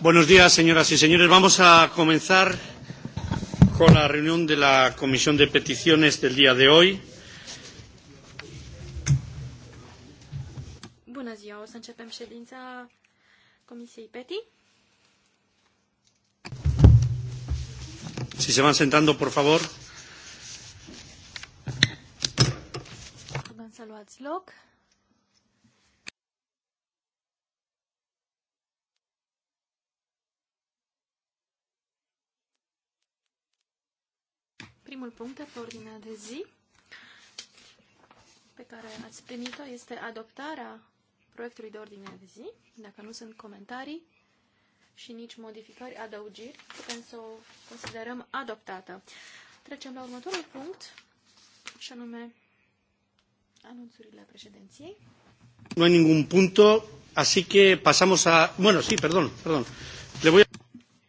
Buenos días, señoras y señores. Vamos a comenzar con la reunión de la Comisión de Peticiones del día de hoy. Bună ziua, o să începem ședința Comisiei PETI. Si se van sentando, por favor. Să luați loc. Primul punct de pe ordinea de zi pe care ați primit-o este adoptarea proiectului de ordine de zi. Dacă nu sunt comentarii și nici modificări, adăugiri, putem să o considerăm adoptată. Trecem la următorul punct, și anume anunțurile președinției. Nu hay niciun punct, așa că pasăm la... Bueno, sí, perdón, perdón. Le voy a...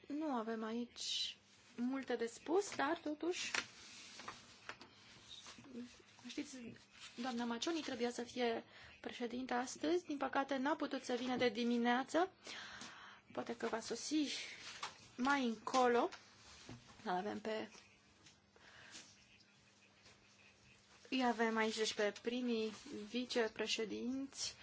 Nu avem aici multe de spus, dar totuși știți, doamna Macioni trebuia să fie președinte astăzi. Din păcate, n-a putut să vină de dimineață. Poate că va sosi mai încolo. Îl avem pe... Îi avem aici deci pe primii vicepreședinți,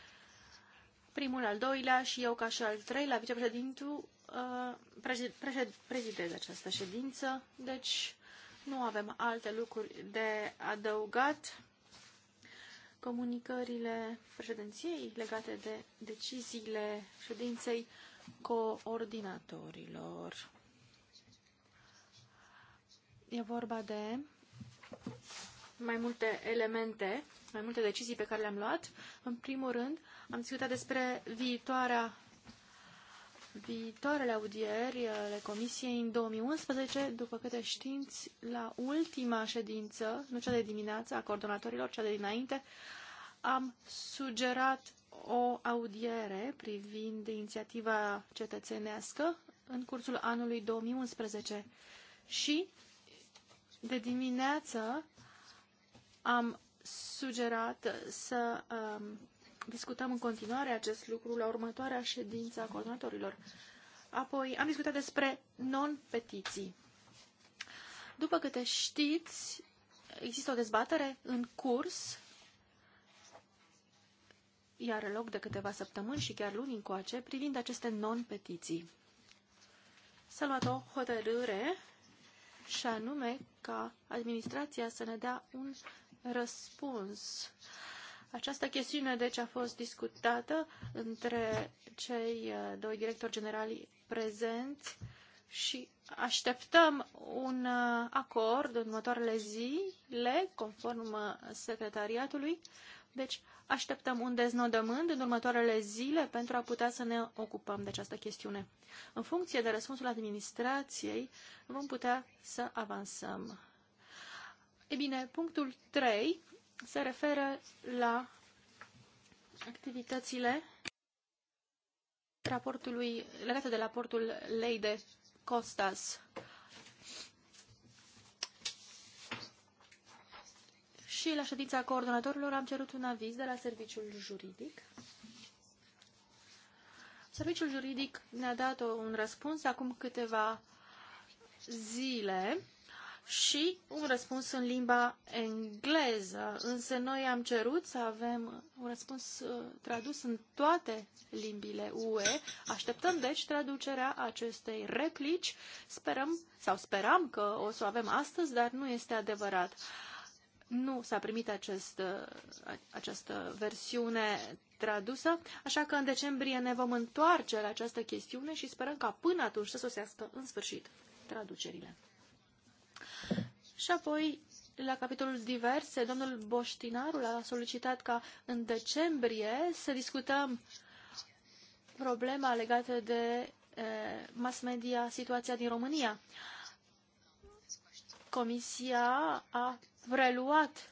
primul, al doilea și eu ca și al treilea vicepreședintul uh, președ, președ, prezidez această ședință. Deci, nu avem alte lucruri de adăugat. Comunicările președinției legate de deciziile ședinței coordinatorilor. E vorba de mai multe elemente, mai multe decizii pe care le-am luat. În primul rând, am discutat despre viitoarea viitoarele audieri ale Comisiei în 2011, după câte știți, la ultima ședință, nu cea de dimineață, a coordonatorilor, cea de dinainte, am sugerat o audiere privind inițiativa cetățenească în cursul anului 2011 și de dimineață am sugerat să um, Discutăm în continuare acest lucru la următoarea ședință a coordonatorilor. Apoi am discutat despre non-petiții. După câte știți, există o dezbatere în curs, iar în loc de câteva săptămâni și chiar luni încoace, privind aceste non-petiții. S-a luat o hotărâre și anume ca administrația să ne dea un răspuns această chestiune, deci, a fost discutată între cei uh, doi directori generali prezenți și așteptăm un uh, acord în următoarele zile, conform uh, secretariatului. Deci, așteptăm un deznodământ în următoarele zile pentru a putea să ne ocupăm de această chestiune. În funcție de răspunsul administrației, vom putea să avansăm. E bine, punctul 3 se referă la activitățile raportului, legate de raportul lei de Costas. Și la ședința coordonatorilor am cerut un aviz de la serviciul juridic. Serviciul juridic ne-a dat un răspuns acum câteva zile și un răspuns în limba engleză. Însă noi am cerut să avem un răspuns uh, tradus în toate limbile UE. Așteptăm, deci, traducerea acestei replici. Sperăm sau speram că o să o avem astăzi, dar nu este adevărat. Nu s-a primit acest, uh, această versiune tradusă, așa că în decembrie ne vom întoarce la această chestiune și sperăm ca până atunci să sosească în sfârșit traducerile. Și apoi, la capitolul diverse, domnul Boștinarul a solicitat ca în decembrie să discutăm problema legată de mass media, situația din România. Comisia a reluat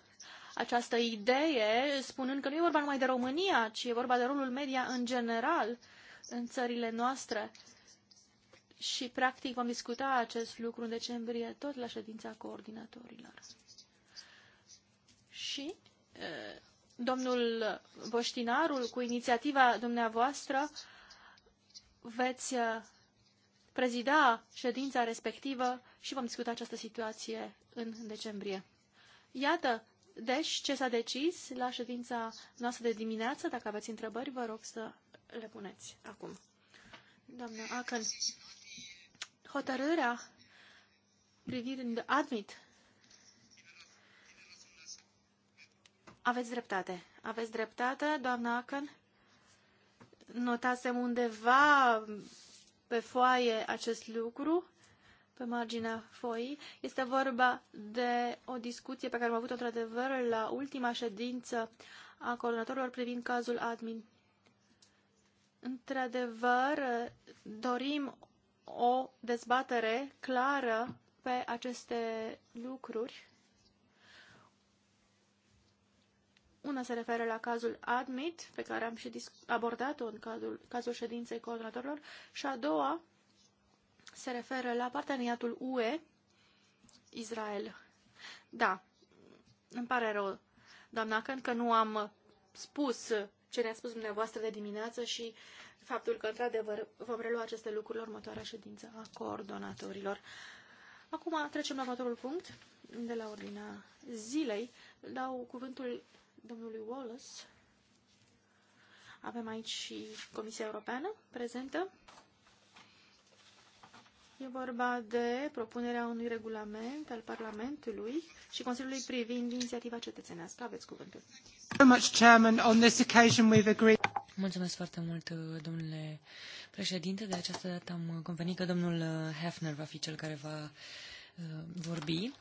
această idee, spunând că nu e vorba numai de România, ci e vorba de rolul media în general în țările noastre și, practic, vom discuta acest lucru în decembrie, tot la ședința coordinatorilor. Și domnul Boștinarul, cu inițiativa dumneavoastră, veți prezida ședința respectivă și vom discuta această situație în decembrie. Iată, deci, ce s-a decis la ședința noastră de dimineață. Dacă aveți întrebări, vă rog să le puneți acum. Doamna Acăn hotărârea privind Admit. Aveți dreptate. Aveți dreptate, doamna Acan. Notasem undeva pe foaie acest lucru, pe marginea foii. Este vorba de o discuție pe care am avut-o într-adevăr la ultima ședință a coordonatorilor privind cazul Admin. Într-adevăr, dorim o dezbatere clară pe aceste lucruri. Una se referă la cazul Admit, pe care am și abordat-o în cazul, cazul ședinței coordonatorilor, și a doua se referă la parteneriatul UE Israel. Da, îmi pare rău, doamna Cân, că nu am spus ce ne-a spus dumneavoastră de dimineață și uh, faptul că, într-adevăr, vom relua aceste lucruri la următoarea ședință a coordonatorilor. Acum trecem la următorul punct de la ordinea zilei. Dau cuvântul domnului Wallace. Avem aici și Comisia Europeană prezentă. E vorba de propunerea unui regulament al Parlamentului și Consiliului privind inițiativa cetățenească. Aveți cuvântul. Mulțumesc foarte mult, domnule președinte. De această dată am convenit că domnul Hefner va fi cel care va uh, vorbi.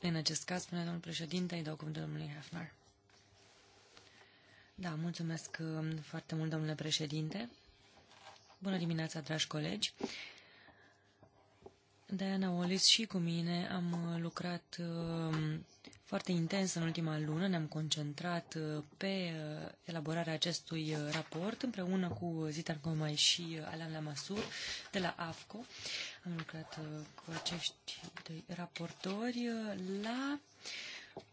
În acest caz, spune domnul președinte, îi dau cuvântul domnului Hefner. Da, mulțumesc uh, foarte mult, domnule președinte. Bună dimineața, dragi colegi. Diana Olis și cu mine am uh, lucrat uh, foarte intens în ultima lună, ne-am concentrat uh, pe elaborarea acestui raport împreună cu Zitar Gomai și Alan Lamasur de la AFCO. Am lucrat cu acești doi raportori la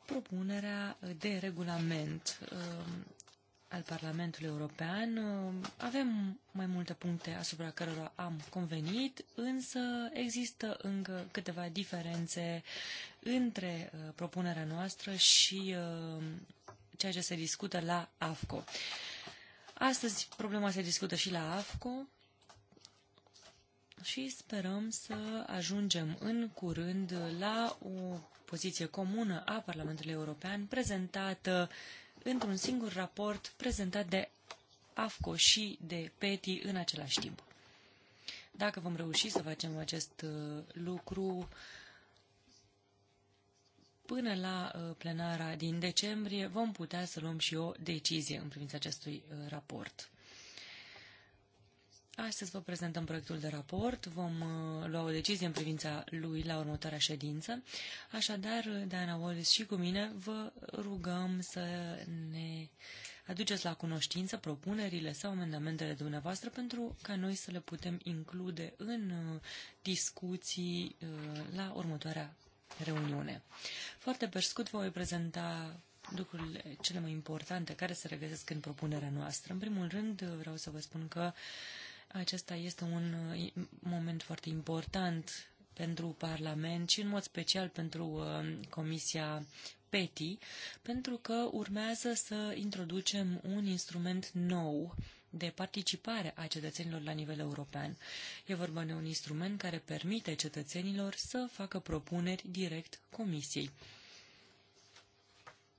propunerea de regulament al Parlamentului European. Uh, avem mai multe puncte asupra cărora am convenit, însă există încă câteva diferențe între uh, propunerea noastră și uh, ceea ce se discută la AFCO. Astăzi problema se discută și la AFCO și sperăm să ajungem în curând la o poziție comună a Parlamentului European prezentată într-un singur raport prezentat de AFCO și de PETI în același timp. Dacă vom reuși să facem acest uh, lucru până la uh, plenara din decembrie, vom putea să luăm și o decizie în privința acestui uh, raport. Astăzi vă prezentăm proiectul de raport. Vom uh, lua o decizie în privința lui la următoarea ședință. Așadar, Diana Wallis și cu mine vă rugăm să ne aduceți la cunoștință propunerile sau amendamentele dumneavoastră pentru ca noi să le putem include în uh, discuții uh, la următoarea reuniune. Foarte pe scurt vă voi prezenta lucrurile cele mai importante care se regăsesc în propunerea noastră. În primul rând, vreau să vă spun că uh, acesta este un uh, moment foarte important pentru Parlament și în mod special pentru uh, Comisia PETI, pentru că urmează să introducem un instrument nou de participare a cetățenilor la nivel european. E vorba de un instrument care permite cetățenilor să facă propuneri direct Comisiei.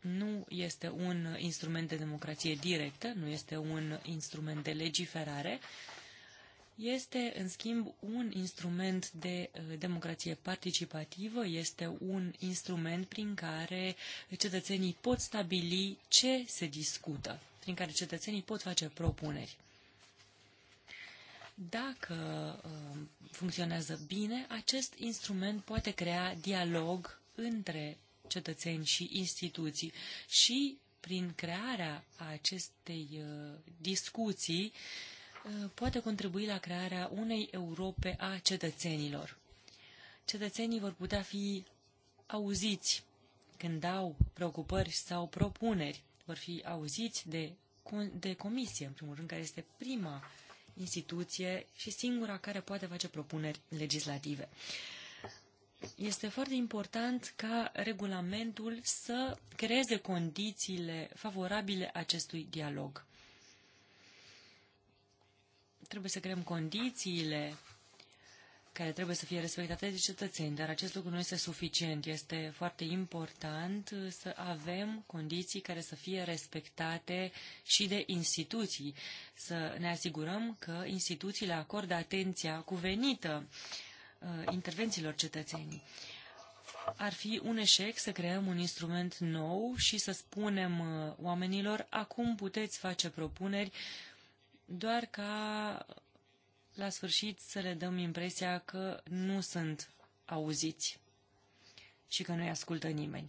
Nu este un instrument de democrație directă, nu este un instrument de legiferare, este, în schimb, un instrument de uh, democrație participativă, este un instrument prin care cetățenii pot stabili ce se discută, prin care cetățenii pot face propuneri. Dacă uh, funcționează bine, acest instrument poate crea dialog între cetățeni și instituții și prin crearea acestei uh, discuții uh, Uh, poate contribui la crearea unei Europe a cetățenilor. Cetățenii vor putea fi auziți când au preocupări sau propuneri, vor fi auziți de, de comisie, în primul rând, care este prima instituție și singura care poate face propuneri legislative. Este foarte important ca regulamentul să creeze condițiile favorabile acestui dialog trebuie să creăm condițiile care trebuie să fie respectate de cetățeni, dar acest lucru nu este suficient. Este foarte important să avem condiții care să fie respectate și de instituții, să ne asigurăm că instituțiile acordă atenția cuvenită uh, intervențiilor cetățenii. Ar fi un eșec să creăm un instrument nou și să spunem uh, oamenilor, acum puteți face propuneri doar ca la sfârșit să le dăm impresia că nu sunt auziți și că nu-i ascultă nimeni.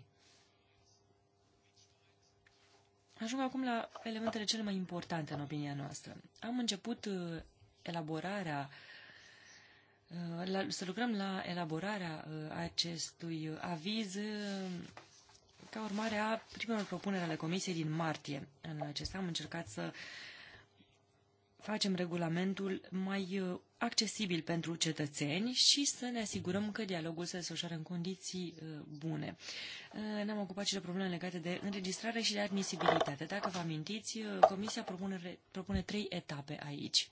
Ajung acum la elementele cele mai importante în opinia noastră. Am început uh, elaborarea, uh, să lucrăm la elaborarea uh, acestui aviz ca urmare a primelor propuneri ale Comisiei din martie. În acesta am încercat să facem regulamentul mai uh, accesibil pentru cetățeni și să ne asigurăm că dialogul se desfășoară în condiții uh, bune. Uh, ne-am ocupat și de probleme legate de înregistrare și de admisibilitate. Dacă vă amintiți, Comisia propune, propune trei etape aici.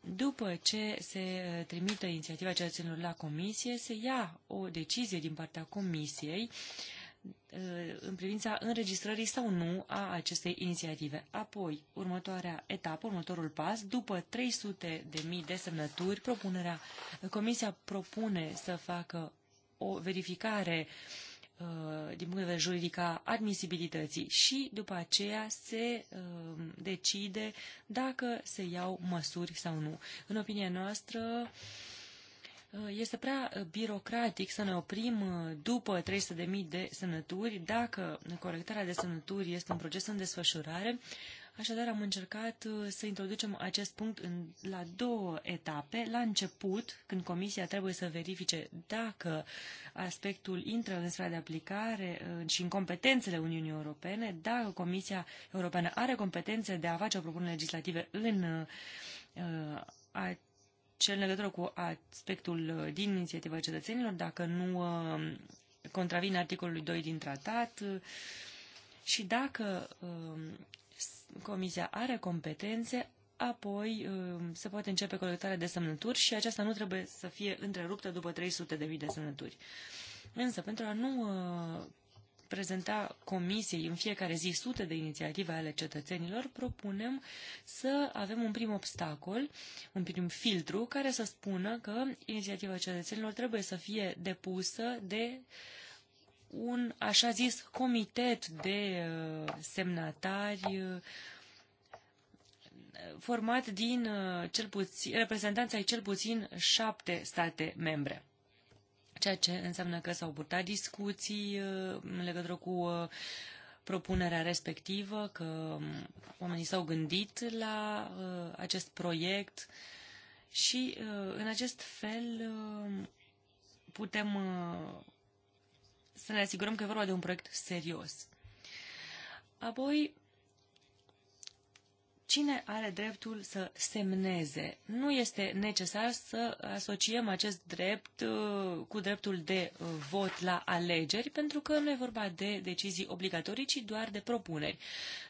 După ce se trimite inițiativa cetățenilor la Comisie, se ia o decizie din partea Comisiei uh, Uh, în privința înregistrării sau nu a acestei inițiative. Apoi, următoarea etapă, următorul pas, după 300.000 de de semnături, propunerea, Comisia propune să facă o verificare uh, din punct de vedere juridic a admisibilității și după aceea se uh, decide dacă se iau măsuri sau nu. În opinia noastră, Uh, este prea uh, birocratic să ne oprim uh, după 300.000 de semnături, dacă colectarea de semnături este un proces în desfășurare. Așadar, am încercat să introducem acest punct în, la două etape. La început, când comisia trebuie să verifice dacă aspectul intră în sfera de aplicare și în competențele Uniunii Europene, dacă Comisia Europeană are competențe de a face o propunere legislativă în uh, a, cel în legătură cu aspectul uh, din inițiativa cetățenilor, dacă nu uh, contravine articolului 2 din tratat uh, și dacă Comisia are competențe, apoi se poate începe colectarea de semnături și aceasta nu trebuie să fie întreruptă după 300.000 de semnături. Însă, pentru a nu prezenta comisiei în fiecare zi sute de inițiative ale cetățenilor, propunem să avem un prim obstacol, un prim filtru, care să spună că inițiativa cetățenilor trebuie să fie depusă de un așa zis comitet de uh, semnatari uh, format din uh, cel puțin, reprezentanța ai cel puțin șapte state membre ceea ce înseamnă că s-au purtat discuții uh, în legătură cu uh, propunerea respectivă, că um, oamenii s-au gândit la uh, acest proiect și în acest fel um, putem să ne asigurăm că e vorba de un proiect serios. Apoi, cine are dreptul să semneze. Nu este necesar să asociem acest drept uh, cu dreptul de uh, vot la alegeri, pentru că nu e vorba de decizii obligatorii, ci doar de propuneri.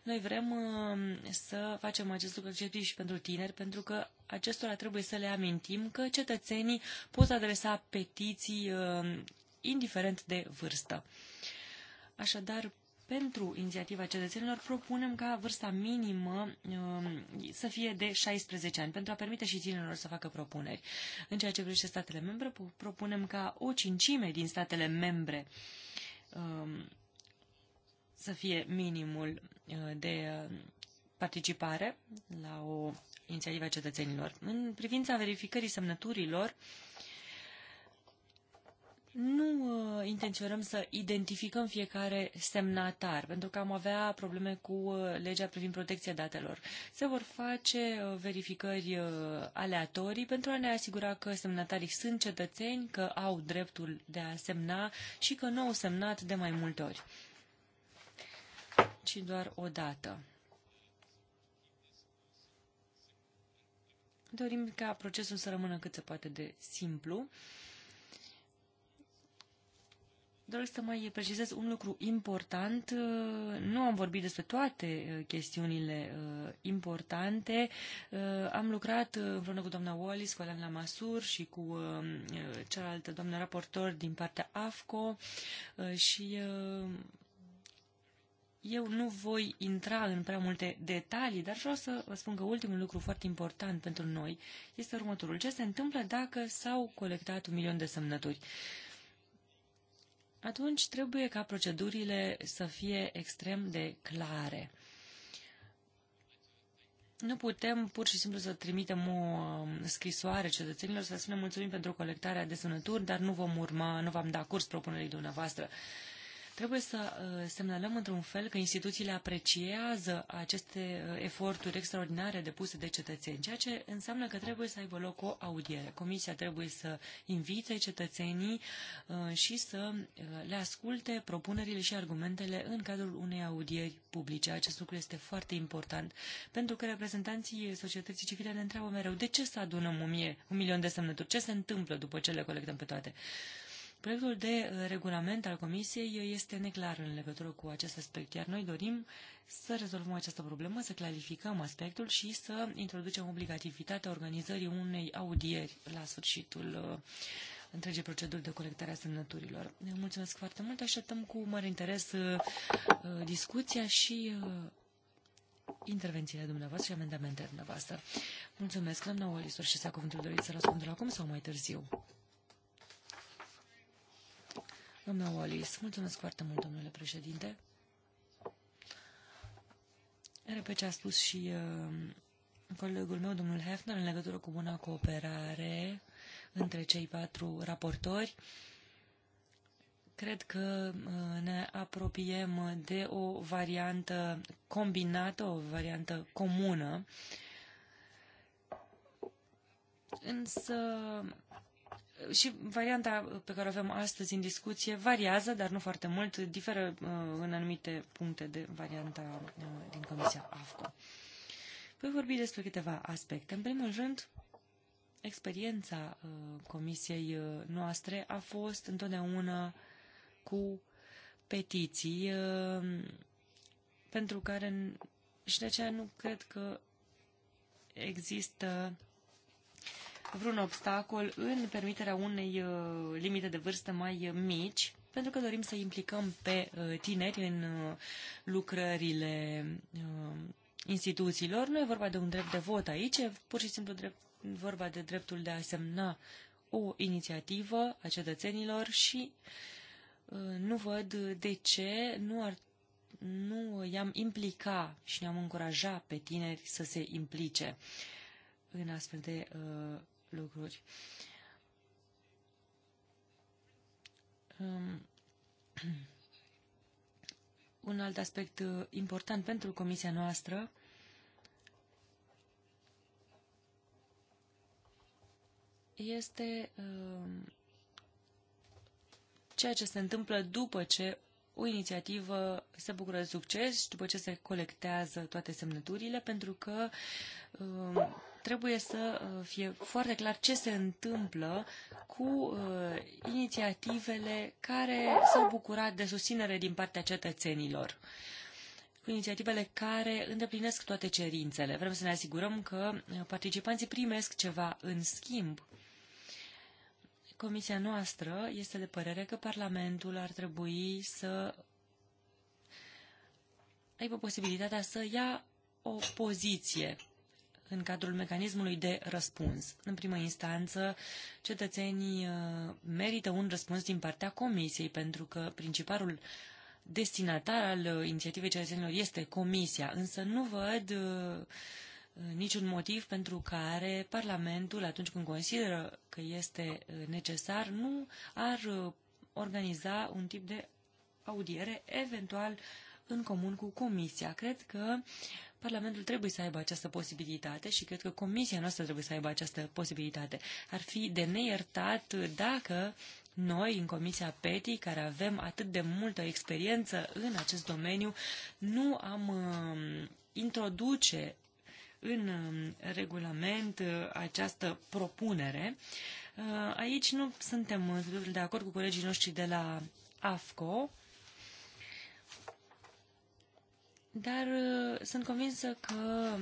Noi vrem uh, să facem acest lucru și pentru tineri, pentru că acestora trebuie să le amintim că cetățenii pot adresa petiții indiferent de vârstă. Așadar, pentru inițiativa cetățenilor propunem ca vârsta minimă um, să fie de 16 ani, pentru a permite și tinerilor să facă propuneri. În ceea ce privește statele membre, propunem ca o cincime din statele membre um, să fie minimul uh, de uh, participare la o inițiativă a cetățenilor. În privința verificării semnăturilor, uh, nu uh, intenționăm să identificăm fiecare semnatar, pentru că am avea probleme cu uh, legea privind protecția datelor. Se vor face uh, verificări uh, aleatorii pentru a ne asigura că semnatarii sunt cetățeni, că au dreptul de a semna și că nu au semnat de mai multe ori, ci doar o dată. Dorim ca procesul să rămână cât se poate de simplu. Doresc să mai precizez un lucru important. Nu am vorbit despre toate uh, chestiunile uh, importante. Uh, am lucrat împreună cu doamna Wallis, cu Alana Masur și cu cealaltă doamnă raportor din partea AFCO și eu nu voi intra în prea multe detalii, dar vreau să vă spun că ultimul lucru foarte important pentru noi este următorul. Ce se întâmplă dacă s-au colectat un milion de semnături? atunci trebuie ca procedurile să fie extrem de clare. Nu putem pur și simplu să trimitem o um, scrisoare cetățenilor să spunem mulțumim pentru colectarea de sănături, dar nu vom urma, nu vom da curs propunerii dumneavoastră. Trebuie să uh, semnalăm într-un fel că instituțiile apreciază aceste uh, eforturi extraordinare depuse de cetățeni, ceea ce înseamnă că trebuie să aibă loc o audiere. Comisia trebuie să invite cetățenii uh, și să le asculte propunerile și argumentele în cadrul unei audieri publice. Acest lucru este foarte important, pentru că reprezentanții societății civile ne întreabă mereu de ce să adunăm un milion de semnături, ce se întâmplă după ce le colectăm pe toate. Proiectul de uh, regulament al Comisiei uh, este neclar în legătură cu acest aspect, iar noi dorim să rezolvăm această problemă, să clarificăm aspectul și să introducem obligativitatea organizării unei audieri la sfârșitul uh, întregii proceduri de colectare a semnăturilor. Ne mulțumesc foarte mult, așteptăm cu mare interes discuția și intervențiile dumneavoastră și amendamentele dumneavoastră. Mulțumesc, doamna Olisor, și să cuvântul doriți să răspundă acum sau mai târziu. Doamna Wallis, mulțumesc foarte mult, domnule președinte. Repet ce a spus și uh, colegul meu, domnul Hefner, în legătură cu buna cooperare între cei patru raportori. Cred că uh, ne apropiem de o variantă combinată, o variantă comună. Însă și varianta pe care o avem astăzi în discuție variază, dar nu foarte mult, diferă uh, în anumite puncte de varianta uh, din Comisia AFCO. Voi vorbi despre câteva aspecte. În primul rând, experiența uh, Comisiei noastre a fost întotdeauna cu petiții pentru care și de aceea nu cred că există vreun obstacol în permiterea unei uh, limite de vârstă mai uh, mici, pentru că dorim să implicăm pe uh, tineri în lucrările instituțiilor. Nu e vorba de un drept de vot aici, e pur și simplu drept, vorba de dreptul de a semna o inițiativă a cetățenilor și nu văd de ce nu ar nu i-am implica și ne-am încuraja pe tineri să se implice în astfel de uh, lucruri. Um, un alt aspect uh, important pentru comisia noastră este um, ceea ce se întâmplă după ce o inițiativă se bucură de succes și după ce se colectează toate semnăturile, pentru că um, trebuie să uh, fie foarte clar ce se întâmplă cu uh, inițiativele care s-au bucurat de susținere din partea cetățenilor cu inițiativele care îndeplinesc toate cerințele. Vrem să ne asigurăm că uh, participanții primesc ceva în schimb. Comisia noastră este de părere că Parlamentul ar trebui să aibă posibilitatea să ia o poziție în cadrul mecanismului de răspuns. În primă instanță, cetățenii uh, merită un răspuns din partea Comisiei, pentru că principalul destinatar al uh, inițiativei cetățenilor este Comisia, însă nu văd uh, niciun motiv pentru care Parlamentul, atunci când consideră că este necesar, nu ar organiza un tip de audiere, eventual în comun cu Comisia. Cred că Parlamentul trebuie să aibă această posibilitate și cred că Comisia noastră trebuie să aibă această posibilitate. Ar fi de neiertat dacă noi, în Comisia PETI, care avem atât de multă experiență în acest domeniu, nu am uh, introduce în uh, regulament uh, această propunere. Uh, aici nu suntem de acord cu colegii noștri de la AFCO, Dar uh, sunt convinsă că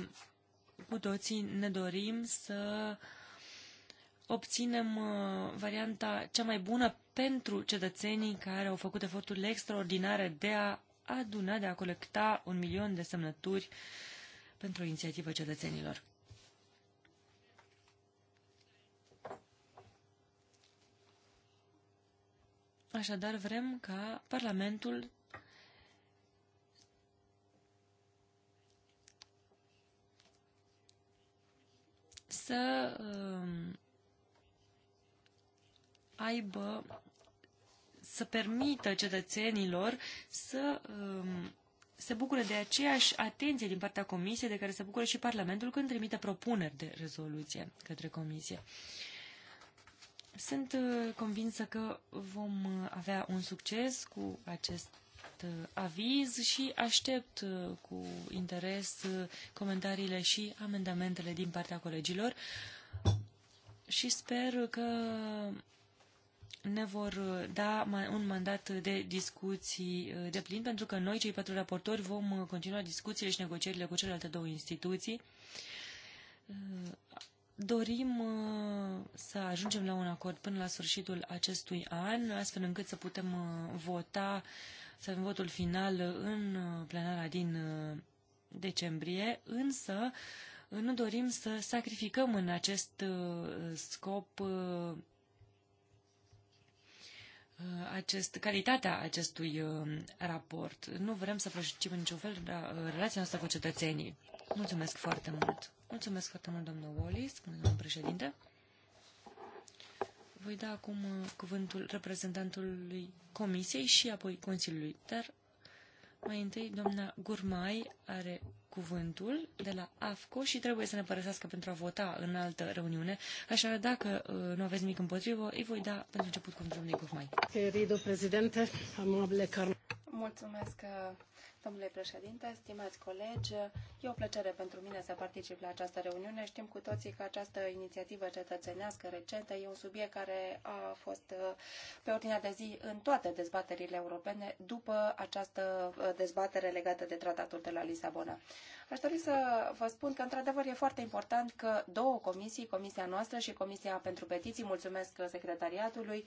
cu toții ne dorim să obținem uh, varianta cea mai bună pentru cetățenii care au făcut eforturile extraordinare de a aduna, de a colecta un milion de semnături pentru o inițiativă cetățenilor. Așadar, vrem ca Parlamentul să um, aibă, să permită cetățenilor să um, se bucure de aceeași atenție din partea Comisiei de care se bucură și Parlamentul când trimite propuneri de rezoluție către Comisie. Sunt uh, convinsă că vom uh, avea un succes cu acest acest uh, aviz și aștept uh, cu interes uh, comentariile și amendamentele din partea colegilor și sper că ne vor da un mandat de discuții de plin, pentru că noi, cei patru raportori, vom continua discuțiile și negocierile cu celelalte două instituții. Dorim să ajungem la un acord până la sfârșitul acestui an, astfel încât să putem vota să avem votul final în uh, plenara din uh, decembrie, însă uh, nu dorim să sacrificăm în acest scop acest, calitatea acestui raport. Nu vrem să prăjicim în niciun fel da, relația noastră cu cetățenii. Mulțumesc foarte mult. Mulțumesc foarte mult, domnul Wallis, domnul președinte. Voi da acum uh, cuvântul reprezentantului Comisiei și apoi Consiliului, dar mai întâi doamna Gurmai are cuvântul de la AFCO și trebuie să ne părăsească pentru a vota în altă reuniune, așa dacă uh, nu aveți nimic împotrivă, îi voi da pentru început cuvântul domnului Gurmai. Querido președinte, amable Mulțumesc, uh, domnule președinte, stimați colegi. E o plăcere pentru mine să particip la această reuniune. Știm cu toții că această inițiativă cetățenească recentă e un subiect care a fost uh, pe ordinea de zi în toate dezbaterile europene după această uh, dezbatere legată de tratatul de la Lisabona. Aș dori să vă spun că, într-adevăr, e foarte important că două comisii, Comisia noastră și Comisia pentru Petiții, mulțumesc secretariatului,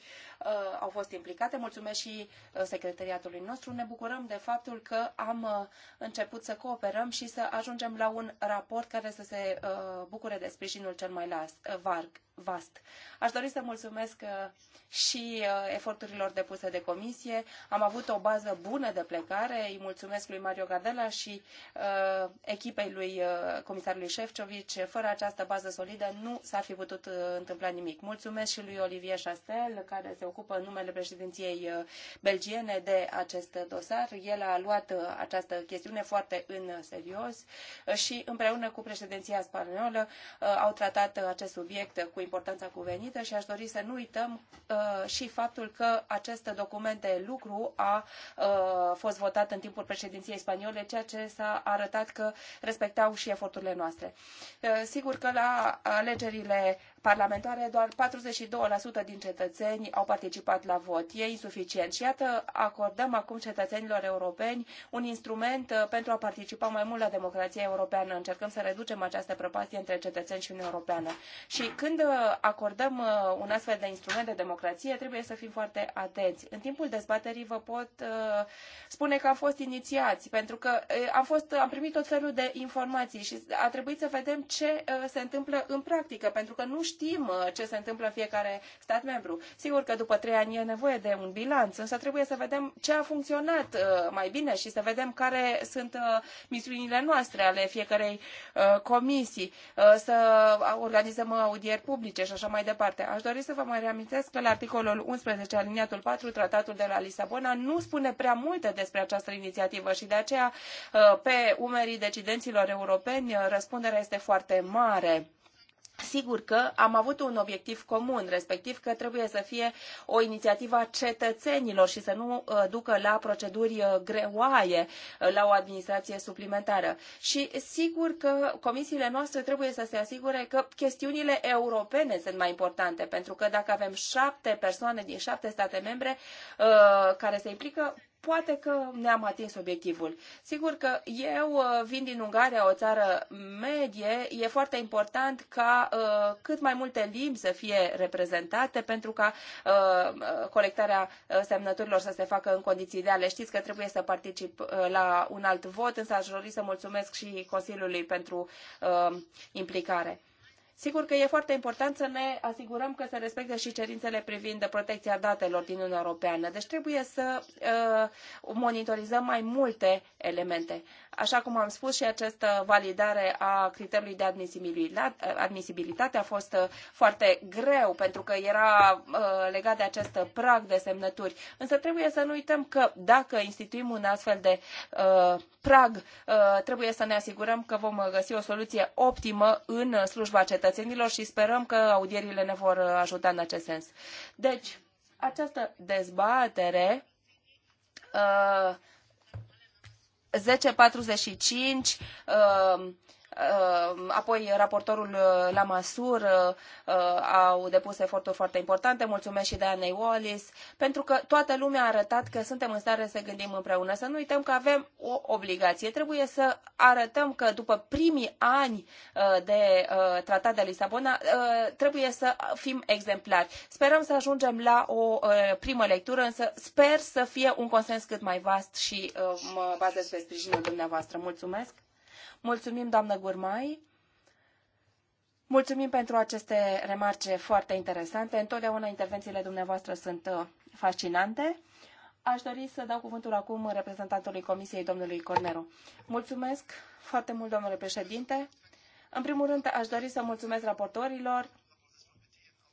uh, au fost implicate, mulțumesc și secretariatului nostru. Ne bucurăm de faptul că am început să cooperăm și să ajungem la un raport care să se uh, bucure de sprijinul cel mai larg vast. Aș dori să mulțumesc uh, și uh, eforturilor depuse de comisie. Am avut o bază bună de plecare. Îi mulțumesc lui Mario Gardela și uh, echipei lui comisarului Șefcovici. Fără această bază solidă nu s-ar fi putut întâmpla nimic. Mulțumesc și lui Olivier Chastel, care se ocupă în numele președinției belgiene de acest dosar. El a luat această chestiune foarte în serios și împreună cu președinția spaniolă au tratat acest subiect cu importanța cuvenită și aș dori să nu uităm uh, și faptul că acest document de lucru a uh, fost votat în timpul președinției spaniole, ceea ce s-a arătat că respectau și eforturile noastre. Uh, sigur că la alegerile parlamentare, doar 42% din cetățeni au participat la vot. E insuficient. Și iată, acordăm acum cetățenilor europeni un instrument uh, pentru a participa mai mult la democrația europeană. Încercăm să reducem această prăpastie între cetățeni și Uniunea Europeană. Și când uh, acordăm uh, un astfel de instrument de democrație, trebuie să fim foarte atenți. În timpul dezbaterii vă pot spune că am fost inițiați, pentru că am, fost, am primit tot felul de informații și a trebuit să vedem ce se întâmplă în practică, pentru că nu știu știm uh, ce se întâmplă în fiecare stat membru. Sigur că după trei ani e nevoie de un bilanț, însă trebuie să vedem ce a funcționat uh, mai bine și să vedem care sunt uh, misiunile noastre ale fiecărei comisii, să organizăm audieri publice și așa mai departe. Aș dori să vă mai reamintesc că la articolul 11 aliniatul 4 tratatul de la Lisabona nu spune prea multe despre această inițiativă și de aceea pe umerii decidenților europeni răspunderea este foarte mare Sigur că am avut un obiectiv comun, respectiv că trebuie să fie o inițiativă a cetățenilor și să nu uh, ducă la proceduri uh, greoaie, uh, la o administrație suplimentară. Și sigur că comisiile noastre trebuie să se asigure că chestiunile europene sunt mai importante, pentru că dacă avem șapte persoane din șapte state membre care se implică, poate că ne-am atins obiectivul. Sigur că eu uh, vin din Ungaria, o țară medie, e foarte important ca uh, cât mai multe limbi să fie reprezentate pentru ca uh, colectarea uh, semnăturilor să se facă în condiții ideale. Știți că trebuie să particip uh, la un alt vot, însă aș dori să mulțumesc și Consiliului pentru uh, implicare. Sigur că e foarte important să ne asigurăm că se respectă și cerințele privind protecția datelor din Uniunea Europeană. Deci trebuie să uh, monitorizăm mai multe elemente. Așa cum am spus și această validare a criteriului de admisibilitate a fost uh, foarte greu pentru că era uh, legat de acest prag de semnături. Însă trebuie să nu uităm că dacă instituim un astfel de uh, prag, trebuie să ne asigurăm că vom găsi o soluție optimă în slujba cetățenilor și sperăm că audierile ne vor ajuta în acest sens. Deci, această dezbatere uh, 1045, cinci uh, Uh, apoi, raportorul uh, la măsură uh, au depus eforturi foarte importante. Mulțumesc și de Wallis, pentru că toată lumea a arătat că suntem în stare să gândim împreună. Să nu uităm că avem o obligație. Trebuie să arătăm că după primii ani de tratat de Lisabona, trebuie să fim exemplari. Sperăm să ajungem la o primă lectură, însă sper să fie un consens cât mai vast și mă bazez pe sprijinul dumneavoastră. Mulțumesc! Mulțumim, doamnă Gurmai. Mulțumim pentru aceste remarce foarte interesante. Întotdeauna intervențiile dumneavoastră sunt uh, fascinante. Aș dori să dau cuvântul acum reprezentantului Comisiei, domnului Cornero. Mulțumesc foarte mult, domnule președinte. În primul rând, aș dori să mulțumesc raportorilor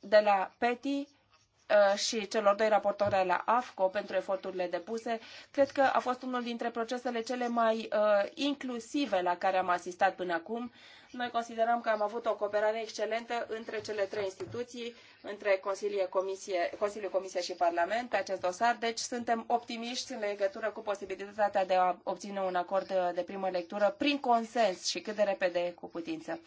de la PETI Uh, și celor doi raportori la AFCO pentru eforturile depuse. Cred că a fost unul dintre procesele cele mai uh, inclusive la care am asistat până acum. Noi considerăm că am avut o cooperare excelentă între cele trei instituții, între Consiliul Comisie, Consiliul Comisie și Parlament pe acest dosar, deci suntem optimiști în legătură cu posibilitatea de a obține un acord de primă lectură prin consens și cât de repede cu putință.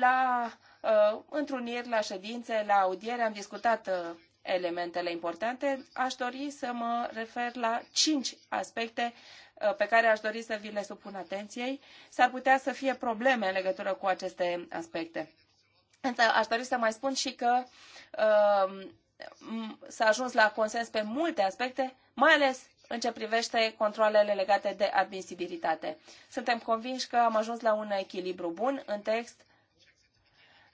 La Uh, întruniri, la ședințe, la audiere. Am discutat uh, elementele importante. Aș dori să mă refer la cinci aspecte uh, pe care aș dori să vi le supun atenției. S-ar putea să fie probleme în legătură cu aceste aspecte. Însă aș dori să mai spun și că s-a ajuns la consens pe multe aspecte, mai ales în ce privește controlele legate de admisibilitate. Suntem convinși că am ajuns la un echilibru bun în text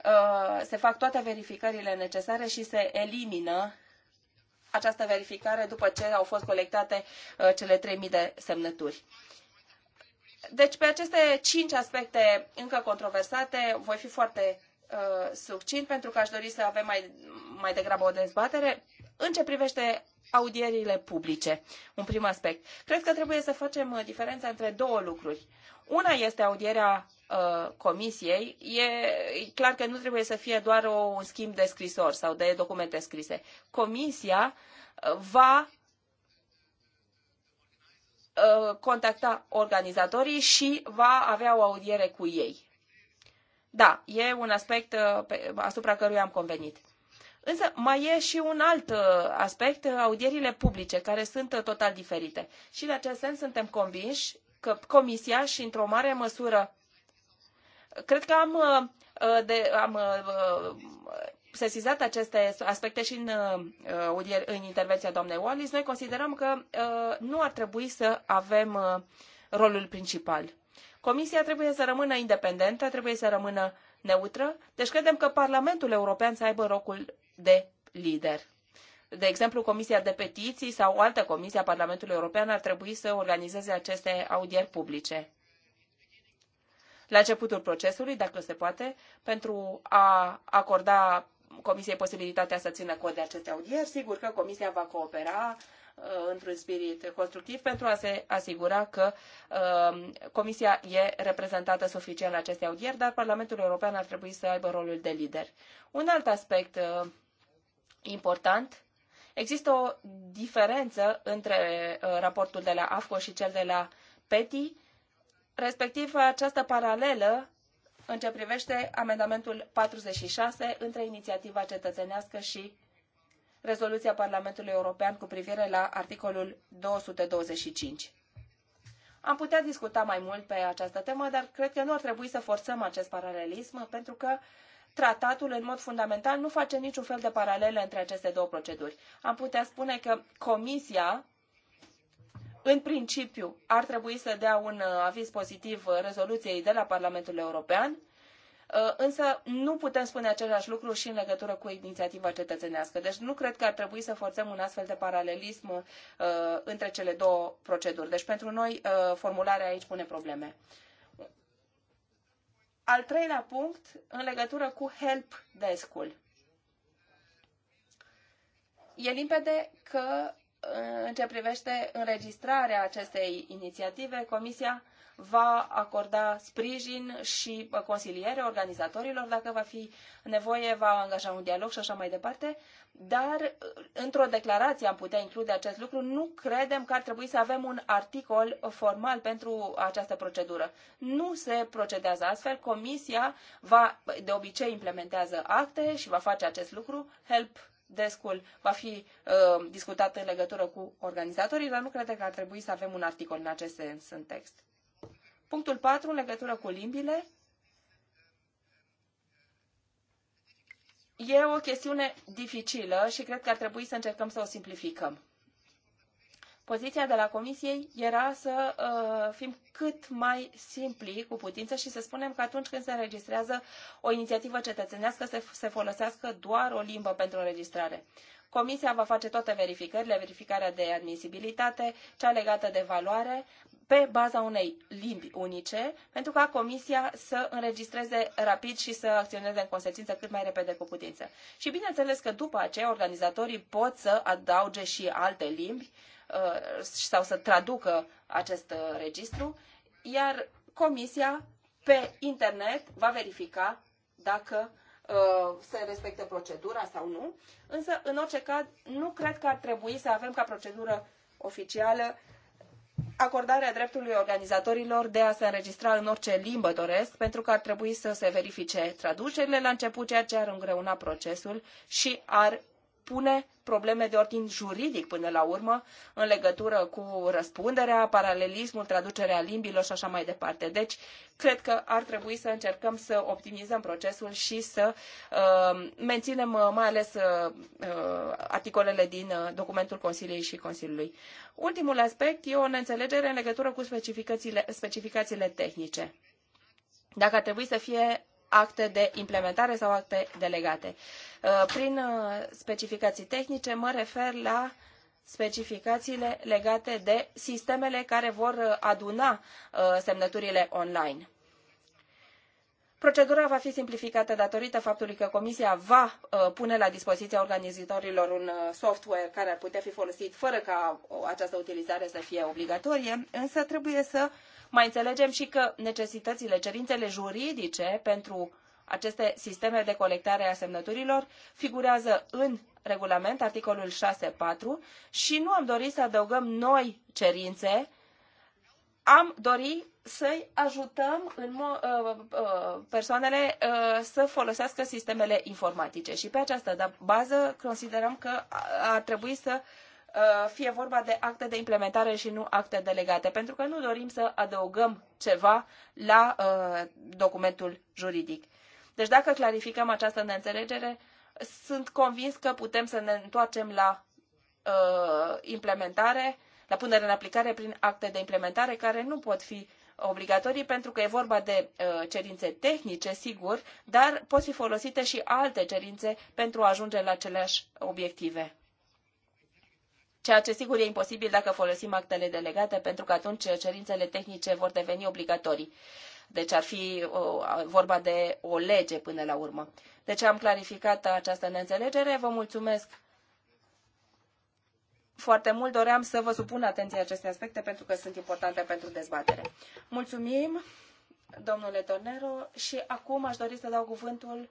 Uh, se fac toate verificările necesare și se elimină această verificare după ce au fost colectate uh, cele 3.000 de semnături. Deci pe aceste cinci aspecte încă controversate voi fi foarte uh, succint pentru că aș dori să avem mai, mai degrabă o dezbatere în ce privește audierile publice. Un prim aspect. Cred că trebuie să facem uh, diferența între două lucruri. Una este audierea Uh, comisiei, e clar că nu trebuie să fie doar o, un schimb de scrisori sau de documente scrise. Comisia uh, va uh, contacta organizatorii și va avea o audiere cu ei. Da, e un aspect asupra căruia am convenit. Însă mai e și un alt aspect, audierile publice, care sunt total diferite. Și în acest sens suntem convinși că Comisia și, într-o mare măsură, Cred că am, uh, de, am uh, sesizat aceste aspecte și în, uh, în intervenția doamnei Wallis. Noi considerăm că nu ar trebui să avem rolul principal. Comisia trebuie să rămână independentă, trebuie să rămână neutră, deci credem că Parlamentul European să aibă rolul de lider. De exemplu, Comisia de Petiții sau o altă comisie a Parlamentului European ar trebui să organizeze aceste audieri publice la începutul procesului, dacă se poate, pentru a acorda Comisiei posibilitatea să țină cod de aceste audieri. Sigur că Comisia va coopera uh, într-un spirit constructiv pentru a se asigura că uh, Comisia e reprezentată suficient la aceste audieri, dar Parlamentul European ar trebui să aibă rolul de lider. Un alt aspect uh, important Există o diferență între uh, raportul de la AFCO și cel de la PETI respectiv această paralelă în ce privește amendamentul 46 între inițiativa cetățenească și rezoluția Parlamentului European cu privire la articolul 225. Am putea discuta mai mult pe această temă, dar cred că nu ar trebui să forțăm acest paralelism, pentru că tratatul, în mod fundamental, nu face niciun fel de paralele între aceste două proceduri. Am putea spune că Comisia în principiu, ar trebui să dea un uh, aviz pozitiv uh, rezoluției de la Parlamentul European, uh, însă nu putem spune același lucru și în legătură cu inițiativa cetățenească. Deci nu cred că ar trebui să forțăm un astfel de paralelism între cele două proceduri. Deci pentru noi formularea aici pune probleme. Al treilea punct, în legătură cu help desk-ul. E limpede că în ce privește înregistrarea acestei inițiative, Comisia va acorda sprijin și consiliere organizatorilor, dacă va fi nevoie, va angaja un dialog și așa mai departe, dar într-o declarație am putea include acest lucru. Nu credem că ar trebui să avem un articol formal pentru această procedură. Nu se procedează astfel. Comisia va, de obicei, implementează acte și va face acest lucru. Help Descul va fi uh, discutat în legătură cu organizatorii, dar nu cred că ar trebui să avem un articol în acest sens în text. Punctul 4, în legătură cu limbile, e o chestiune dificilă și cred că ar trebui să încercăm să o simplificăm. Poziția de la Comisiei era să uh, fim cât mai simpli cu putință și să spunem că atunci când se înregistrează o inițiativă cetățenească se, se folosească doar o limbă pentru înregistrare. Comisia va face toate verificările, verificarea de admisibilitate, cea legată de valoare, pe baza unei limbi unice, pentru ca Comisia să înregistreze rapid și să acționeze în consecință cât mai repede cu putință. Și bineînțeles că după aceea organizatorii pot să adauge și alte limbi, Uh, sau să traducă acest uh, registru, iar comisia pe internet va verifica dacă uh, se respectă procedura sau nu, însă, în orice caz, nu cred că ar trebui să avem ca procedură oficială acordarea dreptului organizatorilor de a se înregistra în orice limbă doresc, pentru că ar trebui să se verifice traducerile la început, ceea ce ar îngreuna procesul și ar pune probleme de ordin juridic până la urmă în legătură cu răspunderea, paralelismul, traducerea limbilor și așa mai departe. Deci, cred că ar trebui să încercăm să optimizăm procesul și să uh, menținem uh, mai ales uh, uh articolele din uh, documentul Consiliei și Consiliului. Ultimul aspect e o neînțelegere în legătură cu specificațiile, specificațiile tehnice. Dacă ar trebui să fie acte de implementare sau acte delegate. Uh, prin uh, specificații tehnice mă refer la specificațiile legate de sistemele care vor uh, aduna semnăturile online. Procedura va fi simplificată datorită faptului că Comisia va uh, pune la dispoziția organizatorilor un uh, software care ar putea fi folosit fără ca uh, această utilizare să fie obligatorie, însă trebuie să mai înțelegem și că necesitățile, cerințele juridice pentru aceste sisteme de colectare a semnăturilor figurează în regulament, articolul 6.4, și nu am dorit să adăugăm noi cerințe uh, am dori să-i ajutăm în, uh, uh, persoanele uh, să folosească sistemele informatice. Și pe această da, bază considerăm că ar trebui să uh, fie vorba de acte de implementare și nu acte delegate, pentru că nu dorim să adăugăm ceva la uh, documentul juridic. Deci dacă clarificăm această neînțelegere, sunt convins că putem să ne întoarcem la uh, implementare la punere în aplicare prin acte de implementare care nu pot fi obligatorii pentru că e vorba de uh, cerințe tehnice, sigur, dar pot fi folosite și alte cerințe pentru a ajunge la aceleași obiective. Ceea ce sigur e imposibil dacă folosim actele delegate, pentru că atunci cerințele tehnice vor deveni obligatorii. Deci ar fi vorba de o lege până la urmă. Deci am clarificat această neînțelegere. Vă mulțumesc foarte mult doream să vă supun atenție aceste aspecte pentru că sunt importante pentru dezbatere. Mulțumim, domnule Tornero, și acum aș dori să dau cuvântul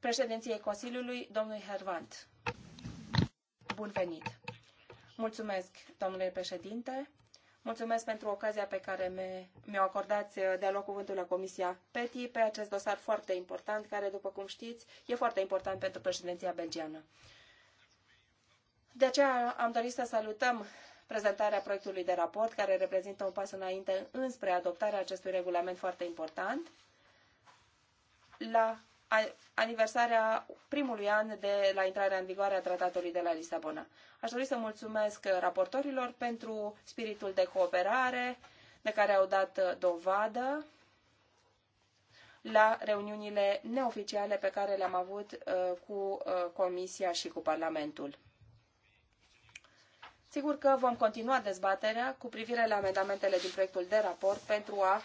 președinției Consiliului, domnului Hervant. Bun venit! Mulțumesc, domnule președinte. Mulțumesc pentru ocazia pe care mi-o acordați de a lua cuvântul la Comisia PETI pe acest dosar foarte important, care, după cum știți, e foarte important pentru președinția belgiană. De aceea am dorit să salutăm prezentarea proiectului de raport, care reprezintă un pas înainte înspre adoptarea acestui regulament foarte important. La aniversarea primului an de la intrarea în vigoare a tratatului de la Lisabona. Aș dori să mulțumesc raportorilor pentru spiritul de cooperare de care au dat dovadă la reuniunile neoficiale pe care le-am avut uh, cu uh, Comisia și cu Parlamentul. Sigur că vom continua dezbaterea cu privire la amendamentele din proiectul de raport pentru a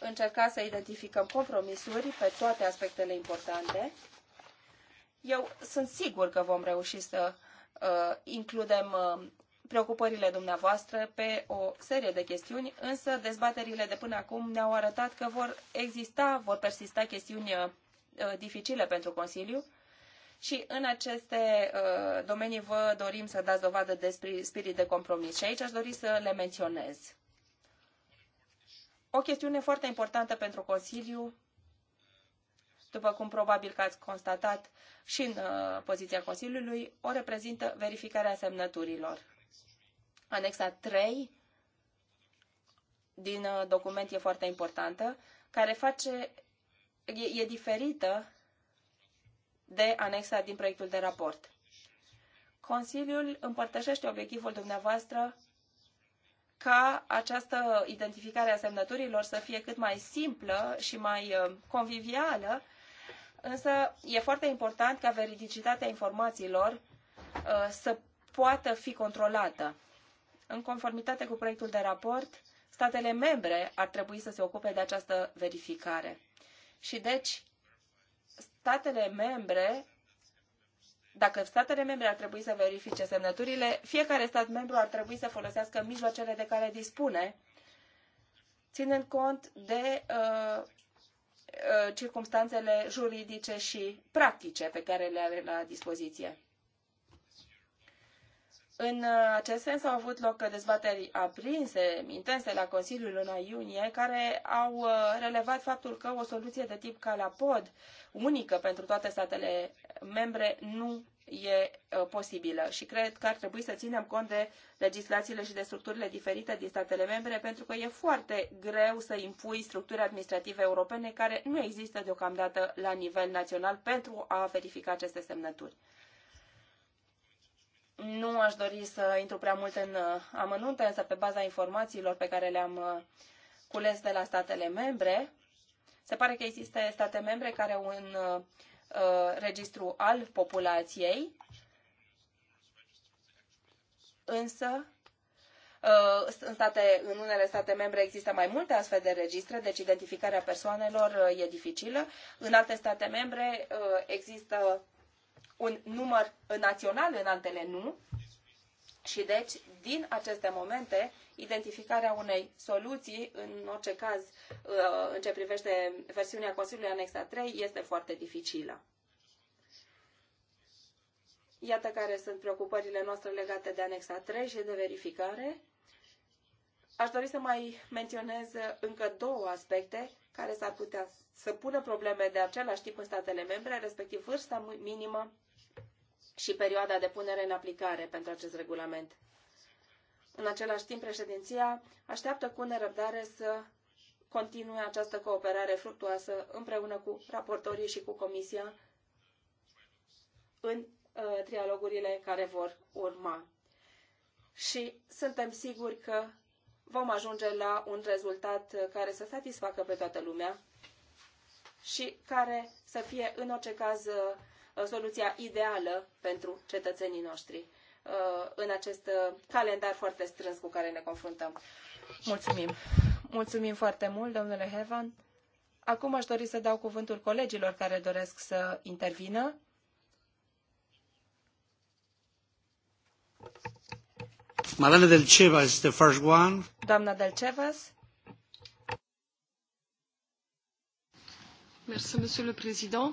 încerca să identificăm compromisuri pe toate aspectele importante. Eu sunt sigur că vom reuși să uh, includem uh, preocupările dumneavoastră pe o serie de chestiuni, însă dezbaterile de până acum ne-au arătat că vor exista, vor persista chestiuni uh, dificile pentru Consiliu și în aceste uh, domenii vă dorim să dați dovadă de spirit de compromis. Și aici aș dori să le menționez. O chestiune foarte importantă pentru Consiliu, după cum probabil că ați constatat și în uh, poziția Consiliului, o reprezintă verificarea semnăturilor. Anexa 3 din uh, document e foarte importantă, care face, e, e diferită de anexa din proiectul de raport. Consiliul împărtășește obiectivul dumneavoastră ca această identificare a semnăturilor să fie cât mai simplă și mai uh, convivială, însă e foarte important ca veridicitatea informațiilor uh, să poată fi controlată. În conformitate cu proiectul de raport, statele membre ar trebui să se ocupe de această verificare. Și deci, statele membre dacă statele membre ar trebui să verifice semnăturile, fiecare stat membru ar trebui să folosească mijloacele de care dispune, ținând cont de uh, uh, circumstanțele juridice și practice pe care le are la dispoziție. În uh, acest sens au avut loc dezbateri aprinse, intense la Consiliul luna iunie, care au uh, relevat faptul că o soluție de tip calapod, unică pentru toate statele membre, nu e uh, posibilă și cred că ar trebui să ținem cont de legislațiile și de structurile diferite din statele membre, pentru că e foarte greu să impui structuri administrative europene care nu există deocamdată la nivel național pentru a verifica aceste semnături. Nu aș dori să intru prea mult în uh, amănunte, însă pe baza informațiilor pe care le-am uh, cules de la statele membre, se pare că există state membre care au un uh, registru al populației, însă în, state, în unele state membre există mai multe astfel de registre, deci identificarea persoanelor e dificilă. În alte state membre există un număr național, în altele nu. Și deci, din aceste momente, identificarea unei soluții, în orice caz, uh, în ce privește versiunea Consiliului Anexa 3, este foarte dificilă. Iată care sunt preocupările noastre legate de anexa 3 și de verificare. Aș dori să mai menționez încă două aspecte care s-ar putea să pună probleme de același tip în statele membre, respectiv vârsta minimă și perioada de punere în aplicare pentru acest regulament. În același timp, președinția așteaptă cu nerăbdare să continue această cooperare fructuoasă împreună cu raportorii și cu Comisia în uh, trialogurile care vor urma. Și suntem siguri că vom ajunge la un rezultat uh, care să satisfacă pe toată lumea și care să fie, în orice caz, uh, Uh, soluția ideală pentru cetățenii noștri uh, în acest uh, calendar foarte strâns cu care ne confruntăm. Mulțumim! Mulțumim foarte mult, domnule Hevan. Acum aș dori să dau cuvântul colegilor care doresc să intervină. Madame Del Ceva the first one. Doamna Del Cevas. Mersi, domnule președinte.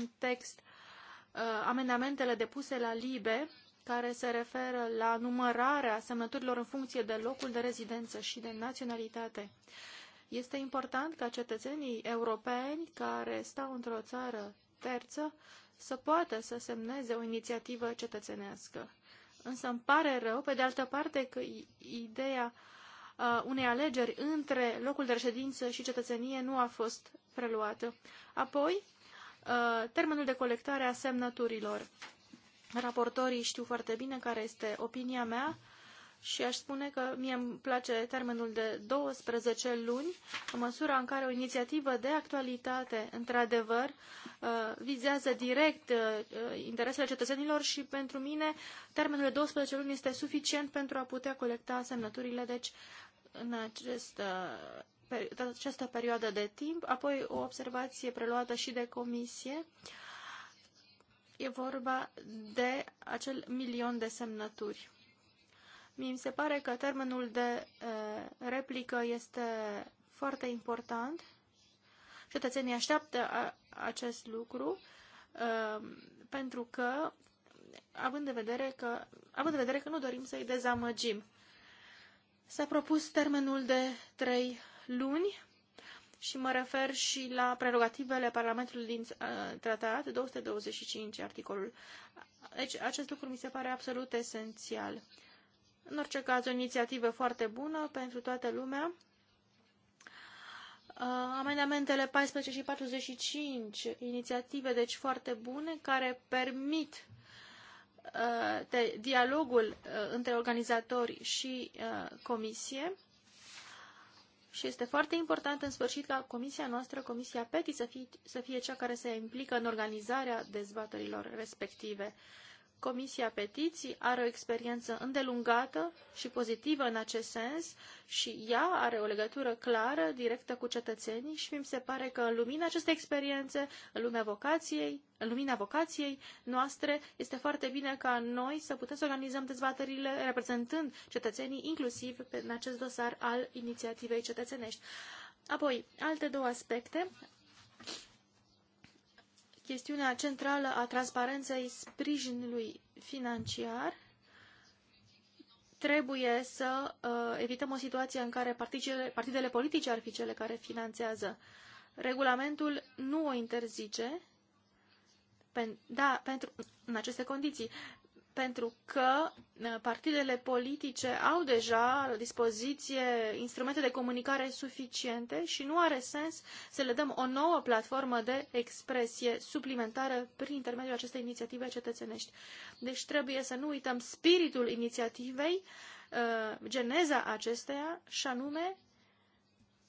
în text uh, amendamentele depuse la LIBE care se referă la numărarea semnăturilor în funcție de locul de rezidență și de naționalitate. Este important ca cetățenii europeni care stau într-o țară terță să poată să semneze o inițiativă cetățenească. Însă îmi pare rău, pe de altă parte, că ideea uh, unei alegeri între locul de reședință și cetățenie nu a fost preluată. Apoi, Uh, termenul de colectare a semnăturilor. Raportorii știu foarte bine care este opinia mea și aș spune că mie îmi place termenul de 12 luni, în măsura în care o inițiativă de actualitate, într-adevăr, uh, vizează direct uh, interesele cetățenilor și pentru mine termenul de 12 luni este suficient pentru a putea colecta semnăturile, deci în acest această perioadă de timp, apoi o observație preluată și de comisie. E vorba de acel milion de semnături. Mi se pare că termenul de replică este foarte important. Cetățenii așteaptă acest lucru pentru că, având, de vedere că, având în vedere că nu dorim să-i dezamăgim, s-a propus termenul de trei luni și mă refer și la prerogativele Parlamentului din uh, tratat 225, articolul. Deci, acest lucru mi se pare absolut esențial. În orice caz, o inițiativă foarte bună pentru toată lumea. Uh, amendamentele 14 și 45, inițiative deci foarte bune care permit uh, dialogul uh, între organizatori și uh, comisie și este foarte important, în sfârșit, ca comisia noastră, Comisia PETI, să fie, să fie cea care se implică în organizarea dezbaterilor respective. Comisia Petiții are o experiență îndelungată și pozitivă în acest sens și ea are o legătură clară, directă cu cetățenii și mi se pare că în lumina acestei experiențe, în lumea vocației, în lumina vocației noastre, este foarte bine ca noi să putem să organizăm dezbaterile reprezentând cetățenii, inclusiv în acest dosar al inițiativei cetățenești. Apoi, alte două aspecte chestiunea centrală a transparenței sprijinului financiar, trebuie să uh, evităm o situație în care partidele, politice ar fi cele care finanțează. Regulamentul nu o interzice, pen, da, pentru, în aceste condiții, pentru că uh, partidele politice au deja la dispoziție instrumente de comunicare suficiente și nu are sens să le dăm o nouă platformă de expresie suplimentară prin intermediul acestei inițiative cetățenești. Deci trebuie să nu uităm spiritul inițiativei, uh, geneza acesteia și anume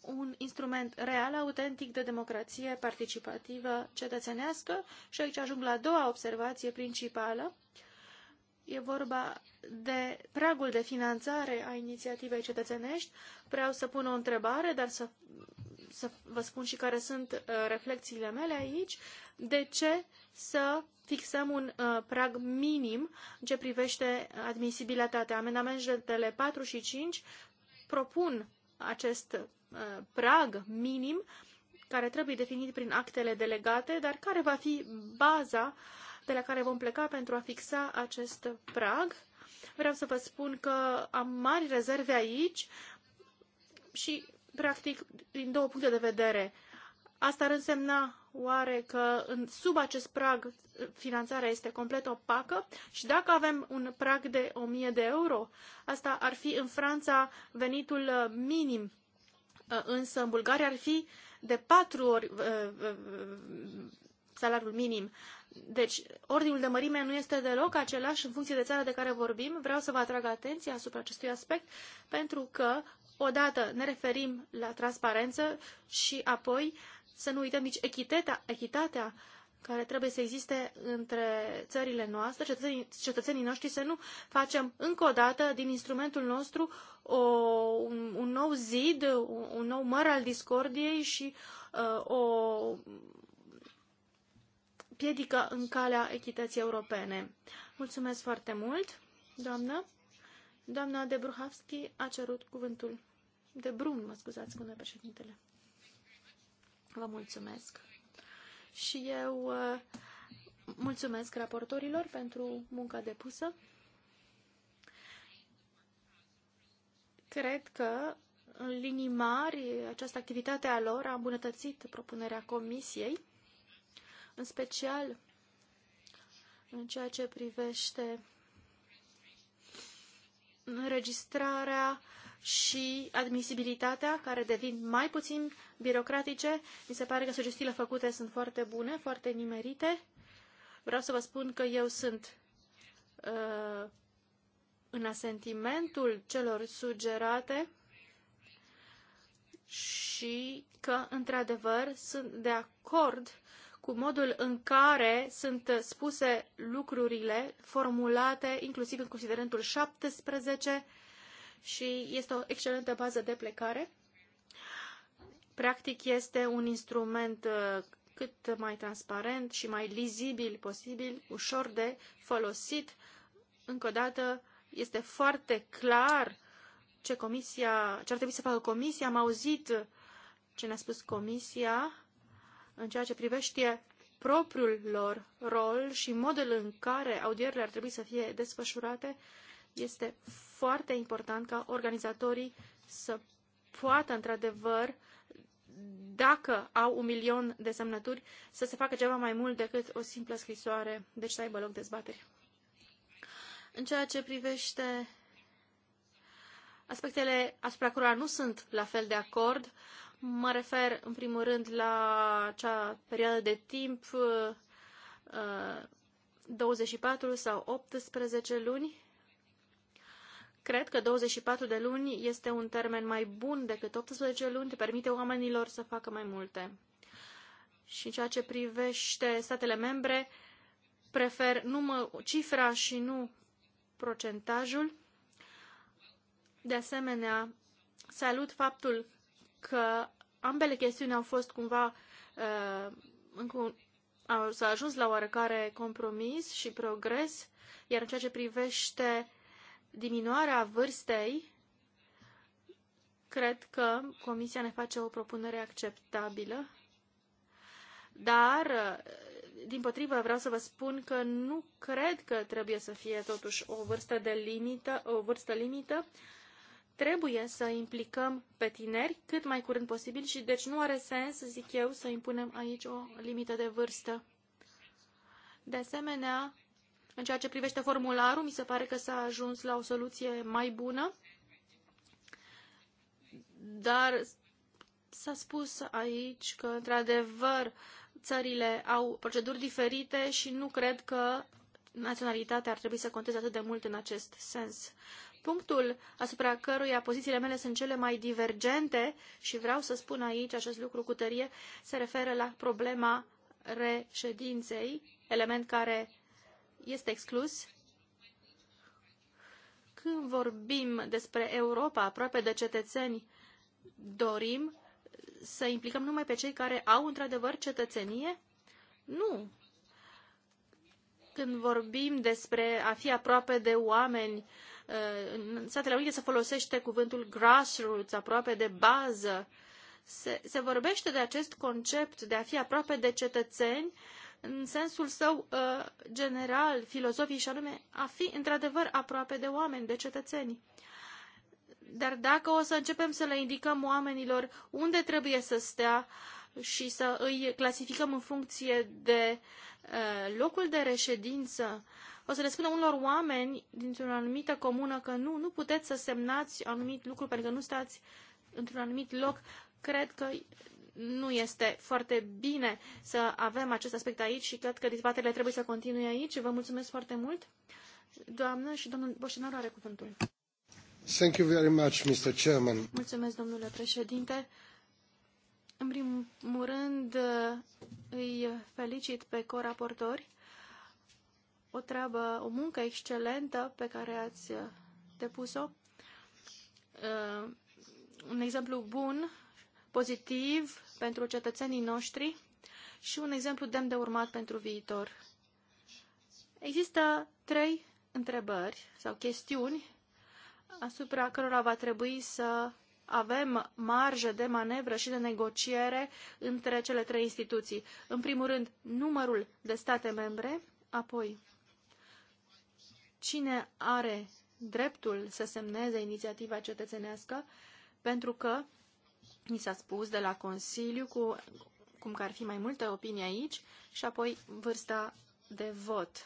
un instrument real, autentic de democrație participativă cetățenească și aici ajung la a doua observație principală. Uh, E vorba de pragul de finanțare a inițiativei cetățenești. Vreau să pun o întrebare, dar să, să vă spun și care sunt uh, reflexiile mele aici. De ce să fixăm un uh, prag minim în ce privește admisibilitatea? Amendamentele 4 și 5 propun acest uh, prag minim care trebuie definit prin actele delegate, dar care va fi baza uh, de la care vom pleca pentru a fixa acest prag. Vreau să vă spun că am mari rezerve aici și, practic, din două puncte de vedere. Asta ar însemna oare că în, sub acest prag finanțarea este complet opacă și dacă avem un prag de 1000 de euro, asta ar fi în Franța venitul uh, minim, uh, însă în Bulgaria ar fi de patru ori uh, salariul minim. Deci, ordinul de mărime nu este deloc același în funcție de țara de care vorbim. Vreau să vă atrag atenția asupra acestui aspect, pentru că, odată, ne referim la transparență și apoi să nu uităm nici echiteta, echitatea care trebuie să existe între țările noastre, cetățenii, cetățenii noștri, să nu facem încă o dată din instrumentul nostru o, un, un nou zid, un, un nou măr al discordiei și uh, o piedică în calea echității europene. Mulțumesc foarte mult, doamnă. Doamna de Bruhavski a cerut cuvântul. De Brun, mă scuzați, spune președintele. Vă mulțumesc. Și eu uh, mulțumesc raportorilor pentru munca depusă. Cred că, în linii mari, această activitate a lor a îmbunătățit propunerea comisiei în special în ceea ce privește înregistrarea și admisibilitatea, care devin mai puțin birocratice. Mi se pare că sugestiile făcute sunt foarte bune, foarte nimerite. Vreau să vă spun că eu sunt uh, în asentimentul celor sugerate și că, într-adevăr, sunt de acord cu modul în care sunt spuse lucrurile formulate, inclusiv în considerentul 17, și este o excelentă bază de plecare. Practic este un instrument uh, cât mai transparent și mai lizibil posibil, ușor de folosit. Încă o dată, este foarte clar ce, comisia, ce ar trebui să facă comisia. Am auzit ce ne-a spus comisia în ceea ce privește propriul lor rol și modul în care audierile ar trebui să fie desfășurate, este foarte important ca organizatorii să poată, într-adevăr, dacă au un milion de semnături, să se facă ceva mai mult decât o simplă scrisoare, deci să aibă loc dezbateri. În ceea ce privește aspectele asupra cărora nu sunt la fel de acord, Mă refer, în primul rând, la acea perioadă de timp 24 uh, sau 18 luni. Cred că 24 de luni este un termen mai bun decât 18 luni, te permite oamenilor să facă mai multe. Și în ceea ce privește statele membre, prefer numă, cifra și nu procentajul. De asemenea, salut faptul că ambele chestiuni au fost cumva uh, s-a ajuns la oarecare compromis și progres, iar în ceea ce privește diminuarea vârstei, cred că Comisia ne face o propunere acceptabilă, dar, uh, din potrivă, vreau să vă spun că nu cred că trebuie să fie totuși o vârstă de limită, o vârstă limită, uh, Trebuie să implicăm pe tineri cât mai curând posibil și deci nu are sens, zic eu, să impunem aici o limită de vârstă. De asemenea, în ceea ce privește formularul, mi se pare că s-a ajuns la o soluție mai bună, dar s-a spus aici că, într-adevăr, țările au proceduri diferite și nu cred că naționalitatea ar trebui să conteze atât de mult în acest sens punctul asupra căruia pozițiile mele sunt cele mai divergente și vreau să spun aici acest lucru cu tărie, se referă la problema reședinței, element care este exclus. Când vorbim despre Europa aproape de cetățeni, dorim să implicăm numai pe cei care au într-adevăr cetățenie? Nu. Când vorbim despre a fi aproape de oameni, uh, Uh, în Statele Unite se folosește cuvântul grassroots, aproape de bază. Se, se vorbește de acest concept de a fi aproape de cetățeni în sensul său uh, general, filozofii și anume a fi într-adevăr aproape de oameni, de cetățeni. Dar dacă o să începem să le indicăm oamenilor unde trebuie să stea, uh, și să îi clasificăm în funcție de uh, locul de reședință, o să le spună unor oameni dintr-o anumită comună că nu, nu puteți să semnați anumit lucru pentru că nu stați într-un anumit loc, cred că nu este foarte bine să avem acest aspect aici și cred că dezbaterile trebuie să continue aici. Vă mulțumesc foarte mult. Doamnă și domnul Boșinaru are cuvântul. Thank you very much, Mr. Chairman. Mulțumesc, domnule președinte. În primul rând, îi felicit pe coraportori. O treabă, o muncă excelentă pe care ați depus-o. Un exemplu bun, pozitiv pentru cetățenii noștri și un exemplu demn de urmat pentru viitor. Există trei întrebări sau chestiuni asupra cărora va trebui să avem marjă de manevră și de negociere între cele trei instituții. În primul rând, numărul de state membre, apoi cine are dreptul să semneze inițiativa cetățenească, pentru că mi s-a spus de la Consiliu cu cum că ar fi mai multe opinii aici și apoi vârsta de vot.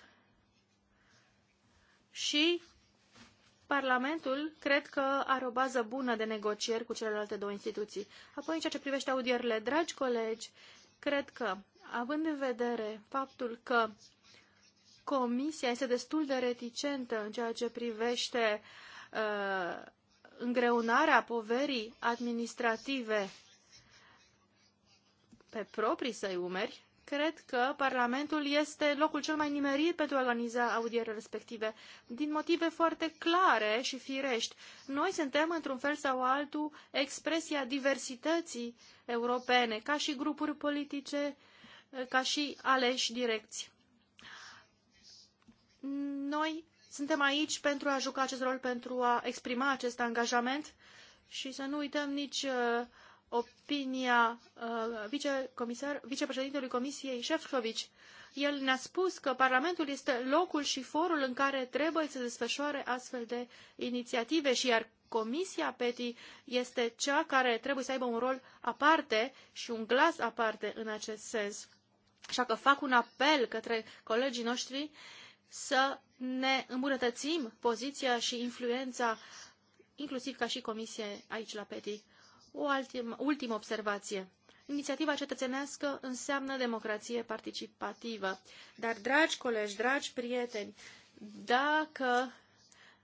Și Parlamentul cred că are o bază bună de negocieri cu celelalte două instituții. Apoi, în ceea ce privește audierile, dragi colegi, cred că, având în vedere faptul că Comisia este destul de reticentă în ceea ce privește uh, îngreunarea poverii administrative pe proprii săi umeri, Cred că Parlamentul este locul cel mai nimerit pentru a organiza audierile respective, din motive foarte clare și firești. Noi suntem, într-un fel sau altul, expresia diversității europene, ca și grupuri politice, ca și aleși direcți. Noi suntem aici pentru a juca acest rol, pentru a exprima acest angajament și să nu uităm nici uh, opinia uh, vicecomisar, vicepreședintelui Comisiei Șefcovici. El ne-a spus că Parlamentul este locul și forul în care trebuie să desfășoare astfel de inițiative și iar Comisia PETI este cea care trebuie să aibă un rol aparte și un glas aparte în acest sens. Așa că fac un apel către colegii noștri să ne îmbunătățim poziția și influența, inclusiv ca și Comisie aici la PETI. O ultimă observație. Inițiativa cetățenească înseamnă democrație participativă. Dar, dragi colegi, dragi prieteni, dacă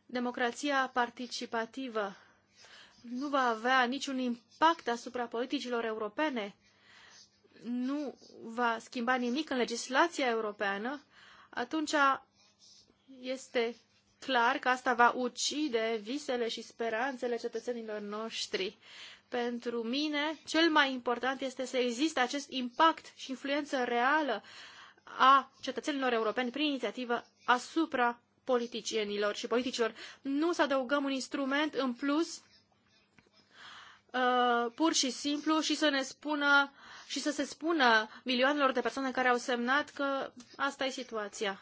democrația participativă nu va avea niciun impact asupra politicilor europene, nu va schimba nimic în legislația europeană, atunci este clar că asta va ucide visele și speranțele cetățenilor noștri pentru mine cel mai important este să existe acest impact și influență reală a cetățenilor europeni prin inițiativă asupra politicienilor și politicilor. Nu să adăugăm un instrument în plus, uh, pur și simplu, și să ne spună și să se spună milioanelor de persoane care au semnat că asta e situația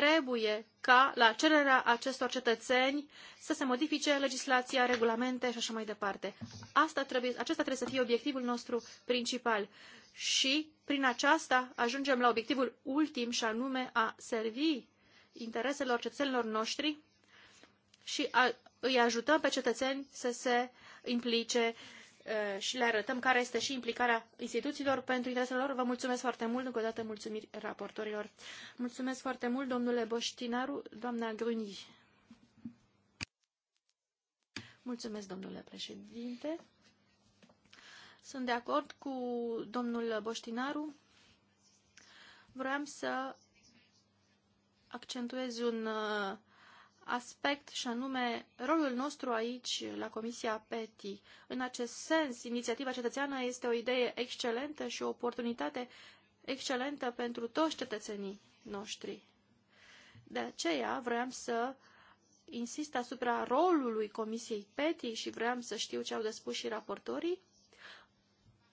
trebuie ca, la cererea acestor cetățeni, să se modifice legislația, regulamente și așa mai departe. Asta trebuie, acesta trebuie să fie obiectivul nostru principal și prin aceasta ajungem la obiectivul ultim și anume a servi intereselor cetățenilor noștri și a, îi ajutăm pe cetățeni să se implice uh, Eh, și le arătăm care este și implicarea instituțiilor pentru interesele lor. Vă mulțumesc foarte mult, încă o dată mulțumiri raportorilor. Mulțumesc foarte mult, domnule Boștinaru, doamna Gruni. Mulțumesc, domnule președinte. Sunt de acord cu domnul Boștinaru. Vroiam să accentuez un uh, aspect și anume rolul nostru aici la Comisia PETI. În acest sens, inițiativa cetățeană este o idee excelentă și o oportunitate excelentă pentru toți cetățenii noștri. De aceea vroiam să insist asupra rolului Comisiei PETI și vroiam să știu ce au de spus și raportorii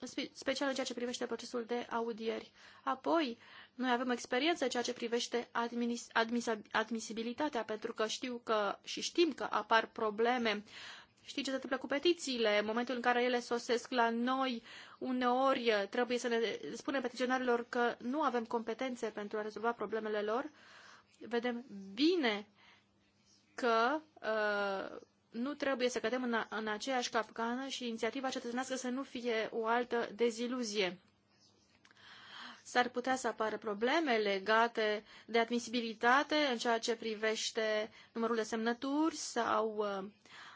în special în ceea ce privește procesul de audieri. Apoi, noi avem experiență în ceea ce privește admis, admis, admisibilitatea, pentru că știu că și știm că apar probleme. Știi ce se întâmplă cu petițiile? În momentul în care ele sosesc la noi, uneori trebuie să ne spunem petiționarilor că nu avem competențe pentru a rezolva problemele lor. Vedem bine că uh, nu trebuie să cădem în, în aceeași capcană și inițiativa cetățenească să nu fie o altă deziluzie. S-ar putea să apară probleme legate de admisibilitate în ceea ce privește numărul de semnături sau uh,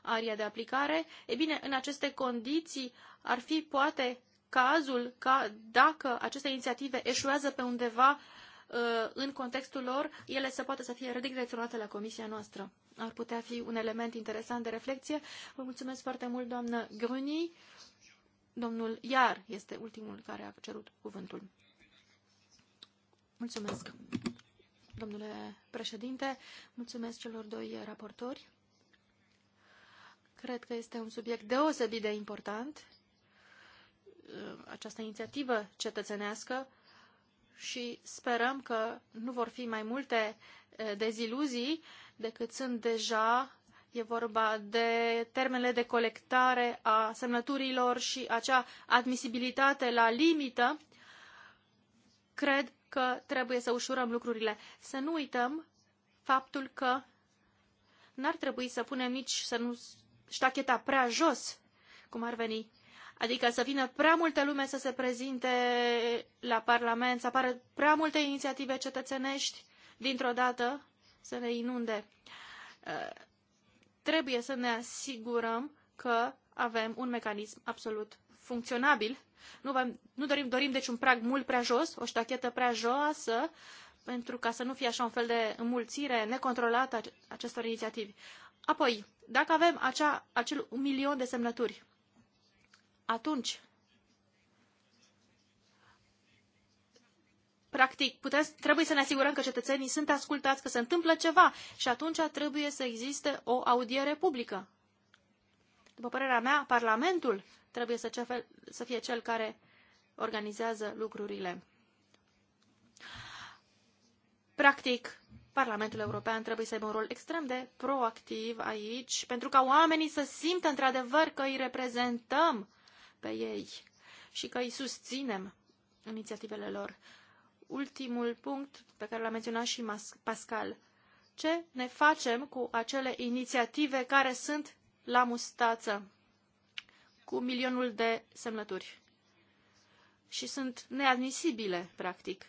aria de aplicare. E bine, în aceste condiții ar fi poate cazul ca dacă aceste inițiative eșuează pe undeva uh, în contextul lor, ele să poată să fie redirecționate la comisia noastră ar putea fi un element interesant de reflexie. Vă mulțumesc foarte mult, doamnă Gruni. Domnul Iar este ultimul care a cerut cuvântul. Mulțumesc, domnule președinte. Mulțumesc celor doi raportori. Cred că este un subiect deosebit de important, uh, această inițiativă cetățenească și sperăm că nu vor fi mai multe uh, deziluzii decât sunt deja. E vorba de termenele de colectare a semnăturilor și acea admisibilitate la limită. Cred că trebuie să ușurăm lucrurile. Să nu uităm faptul că n-ar trebui să punem nici să nu ștacheta prea jos, cum ar veni. Adică să vină prea multă lume să se prezinte la Parlament, să apară prea multe inițiative cetățenești dintr-o dată să ne inunde. Uh, trebuie să ne asigurăm că avem un mecanism absolut funcționabil. Nu, vă, nu dorim, dorim deci un prag mult prea jos, o ștachetă prea joasă, pentru ca să nu fie așa un fel de înmulțire necontrolată acestor inițiativi. Apoi, dacă avem acea, acel milion de semnături, atunci practic, putem, trebuie să ne asigurăm că cetățenii sunt ascultați, că se întâmplă ceva și atunci trebuie să existe o audiere publică. După părerea mea, Parlamentul trebuie să, cefe, să fie cel care organizează lucrurile. Practic, Parlamentul European trebuie să aibă un rol extrem de proactiv aici, pentru ca oamenii să simtă într-adevăr că îi reprezentăm pe ei și că îi susținem inițiativele lor ultimul punct pe care l-a menționat și Pascal. Ce ne facem cu acele inițiative care sunt la mustață cu milionul de semnături și sunt neadmisibile, practic?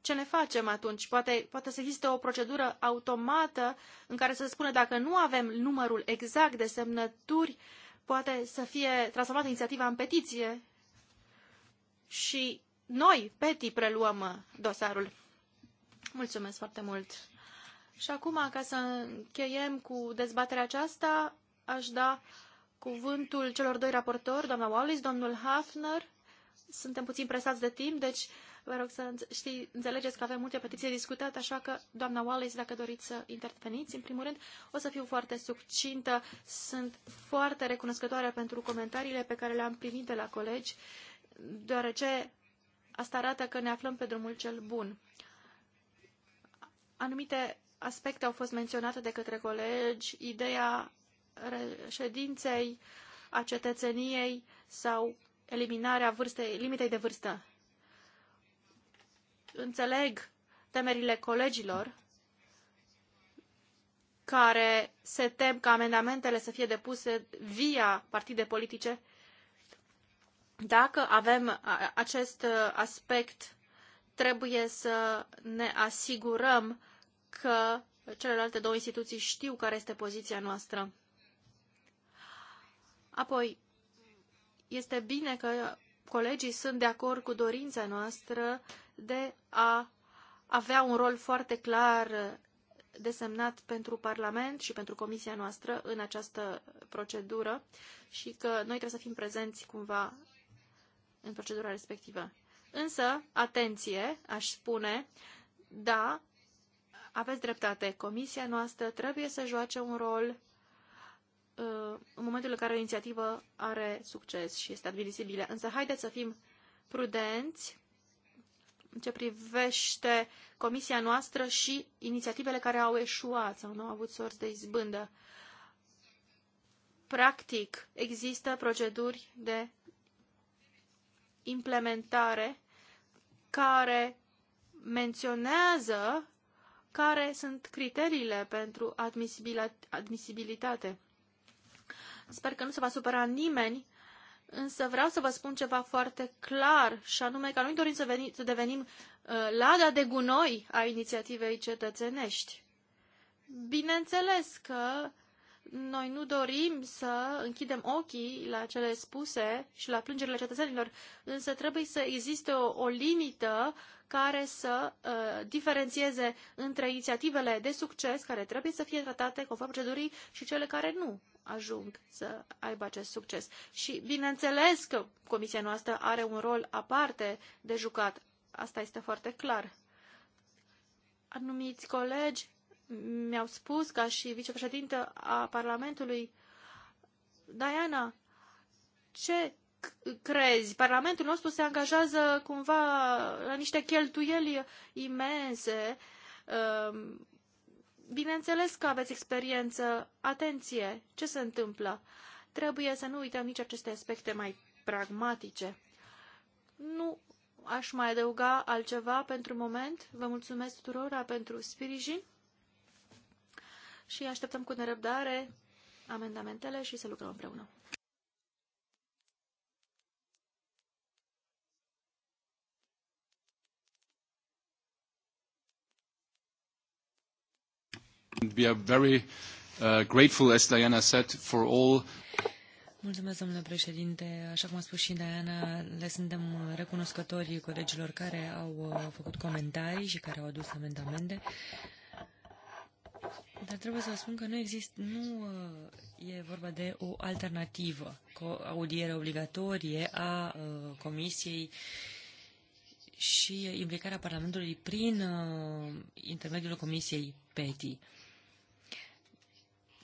ce ne facem atunci? Poate, poate să existe o procedură automată în care să se spună dacă nu avem numărul exact de semnături, poate să fie transformată inițiativa în petiție și noi, Peti, preluăm uh, dosarul. Mulțumesc foarte mult! Și acum, ca să încheiem cu dezbaterea aceasta, aș da cuvântul celor doi raportori, doamna Wallis, domnul Hafner. Suntem puțin presați de timp, deci vă rog să știi, înțelegeți că avem multe petiții discutate, așa că, doamna Wallis, dacă doriți să interveniți, în primul rând, o să fiu foarte succintă. Sunt foarte recunoscătoare pentru comentariile pe care le-am primit de la colegi, deoarece Asta arată că ne aflăm pe drumul cel bun. Anumite aspecte au fost menționate de către colegi, ideea reședinței, a cetățeniei sau eliminarea vârstei, limitei de vârstă. Înțeleg temerile colegilor care se tem ca amendamentele să fie depuse via partide politice dacă avem acest uh, aspect, trebuie să ne asigurăm că celelalte două instituții știu care este poziția noastră. Apoi, este bine că colegii sunt de acord cu dorința noastră de a avea un rol foarte clar desemnat pentru Parlament și pentru Comisia noastră în această procedură și că noi trebuie să fim prezenți cumva în procedura respectivă. Însă, atenție, aș spune, da, aveți dreptate, comisia noastră trebuie să joace un rol uh, în momentul în care o inițiativă are succes și este admisibilă. Însă, haideți să fim prudenți în ce privește comisia noastră și inițiativele care au eșuat sau nu au avut sorți de izbândă. Practic, există proceduri de implementare care menționează care sunt criteriile pentru admisibilitate. Sper că nu se va supăra nimeni, însă vreau să vă spun ceva foarte clar, și anume că nu dorim să, veni, să devenim uh, lada de gunoi a inițiativei cetățenești. Bineînțeles că noi nu dorim să închidem ochii la cele spuse și la plângerile cetățenilor, însă trebuie să existe o, o limită care să uh, diferențieze între inițiativele de succes care trebuie să fie tratate conform procedurii și cele care nu ajung să aibă acest succes. Și bineînțeles că comisia noastră are un rol aparte de jucat. Asta este foarte clar. Anumiți colegi mi-au spus ca și vicepreședintă a Parlamentului, Diana, ce crezi? Parlamentul nostru se angajează cumva la niște cheltuieli imense. Um, bineînțeles că aveți experiență. Atenție! Ce se întâmplă? Trebuie să nu uităm nici aceste aspecte mai pragmatice. Nu aș mai adăuga altceva pentru moment. Vă mulțumesc tuturora pentru sprijin și așteptăm cu nerăbdare amendamentele și să lucrăm împreună. We are very uh, grateful, as Diana said, for all Mulțumesc, domnule președinte. Așa cum a spus și Diana, le suntem recunoscători colegilor care au uh, făcut comentarii și care au adus amendamente. Dar trebuie să spun că nu există, nu uh, e vorba de o alternativă, o audiere obligatorie a uh, Comisiei și implicarea Parlamentului prin uh, intermediul Comisiei PETI.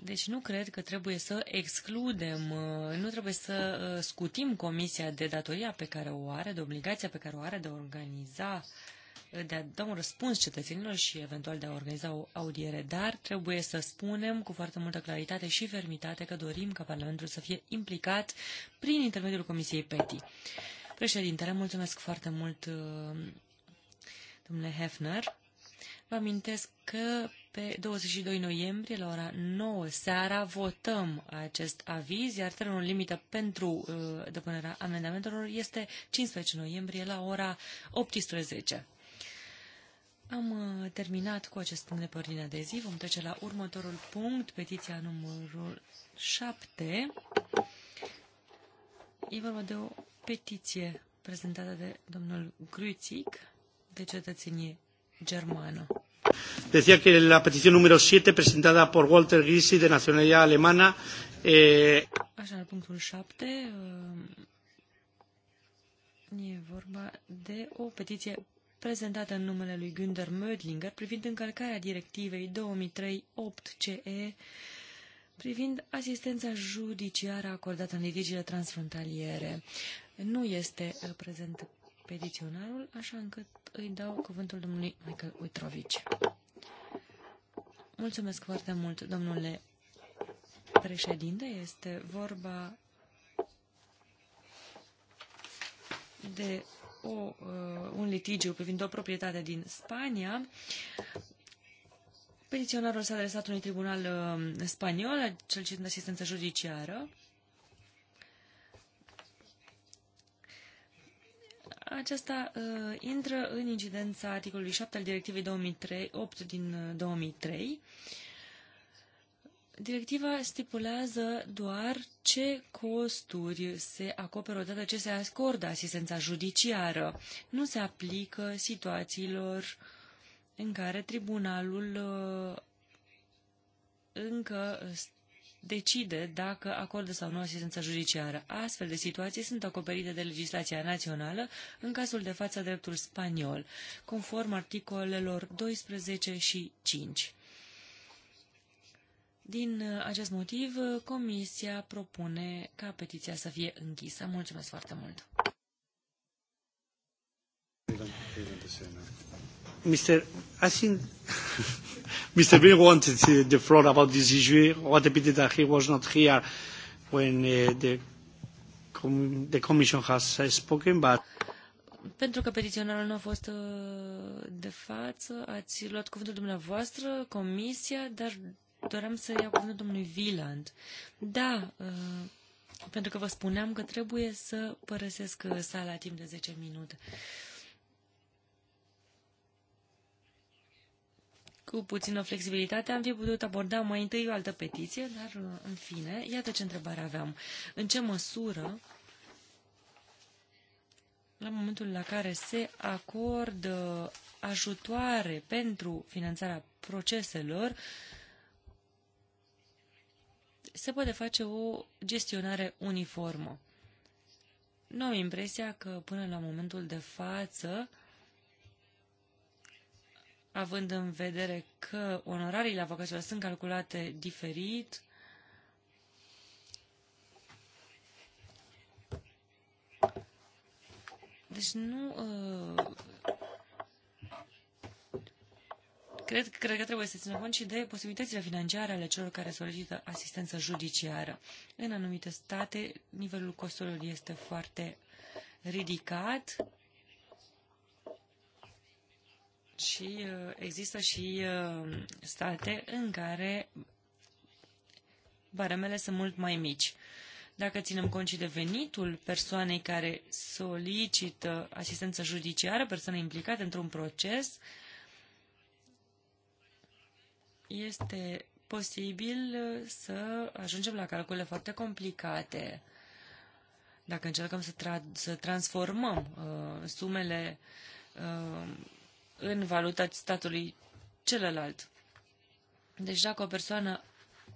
Deci nu cred că trebuie să excludem, nu trebuie să scutim Comisia de datoria pe care o are, de obligația pe care o are de a organiza uh, de a da un răspuns cetățenilor și eventual de a organiza o audiere, dar trebuie să spunem cu foarte multă claritate și fermitate că dorim ca Parlamentul să fie implicat prin intermediul Comisiei PETI. Președintele, mulțumesc foarte mult, uh, domnule Hefner. Vă amintesc că pe 22 noiembrie, la ora 9 seara, votăm acest aviz, iar termenul limită pentru uh, depunerea amendamentelor este 15 noiembrie la ora 18. Am uh, terminat cu acest punct de pe de zi. Vom trece la următorul punct, petiția numărul 7. E vorba de o petiție prezentată de domnul Gruțic de cetățenie germană. Decía que la petición número 7 presentada por Walter Grisi de nacionalidad alemana. Eh... Așa, la punctul 7 uh, e vorba de o petiție prezentată în numele lui Günther Mödlinger privind încălcarea directivei 2003-8-CE privind asistența judiciară acordată în litigiile transfrontaliere. Nu este uh, prezent petiționarul, așa încât îi dau cuvântul domnului Michael Uitrovici. Mulțumesc foarte mult, domnule președinte. Este vorba de o, uh, un litigiu privind o proprietate din Spania, petiționarul s-a adresat unui tribunal uh, spaniol, solicitând asistență judiciară. Aceasta uh, intră în incidența articolului 7 al directivei 2003, 8 din 2003 uh, Directiva stipulează doar ce costuri se acoperă odată ce se acordă asistența judiciară. Nu se aplică situațiilor în care tribunalul uh, încă decide dacă acordă sau nu asistența judiciară. Astfel de situații sunt acoperite de legislația națională, în cazul de față dreptul spaniol, conform articolelor 12 și 5. Din uh, acest motiv, uh, Comisia propune ca petiția să fie închisă. Mulțumesc foarte mult! Mr. I think Mr. Bill wanted the floor about this issue. What a pity that he was not here when uh, the, com the Commission has uh, spoken, but pentru că petiționarul nu a fost uh, de față, ați luat cuvântul dumneavoastră, comisia, dar doream să iau cuvântul domnului Wieland. Da, uh, pentru că vă spuneam că trebuie să părăsesc uh, sala timp de 10 minute. Cu puțină flexibilitate am fi putut aborda mai întâi o altă petiție, dar uh, în fine, iată ce întrebare aveam. În ce măsură la momentul la care se acordă ajutoare pentru finanțarea proceselor, uh, se poate face o gestionare uniformă. Nu am impresia că până la momentul de față, având în vedere că onorariile avocaților sunt calculate diferit, deci nu uh, Cred, cred că trebuie să ținem cont și de posibilitățile financiare ale celor care solicită asistență judiciară. În anumite state, nivelul costurilor este foarte ridicat și uh, există și uh, state în care baremele sunt mult mai mici. Dacă ținem cont și de venitul persoanei care solicită asistență judiciară, persoane implicate într-un proces, este posibil uh, să ajungem la calcule foarte complicate. Dacă încercăm să, tra- să transformăm uh, sumele uh, în valuta statului celălalt. Deci dacă o persoană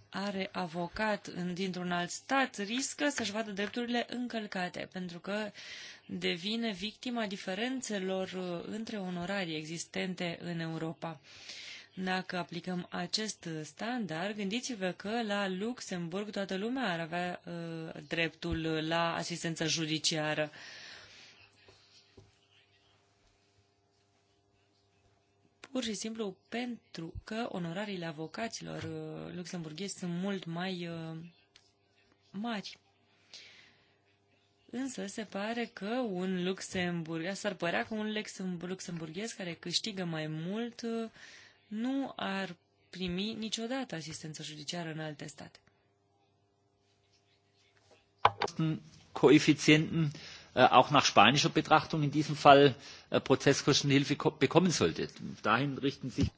are avocat în, dintr-un alt stat, riscă să-și vadă drepturile încălcate, pentru că devine victima diferențelor uh, între onorarii existente în Europa. Uh, dacă aplicăm acest standard, gândiți-vă că la Luxemburg toată lumea ar avea uh, dreptul la asistență judiciară. Pur și simplu pentru că onorariile avocaților uh, luxemburghezi sunt mult mai uh, mari. Însă se pare că un luxemburg, s-ar părea că un luxemburghez care câștigă mai mult uh, nu ar primi niciodată asistență judiciară în alte state. Coefizienten äh, auch nach spanischer Betrachtung in diesem Fall äh, Prozesskostenhilfe bekommen sollte. Dahin richten sich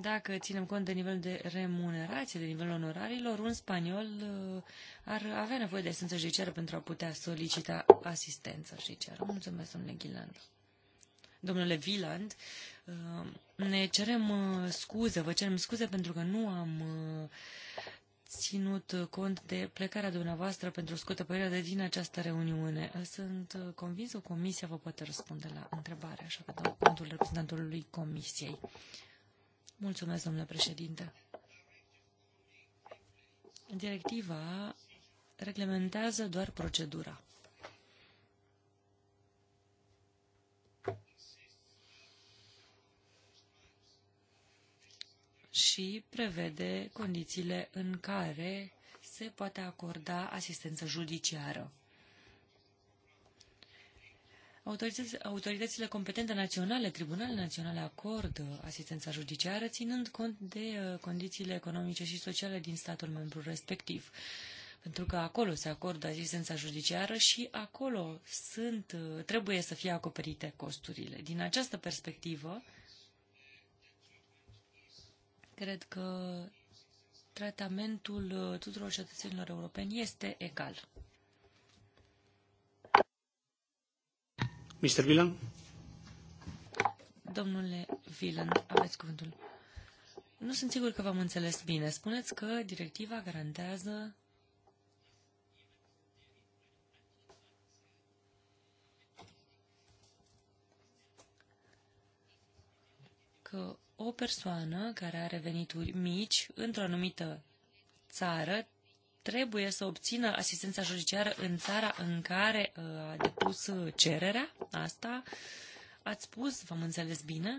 dacă ținem cont de nivelul de remunerație, de nivelul onorarilor, un spaniol äh, ar avea nevoie de asistență judiciară pentru a putea solicita asistență judiciară. Mulțumesc, domnule Ghilandă domnule Wieland, uh, ne cerem uh, scuze, vă cerem scuze pentru că nu am uh, ținut cont de plecarea dumneavoastră pentru o scurtă perioadă din această reuniune. Sunt convins că comisia vă poate răspunde la întrebare, așa că dau cuvântul reprezentantului comisiei. Mulțumesc, domnule președinte. Directiva reglementează doar procedura. și prevede condițiile în care se poate acorda asistență judiciară. Autoritățile competente naționale, tribunalele naționale acordă asistența judiciară, ținând cont de uh, condițiile economice și sociale din statul membru respectiv. Pentru că acolo se acordă asistența judiciară și acolo sunt, uh, trebuie să fie acoperite costurile. Din această perspectivă, Cred că tratamentul uh, tuturor cetățenilor europeni este egal. Mr. Villan? Domnule Villan, aveți cuvântul. Nu sunt sigur că v-am înțeles bine. Spuneți că directiva garantează că o persoană care are venituri mici într-o anumită țară trebuie să obțină asistența judiciară în țara în care uh, a depus cererea? Asta ați spus, v-am înțeles bine?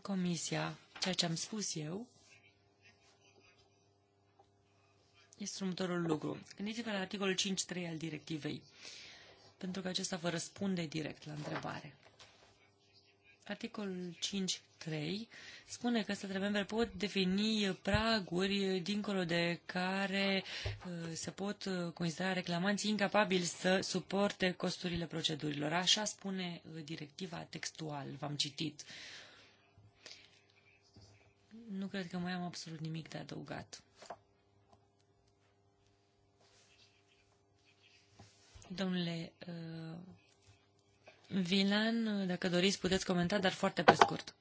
Comisia, ceea ce am spus eu, este următorul lucru. Gândiți-vă la articolul 5.3 al directivei, pentru că acesta vă răspunde direct la întrebare. Articolul 5.3 spune că statele membre pot defini praguri dincolo de care uh, se pot uh, considera reclamanții incapabili să suporte costurile procedurilor. Așa spune uh, directiva textual, v-am citit. Nu cred că mai am absolut nimic de adăugat. Domnule Vilan, dacă doriți, puteți comenta, dar foarte pe scurt.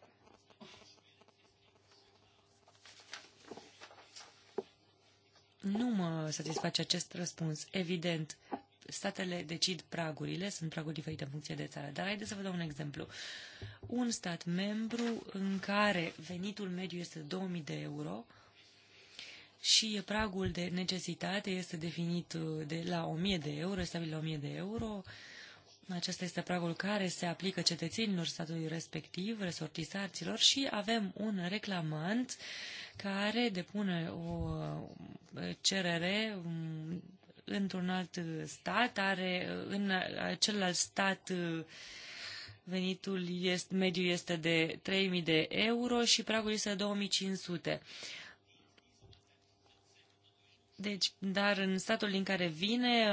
Nu mă satisface acest răspuns. Evident, statele decid pragurile, sunt praguri diferite în funcție de țară. Dar haideți să vă dau un exemplu. Un stat membru în care venitul mediu este 2000 de euro și pragul de necesitate este definit uh, de la 1000 de euro, stabil la 1000 de euro, uh, acesta este pragul care se aplică cetățenilor statului respectiv, resortisaților, și avem un reclamant care depune o uh, cerere um, într-un alt stat, are uh, în celălalt stat uh, venitul este, mediu este de 3.000 de euro și pragul este de 2.500. Deci, dar în statul din care vine,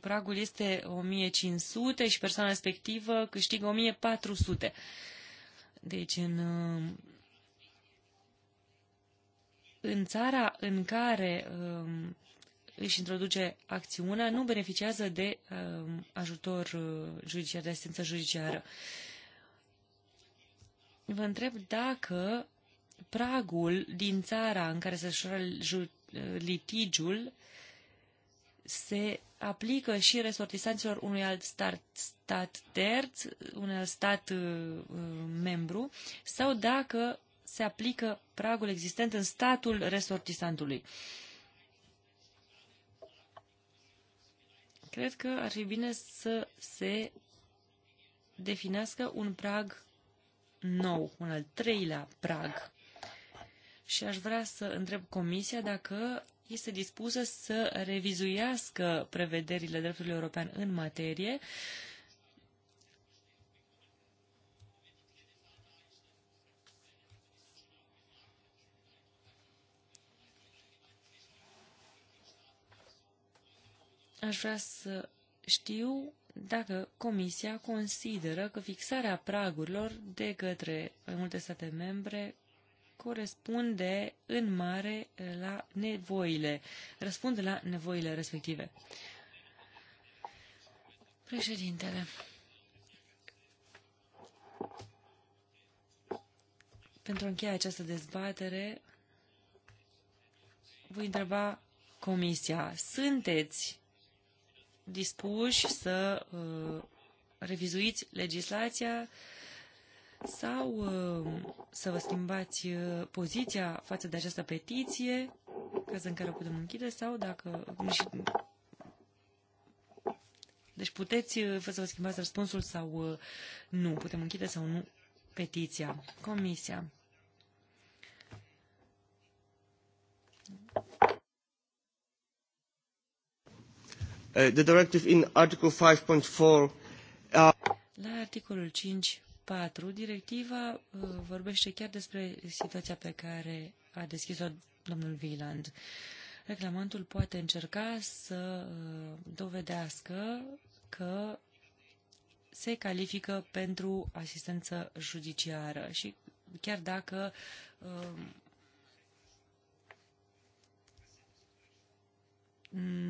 pragul este 1500 și persoana respectivă câștigă 1400. Deci în, în țara în care um, își introduce acțiunea, nu beneficiază de um, ajutor uh, judiciar, de asistență judiciară. Vă întreb dacă pragul din țara în care se desfășoară uh, litigiul se aplică și resortisanților unui alt stat, stat terț, unui alt stat uh, uh, membru, sau dacă se aplică pragul existent în statul resortisantului. Cred că ar fi bine să se definească un prag nou, un al treilea prag. Și aș vrea să întreb Comisia dacă este dispusă să revizuiască prevederile dreptului european în materie, aș vrea să știu dacă Comisia consideră că fixarea pragurilor de către mai multe state membre corespunde în mare eh, la nevoile, răspunde la nevoile respective. Președintele, pentru a încheia această dezbatere, voi întreba Comisia, sunteți dispuși să uh, revizuiți legislația uh, sau uh, să vă schimbați uh, poziția față de această petiție, caz în care o putem închide, sau dacă... Deci puteți uh, să vă schimbați răspunsul sau nu. Putem închide sau nu petiția. Comisia. Uh, the directive in article 5.4 uh... La articolul 5 4, directiva uh, vorbește chiar despre situația pe care a deschis-o domnul Wieland. Reclamantul poate încerca să uh, dovedească că se califică pentru asistență judiciară și chiar dacă uh,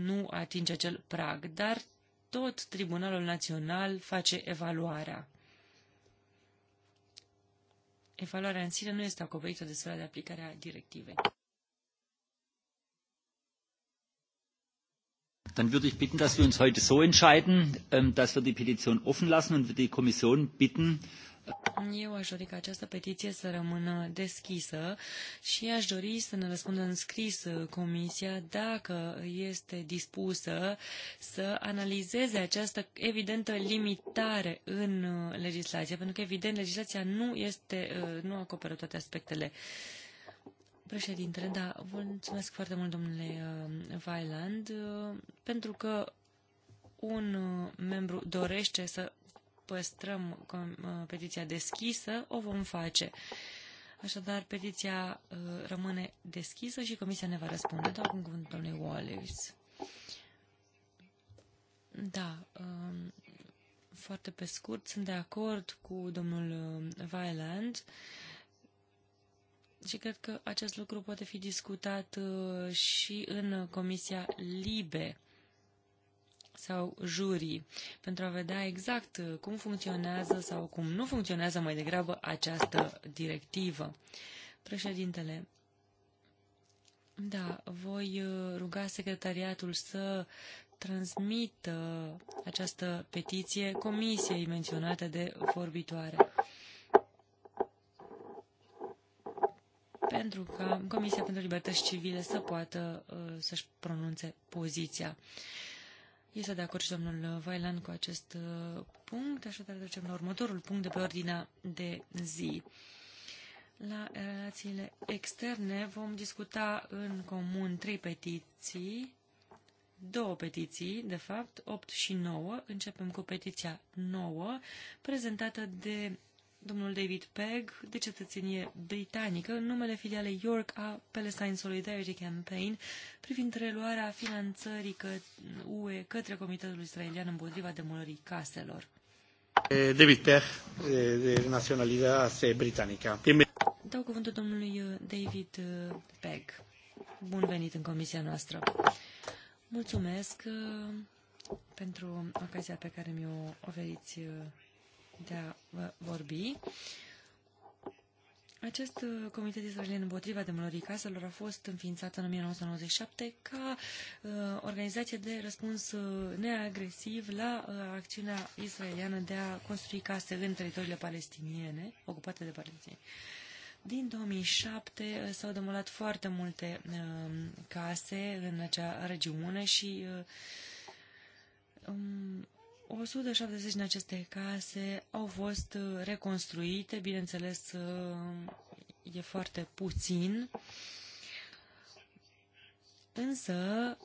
nu atinge acel prag, dar tot Tribunalul Național face evaluarea evaluarea în sine nu este acoperită de sfera de aplicare a directivei. Dann würde ich bitten, dass wir uns heute so entscheiden, ähm, dass wir die Petition offen lassen und wir die Kommission bitten, eu aș dori ca această petiție să rămână deschisă și aș dori să ne răspundă în scris uh, Comisia dacă este dispusă să analizeze această evidentă limitare în uh, legislație, pentru că, evident, legislația nu, este, uh, nu acoperă toate aspectele. Președintele, da, vă mulțumesc foarte mult, domnule Vailand, pentru că un membru dorește să păstrăm uh, petiția deschisă, o vom face. Așadar, petiția uh, rămâne deschisă și comisia ne va răspunde. Dau acum cuvântul domnului Wallace. Da, um, foarte pe scurt, sunt de acord cu domnul Violand uh, și cred că acest lucru poate fi discutat și în Comisia LIBE sau jurii, pentru a vedea exact uh, cum funcționează sau cum nu funcționează mai degrabă această directivă. Președintele, da, voi uh, ruga secretariatul să transmită această petiție comisiei menționate de vorbitoare. Pentru ca Comisia pentru Libertăți Civile să poată uh, să-și pronunțe poziția. Este de acord și domnul Vailan cu acest uh, punct, așadar trecem la următorul punct de pe ordinea de zi. La relațiile externe vom discuta în comun trei petiții, două petiții, de fapt, 8 și 9. Începem cu petiția 9, prezentată de domnul David Pegg, de cetățenie britanică, în numele filialei York a Palestine Solidarity Campaign, privind reluarea finanțării că UE către Comitetul Israelian împotriva demolării caselor. Eh, David Pegg, eh, de naționalitate britanică. Dau cuvântul domnului eh, David Pegg. Bun venit în comisia noastră. Mulțumesc pentru ocazia pe care mi-o oferiți de a vorbi. Acest uh, comitet israelian împotriva demolării caselor a fost înființat în 1997 ca uh, organizație de răspuns uh, neagresiv la uh, acțiunea israeliană de a construi case în teritoriile palestiniene, ocupate de palestinieni. Din 2007 uh, s-au demolat foarte multe uh, case în acea regiune și uh, um, 170 din aceste case au fost uh, reconstruite, bineînțeles uh, e foarte puțin, însă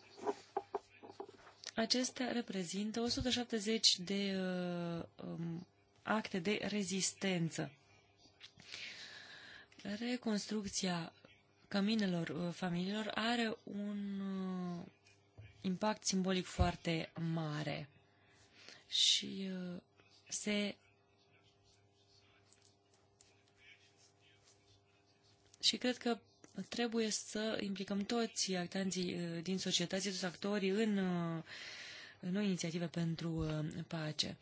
acestea reprezintă 170 de uh, um, acte de rezistență. Reconstrucția căminelor familiilor are un impact simbolic foarte mare și uh, se și cred că trebuie să implicăm toți actanții uh, din societate, toți actorii în, în uh, noi inițiative pentru pace.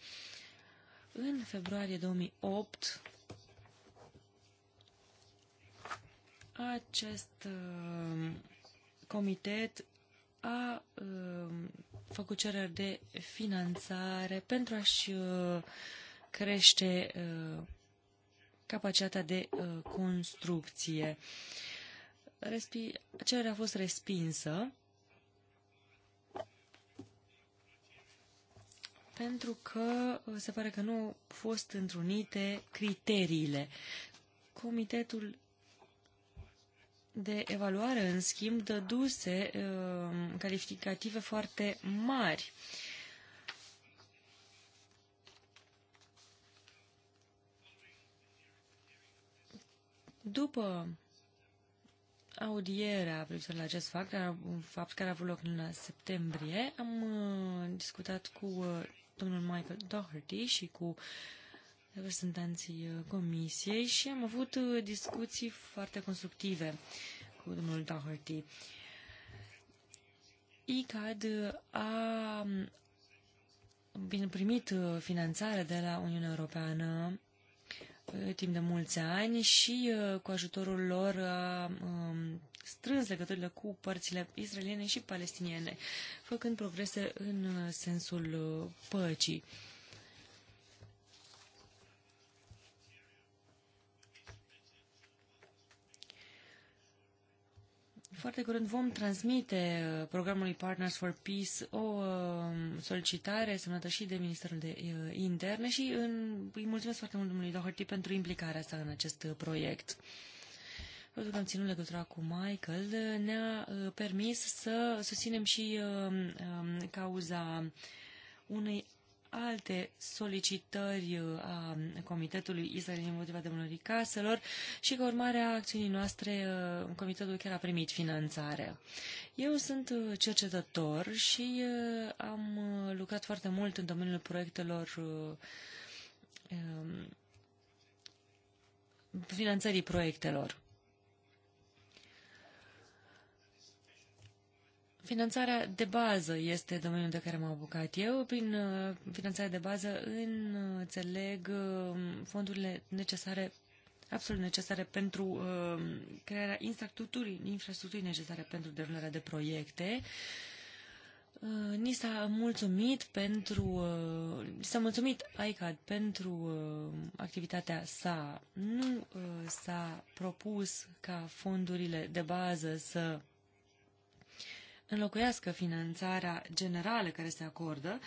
În februarie 2008, acest comitet a ă, făcut cereri de finanțare pentru a-și ă, crește ă, capacitatea de construcție. Respi... Cererea a fost respinsă pentru că se pare că nu au fost întrunite criteriile. Comitetul de evaluare, în schimb, dăduse uh, calificative foarte mari. După audierea privitor la acest fapt, un fapt care a avut loc în septembrie, am uh, discutat cu uh, domnul Michael Doherty și cu uh, reprezentanții uh, comisiei și am avut uh, discuții foarte constructive cu domnul Doherty. ICAD a um, bine primit uh, finanțare de la Uniunea Europeană timp de mulți ani și cu ajutorul lor a um, strâns legăturile cu părțile israeliene și palestiniene, făcând progrese în sensul păcii. Foarte curând vom transmite uh, programului Partners for Peace o um, solicitare semnată și de Ministerul de uh, Interne și în, îi mulțumesc foarte mult domnului Doherty pentru implicarea sa în acest uh, proiect. Faptul că am ținut legătura cu Michael ne-a permis să susținem și um, cauza unei alte solicitări uh, a Comitetului Israel împotriva demolării caselor și că urmare a acțiunii noastre uh, Comitetul chiar a primit finanțare. Eu sunt uh, cercetător și am lucrat foarte mult în domeniul proiectelor um, finanțării proiectelor. Finanțarea de bază este domeniul de care m-am apucat eu. Prin uh, finanțarea de bază înțeleg uh, fondurile necesare, absolut necesare pentru uh, crearea infrastructurii, infrastructurii necesare pentru derularea de proiecte. Ni s-a mulțumit pentru s-a mulțumit ICAD pentru activitatea sa. Nu s-a propus ca fondurile de bază să înlocuiască finanțarea generală care se acordă,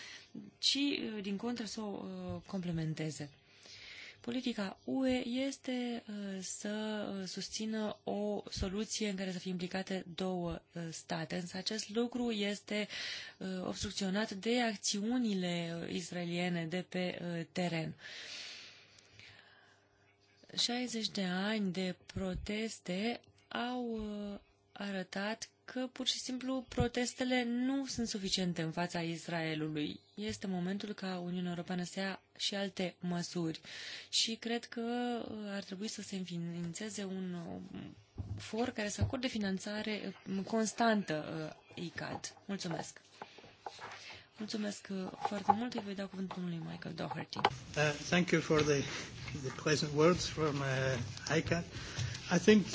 ci, uh, din contră, să o uh, complementeze. Politica UE este uh, să susțină o soluție în care să fie implicate două state, însă acest lucru este obstrucționat de acțiunile israeliene de pe teren. 60 de ani de proteste au arătat că pur și simplu protestele nu sunt suficiente în fața Israelului. Este momentul ca Uniunea Europeană să ia și alte măsuri și cred că uh, ar trebui să se înființeze un uh, for care să acorde finanțare uh, constantă ICAD. Mulțumesc! Mulțumesc foarte mult. Îi voi da cuvântul lui Michael Doherty. Uh, thank you for the, the pleasant words from uh, ICAD. I think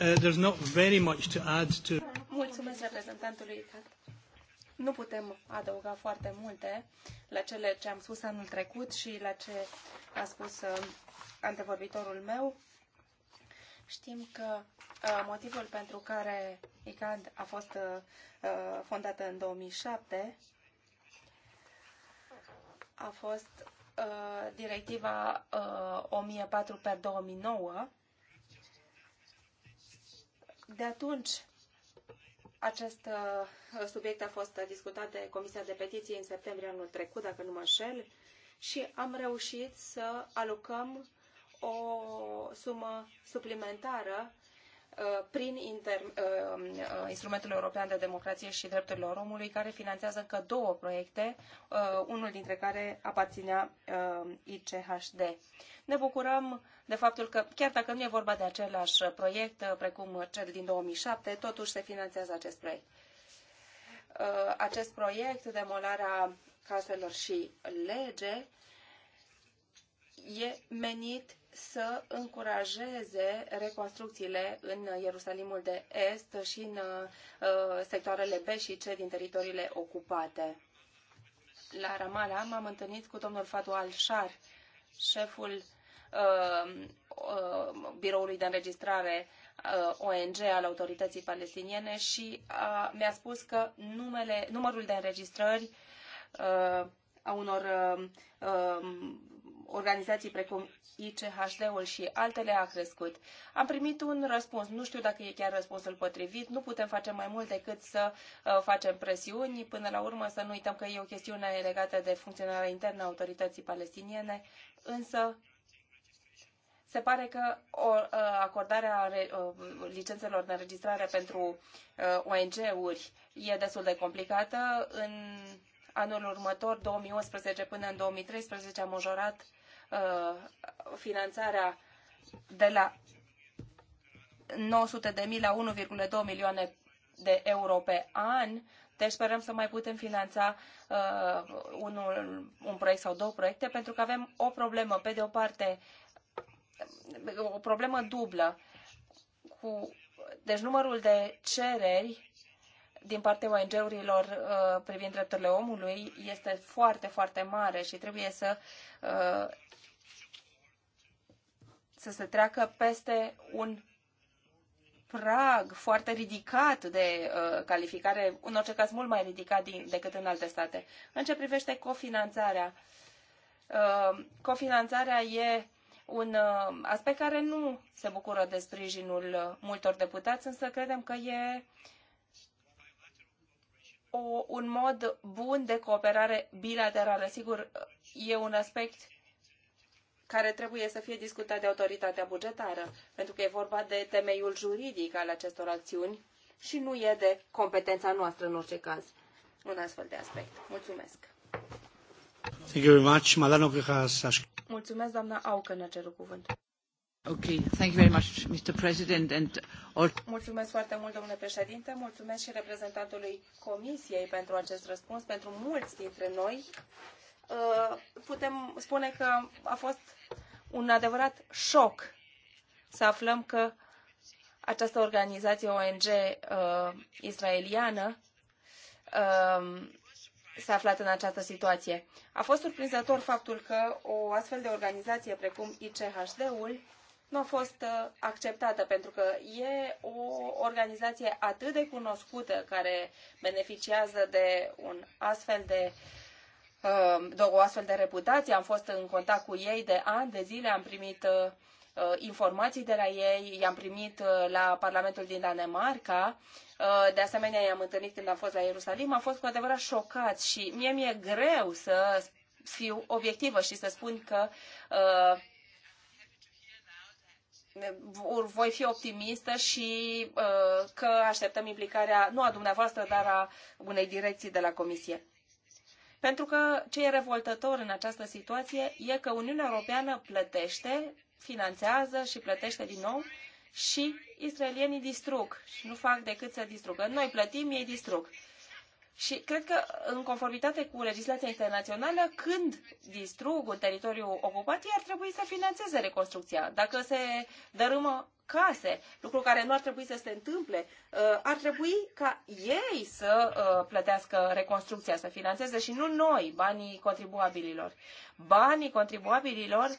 Uh, there's not very much to add to... Mulțumesc reprezentantului ICAT. Nu putem adăuga foarte multe la cele ce am spus anul trecut și la ce a spus uh, antevorbitorul meu. Știm că uh, motivul pentru care ICAD a fost fondată în 2007 a fost directiva 1004 pe 2009 de atunci, acest uh, subiect a fost discutat de Comisia de Petiții în septembrie anul trecut, dacă nu mă înșel, și am reușit să alocăm o sumă suplimentară Uh, prin inter, uh, uh, Instrumentul European de Democrație și Drepturile Omului, care finanțează încă două proiecte, unul dintre care aparținea ICHD. Ne bucurăm de faptul că, chiar dacă nu e vorba de același proiect, precum cel din 2007, totuși se finanțează acest proiect. Acest proiect, demolarea caselor și lege, e menit să încurajeze reconstrucțiile în Ierusalimul de Est și în uh, sectoarele B și C din teritoriile ocupate. La Ramallah m-am întâlnit cu domnul Fatu Al-Shar, șeful uh, uh, biroului de înregistrare uh, ONG al autorității palestiniene și uh, mi-a spus că numele, numărul de înregistrări uh, a unor uh, uh, organizații precum ICHD-ul și altele a crescut. Am primit un răspuns, nu știu dacă e chiar răspunsul potrivit, nu putem face mai mult decât să uh, facem presiuni, până la urmă să nu uităm că e o chestiune legată de funcționarea internă a autorității palestiniene, însă se pare că o, uh, acordarea uh, licențelor de înregistrare pentru ONG-uri e destul de complicată. În Anul următor, 2011 până în 2013, am majorat uh, finanțarea de la 900 de mii la 1,2 milioane de euro pe an, deci sperăm să mai putem finanța uh, unul, un proiect sau două proiecte, pentru că avem o problemă, pe de o parte, o problemă dublă. Cu, deci numărul de cereri din partea ONG-urilor uh, privind drepturile omului este foarte, foarte mare și trebuie să uh, să se treacă peste un prag foarte ridicat de uh, calificare, în orice caz mult mai ridicat din, decât în alte state. În ce privește cofinanțarea, uh, cofinanțarea e un uh, aspect care nu se bucură de sprijinul uh, multor deputați, însă credem că e o, un mod bun de cooperare bilaterală. Sigur, e un aspect care trebuie să fie discutat de autoritatea bugetară, pentru că e vorba de temeiul juridic al acestor acțiuni și nu e de competența noastră în orice caz un astfel de aspect. Mulțumesc! Thank you very much. Mulțumesc, doamna Aucă, ne cerut cuvânt. Mulțumesc foarte mult, domnule președinte, mulțumesc și reprezentantului Comisiei pentru acest răspuns. Pentru mulți dintre noi uh, putem spune că a fost un adevărat șoc să aflăm că această organizație ONG uh, israeliană uh, s-a aflat în această situație. A fost surprinzător faptul că o astfel de organizație precum ICHD-ul nu a fost uh, acceptată pentru că e o organizație atât de cunoscută care beneficiază de un astfel de uh, de o astfel de reputație. Am fost în contact cu ei de ani de zile, am primit uh, informații de la ei, i-am primit la Parlamentul din Danemarca, de asemenea i-am întâlnit când am fost la Ierusalim, am fost cu adevărat șocat și mie mi-e greu să fiu obiectivă și să spun că uh, voi fi optimistă și uh, că așteptăm implicarea nu a dumneavoastră, dar a unei direcții de la Comisie. Pentru că ce e revoltător în această situație e că Uniunea Europeană plătește, finanțează și plătește din nou și israelienii distrug și nu fac decât să distrugă. Noi plătim, ei distrug. Și cred că, în conformitate cu legislația internațională, când distrug un teritoriu ocupat, ei ar trebui să financeze reconstrucția. Dacă se dărâmă case, lucru care nu ar trebui să se întâmple, uh, ar trebui ca ei să uh, plătească reconstrucția, să financeze și nu noi, banii contribuabililor. Banii contribuabililor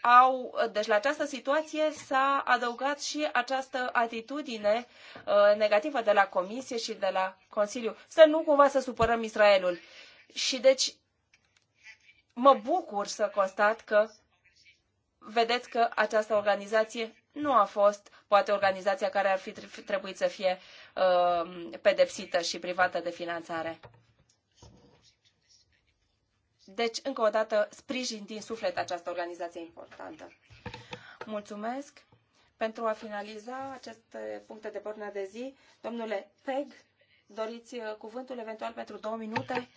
au, deci la această situație s-a adăugat și această atitudine uh, negativă de la Comisie și de la Consiliu. Să nu cumva să supărăm Israelul. Și deci mă bucur să constat că vedeți că această organizație nu a fost poate organizația care ar fi trebuit să fie uh, pedepsită și privată de finanțare. Deci, încă o dată, sprijin din suflet această organizație importantă. Mulțumesc. Pentru a finaliza aceste puncte de pornă de zi, domnule Peg, doriți uh, cuvântul eventual pentru două minute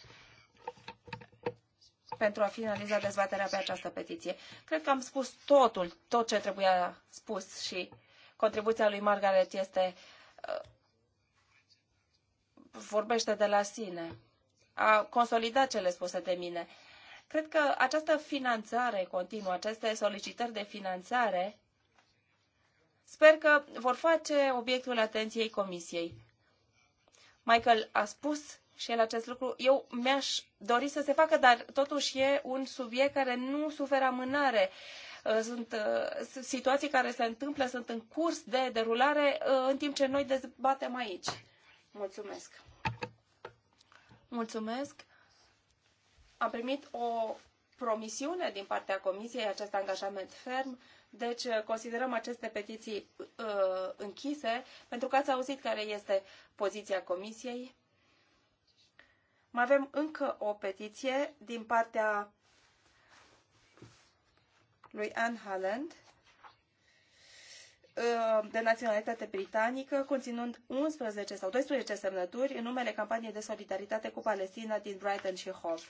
pentru a finaliza dezbaterea pe această petiție. Cred că am spus totul, tot ce trebuia spus și contribuția lui Margaret este uh, vorbește de la sine a consolida cele spuse de mine. Cred că această finanțare continuă, aceste solicitări de finanțare, sper că vor face obiectul atenției Comisiei. Michael a spus și el acest lucru. Eu mi-aș dori să se facă, dar totuși e un subiect care nu suferă amânare. Uh, sunt uh, situații care se întâmplă, sunt în curs de derulare, uh, în timp ce noi dezbatem aici. Mulțumesc. Mulțumesc. Am primit o promisiune din partea Comisiei, acest angajament ferm, deci uh, considerăm aceste petiții uh, închise, pentru că ați auzit care este poziția Comisiei. Mai avem încă o petiție din partea lui Anne Halland Uh, de naționalitate britanică, conținând 11 sau 12 semnături în numele campaniei de solidaritate cu Palestina din Brighton și Hove.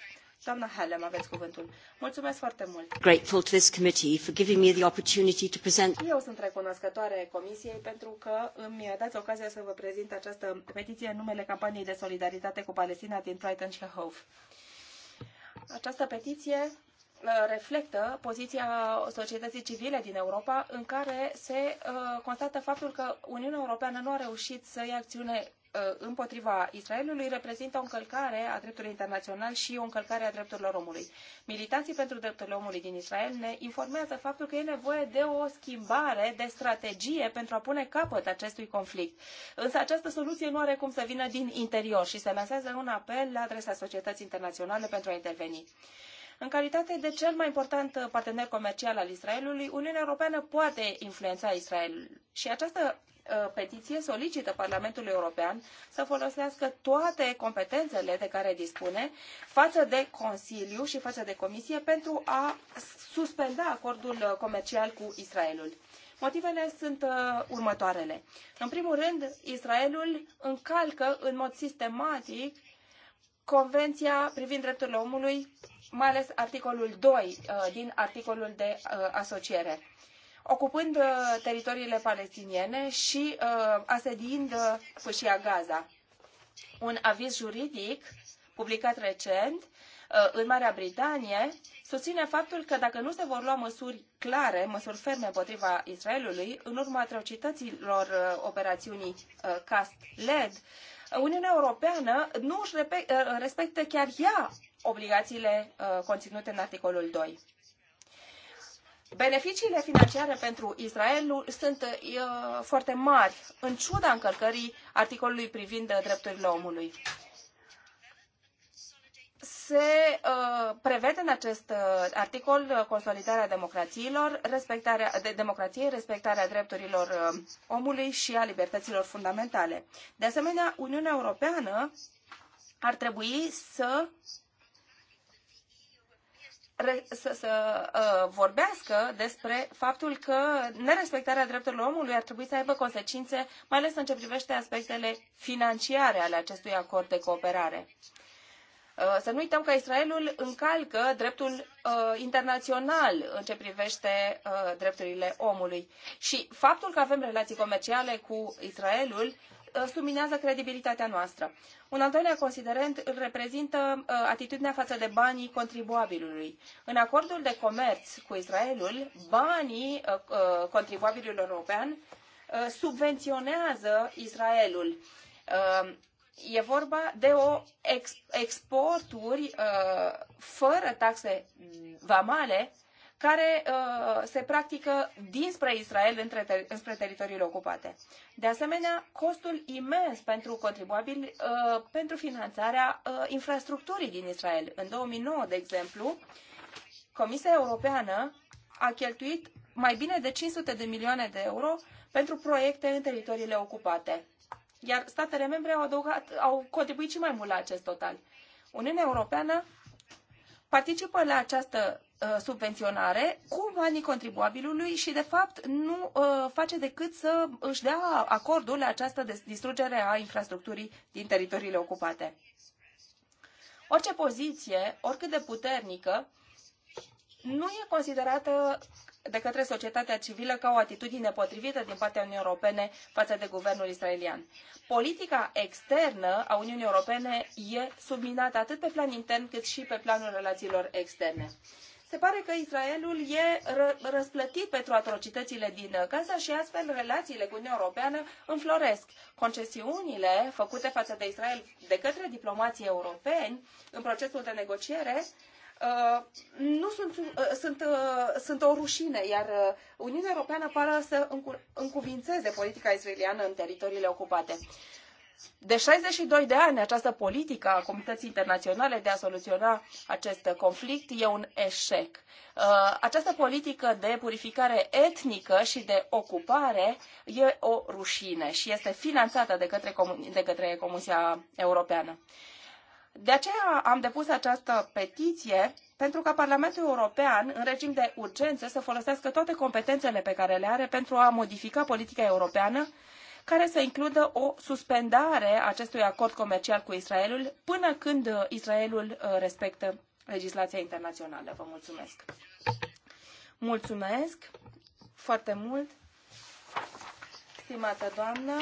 Doamna Hallam, aveți cuvântul. Mulțumesc foarte mult. Grateful to this committee for giving me the opportunity to present. Eu sunt recunoscătoare comisiei pentru că îmi dați ocazia să vă prezint această petiție în numele campaniei de solidaritate cu Palestina din Brighton și Hove. Această petiție Uh, reflectă poziția societății civile din Europa, în care se uh, constată faptul că Uniunea Europeană nu a reușit să ia acțiune uh, împotriva Israelului reprezintă o încălcare a dreptului internațional și o încălcare a drepturilor omului. Militanții pentru drepturile omului din Israel ne informează faptul că e nevoie de o schimbare de strategie pentru a pune capăt acestui conflict. Însă această soluție nu are cum să vină din interior și se lansează un apel la adresa societății internaționale pentru a interveni. În calitate de cel mai important partener comercial al Israelului, Uniunea Europeană poate influența Israelul. Și această uh, petiție solicită Parlamentului European să folosească toate competențele de care dispune față de Consiliu și față de Comisie pentru a suspenda acordul uh, comercial cu Israelul. Motivele sunt uh, următoarele. În primul rând, Israelul încalcă în mod sistematic Convenția privind drepturile omului mai ales articolul 2 uh, din articolul de uh, asociere, ocupând uh, teritoriile palestiniene și asediind fâșia Gaza. Un aviz juridic publicat recent în Marea Britanie susține faptul că dacă nu se vor lua măsuri clare, măsuri ferme împotriva Israelului, în urma atrocităților operațiunii Cast LED, Uniunea Europeană nu își respectă chiar ea obligațiile uh, conținute în articolul 2. Beneficiile financiare pentru Israel sunt uh, foarte mari, în ciuda încălcării articolului privind uh, drepturile omului. Se uh, prevede în acest uh, articol uh, consolidarea democrațiilor, respectarea, de democrației, respectarea drepturilor omului și a libertăților fundamentale. De asemenea, Uniunea Europeană ar trebui să să, să uh, vorbească despre faptul că nerespectarea drepturilor omului ar trebui să aibă consecințe, mai ales în ce privește aspectele financiare ale acestui acord de cooperare. Uh, să nu uităm că Israelul încalcă dreptul uh, internațional în ce privește uh, drepturile omului. Și faptul că avem relații comerciale cu Israelul uh, Uh, subminează credibilitatea noastră. Un al doilea considerent îl reprezintă uh, atitudinea față de banii contribuabilului. În acordul de comerț cu Israelul, banii uh, contribuabilului european subvenționează Israelul. E vorba de o exporturi fără taxe vamale care uh, se practică dinspre Israel între înspre teritoriile ocupate. De asemenea, costul imens pentru contribuabili uh, pentru finanțarea uh, infrastructurii din Israel. În 2009, de exemplu, Comisia Europeană a cheltuit mai bine de 500 de milioane de euro pentru proiecte în teritoriile ocupate. Iar statele membre au, adăugat, au contribuit și mai mult la acest total. Uniunea Europeană participă la această uh, subvenționare cu banii contribuabilului și, de fapt, nu uh, face decât să își dea acordul la această distrugere a infrastructurii din teritoriile ocupate. Orice poziție, oricât de puternică, nu e considerată de către societatea civilă ca o atitudine potrivită din partea Uniunii Europene față de guvernul israelian. Politica externă a Uniunii Europene e subminată atât pe plan intern cât și pe planul relațiilor externe. Se pare că Israelul e ră- răsplătit pentru atrocitățile din Gaza și astfel relațiile cu Uniunea Europeană înfloresc. Concesiunile făcute față de Israel de către diplomații europeni în procesul de negociere nu sunt, uh, sunt, uh, sunt o rușine, iar uh, Uniunea Europeană pare să încuvințeze politica israeliană în teritoriile ocupate. De 62 de ani, această politică a comunității internaționale de a soluționa acest conflict e un eșec. Această politică de purificare etnică și de ocupare e o rușine și este finanțată de către, de către Comisia Europeană. De aceea am depus această petiție pentru ca Parlamentul European, în regim de urgență, să folosească toate competențele pe care le are pentru a modifica politica europeană, care să includă o suspendare acestui acord comercial cu Israelul până când Israelul uh, respectă legislația internațională. Vă mulțumesc! Mulțumesc foarte mult, stimată doamnă.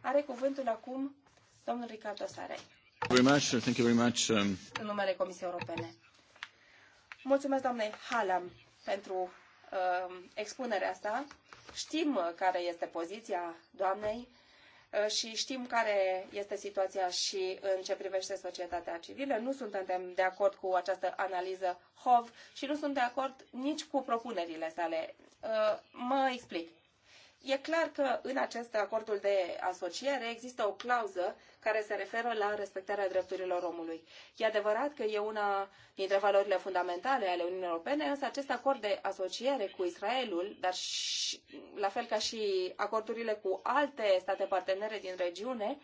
Are cuvântul acum domnul Ricardo Sarei. Very much, thank you very much. Um, în numele Comisiei Europene. Mulțumesc doamnei Halam pentru uh, expunerea sa. Știm care este poziția doamnei uh, și știm care este situația și în ce privește societatea civilă. Nu suntem de acord cu această analiză HOV și nu sunt de acord nici cu propunerile sale. Uh, mă explic. E clar că în acest acordul de asociere există o clauză care se referă la respectarea drepturilor omului. E adevărat că e una dintre valorile fundamentale ale Uniunii Europene, însă acest acord de asociere cu Israelul, dar și, la fel ca și acordurile cu alte state partenere din regiune,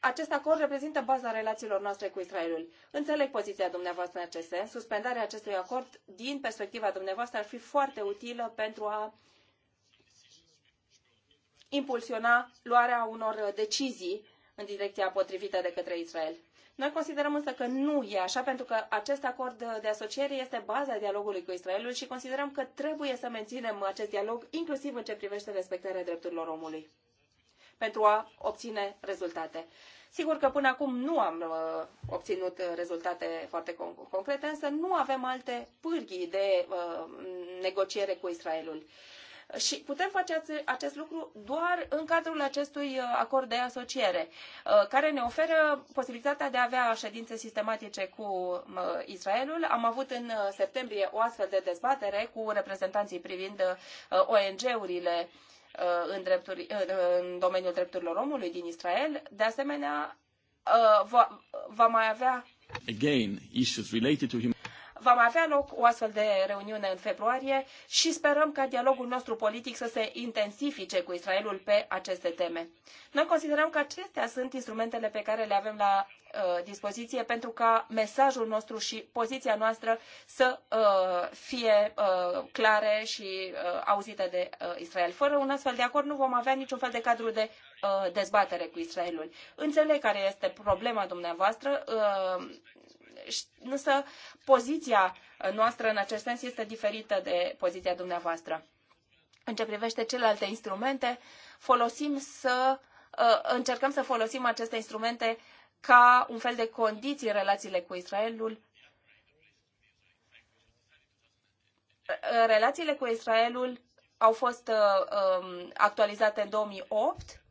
acest acord reprezintă baza relațiilor noastre cu Israelul. Înțeleg poziția dumneavoastră în acest sens. Suspendarea acestui acord din perspectiva dumneavoastră ar fi foarte utilă pentru a impulsiona luarea unor decizii în direcția potrivită de către Israel. Noi considerăm însă că nu e așa, pentru că acest acord de asociere este baza dialogului cu Israelul și considerăm că trebuie să menținem acest dialog, inclusiv în ce privește respectarea drepturilor omului, pentru a obține rezultate. Sigur că până acum nu am uh, obținut uh, rezultate foarte concrete, însă nu avem alte pârghii de uh, negociere cu Israelul. Uh, și putem face acest lucru doar în cadrul acestui uh, acord de asociere, uh, care ne oferă posibilitatea de a avea ședințe sistematice cu uh, Israelul. Am avut în septembrie o astfel de dezbatere cu reprezentanții privind ONG-urile în, în domeniul drepturilor omului din Israel. De asemenea, va, va mai avea Again, issues related to va mai avea loc o astfel de reuniune în februarie și sperăm ca dialogul nostru politic să se intensifice cu Israelul pe aceste teme. Noi considerăm că acestea sunt instrumentele pe care le avem la uh, dispoziție pentru ca mesajul nostru și poziția noastră să uh, fie uh, clare și uh, auzite de uh, Israel. Fără un astfel de acord nu vom avea niciun fel de cadru de uh, dezbatere cu Israelul. Înțeleg care este problema dumneavoastră însă poziția noastră în acest sens este diferită de poziția dumneavoastră. În ce privește celelalte instrumente, folosim să, ă, încercăm să folosim aceste instrumente ca un fel de condiții în relațiile cu Israelul. Relațiile cu Israelul au fost ă, ă, actualizate în 2008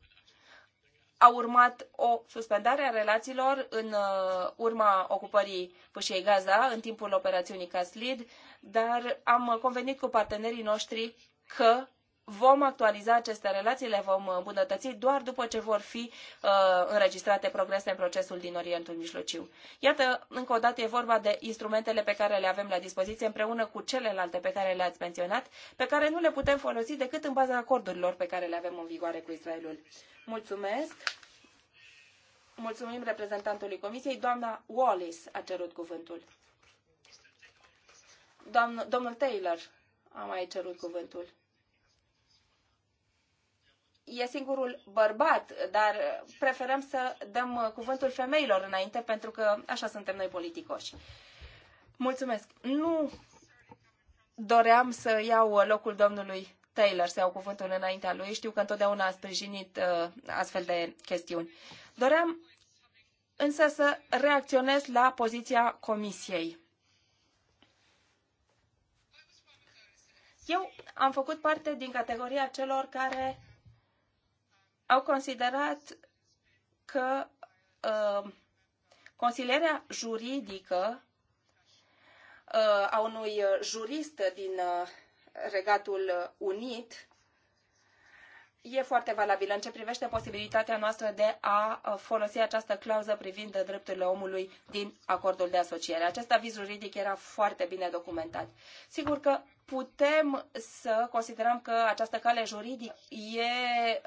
a urmat o suspendare a relațiilor în uh, urma ocupării fâșiei Gaza în timpul operațiunii Caslid, dar am convenit cu partenerii noștri că vom actualiza aceste relații, le vom îmbunătăți doar după ce vor fi uh, înregistrate progrese în procesul din Orientul Mijlociu. Iată, încă o dată e vorba de instrumentele pe care le avem la dispoziție împreună cu celelalte pe care le-ați menționat, pe care nu le putem folosi decât în baza acordurilor pe care le avem în vigoare cu Israelul. Mulțumesc. Mulțumim reprezentantului Comisiei. Doamna Wallis a cerut cuvântul. Doamn, domnul Taylor a mai cerut cuvântul. E singurul bărbat, dar preferăm să dăm cuvântul femeilor înainte, pentru că așa suntem noi politicoși. Mulțumesc. Nu doream să iau locul domnului Taylor să iau cuvântul înaintea lui. Știu că întotdeauna a sprijinit uh, astfel de chestiuni. Doream însă să reacționez la poziția comisiei. Eu am făcut parte din categoria celor care au considerat că uh, consilierea juridică uh, a unui uh, jurist din uh, Regatul Unit e foarte valabilă în ce privește posibilitatea noastră de a folosi această clauză privind drepturile omului din acordul de asociere. Acest aviz juridic era foarte bine documentat. Sigur că putem să considerăm că această cale juridică e,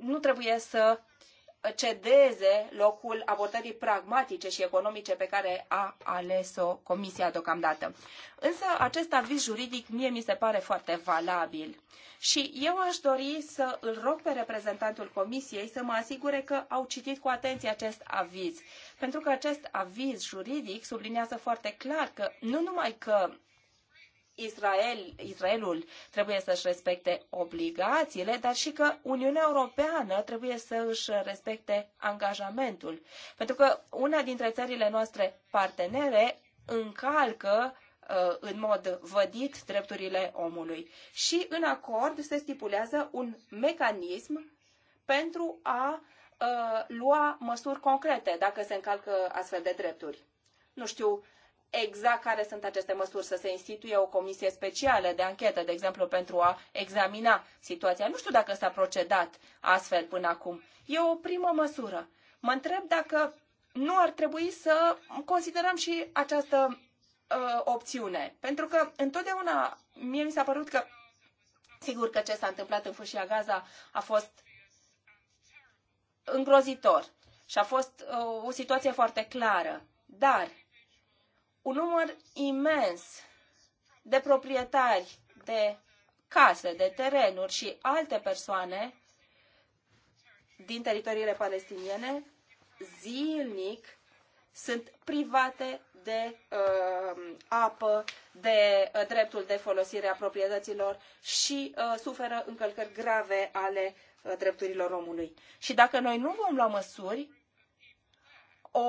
nu trebuie să cedeze locul abordării pragmatice și economice pe care a ales-o Comisia deocamdată. Însă acest aviz juridic mie mi se pare foarte valabil și eu aș dori să îl rog pe reprezentantul Comisiei să mă asigure că au citit cu atenție acest aviz, pentru că acest aviz juridic subliniază foarte clar că nu numai că Israel, Israelul trebuie să-și respecte obligațiile, dar și că Uniunea Europeană trebuie să își respecte angajamentul. Pentru că una dintre țările noastre partenere încalcă uh, în mod vădit drepturile omului. Și în acord se stipulează un mecanism pentru a uh, lua măsuri concrete dacă se încalcă astfel de drepturi. Nu știu exact care sunt aceste măsuri, să se instituie o comisie specială de anchetă, de exemplu, pentru a examina situația. Nu știu dacă s-a procedat astfel până acum. E o primă măsură. Mă întreb dacă nu ar trebui să considerăm și această uh, opțiune. Pentru că întotdeauna mie mi s-a părut că, sigur că ce s-a întâmplat în fâșia Gaza a fost îngrozitor și a fost uh, o situație foarte clară. Dar un număr imens de proprietari de case, de terenuri și alte persoane din teritoriile palestiniene zilnic sunt private de uh, apă, de uh, dreptul de folosire a proprietăților și uh, suferă încălcări grave ale uh, drepturilor omului. Și dacă noi nu vom lua măsuri, o,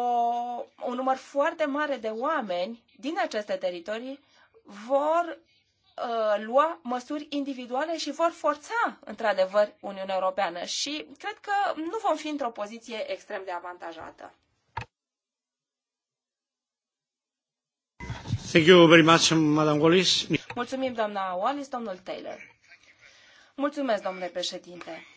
un număr foarte mare de oameni din aceste teritorii vor uh, lua măsuri individuale și vor forța, într-adevăr, Uniunea Europeană. Și cred că nu vom fi într-o poziție extrem de avantajată. Thank you very much, Madam Wallis. Mulțumim, doamna Wallis, domnul Taylor. Mulțumesc, domnule președinte.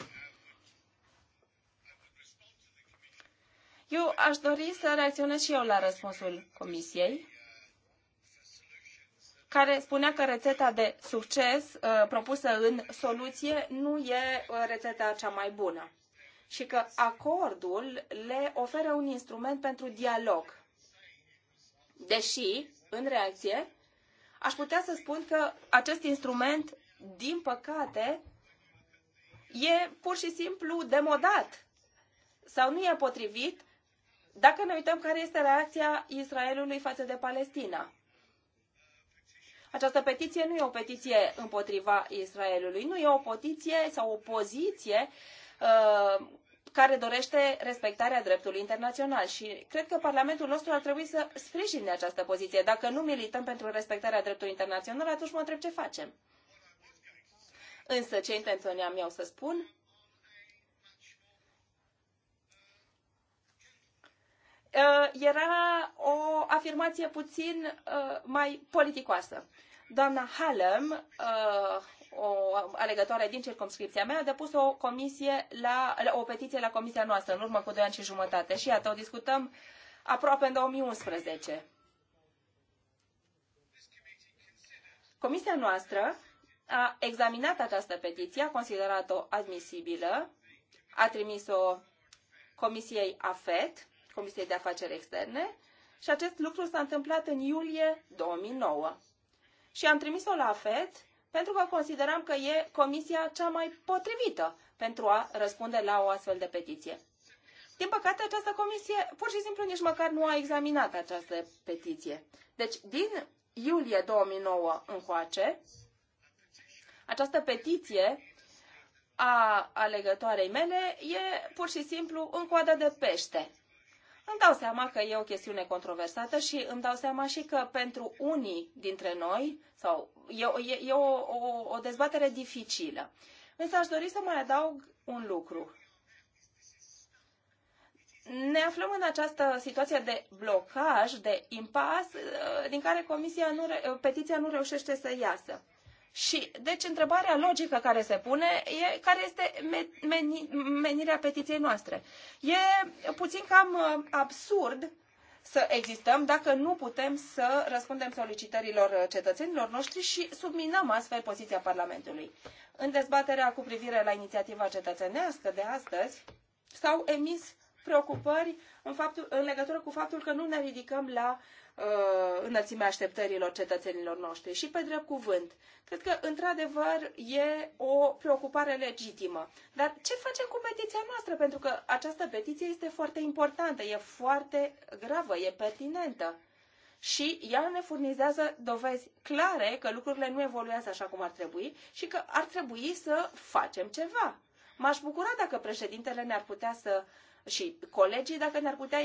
Eu aș dori să reacționez și eu la răspunsul Comisiei, care spunea că rețeta de succes uh, propusă în soluție nu e uh, rețeta cea mai bună și că acordul le oferă un instrument pentru dialog. Deși, în reacție, aș putea să spun că acest instrument, din păcate, e pur și simplu demodat sau nu e potrivit dacă ne uităm care este reacția Israelului față de Palestina, această petiție nu e o petiție împotriva Israelului, nu e o petiție sau o poziție uh, care dorește respectarea dreptului internațional și cred că Parlamentul nostru ar trebui să sprijine această poziție. Dacă nu milităm pentru respectarea dreptului internațional, atunci mă întreb ce facem. Însă ce intenționeam eu să spun Uh, era o afirmație puțin uh, mai politicoasă. Doamna Hallam, uh, o alegătoare din circumscripția mea, a depus o, comisie la, o petiție la comisia noastră în urmă cu 2 ani și jumătate și iată, o discutăm aproape în 2011. Comisia noastră a examinat această petiție, a considerat-o admisibilă, a trimis-o Comisiei AFET, Comisiei de Afaceri Externe și acest lucru s-a întâmplat în iulie 2009. Și am trimis-o la FED pentru că consideram că e comisia cea mai potrivită pentru a răspunde la o astfel de petiție. Din păcate, această comisie pur și simplu nici măcar nu a examinat această petiție. Deci, din iulie 2009 încoace, această petiție a alegătoarei mele e pur și simplu în coada de pește. Îmi dau seama că e o chestiune controversată și îmi dau seama și că pentru unii dintre noi, sau e, e, e o, o, o dezbatere dificilă. Însă aș dori să mai adaug un lucru. Ne aflăm în această situație de blocaj, de impas, din care comisia nu, petiția nu reușește să iasă. Și, deci, întrebarea logică care se pune e care este menirea petiției noastre. E puțin cam uh, absurd să existăm dacă nu putem să răspundem solicitărilor uh, cetățenilor noștri și subminăm astfel poziția Parlamentului. În dezbaterea cu privire la inițiativa cetățenească de astăzi s-au emis preocupări în, faptul, în legătură cu faptul că nu ne ridicăm la Uh, înălțimea așteptărilor cetățenilor noștri. Și pe drept cuvânt, cred că într-adevăr e o preocupare legitimă. Dar ce facem cu petiția noastră? Pentru că această petiție este foarte importantă, e foarte gravă, e pertinentă. Și ea ne furnizează dovezi clare că lucrurile nu evoluează așa cum ar trebui și că ar trebui să facem ceva. M-aș bucura dacă președintele ne-ar putea să și colegii dacă ne-ar putea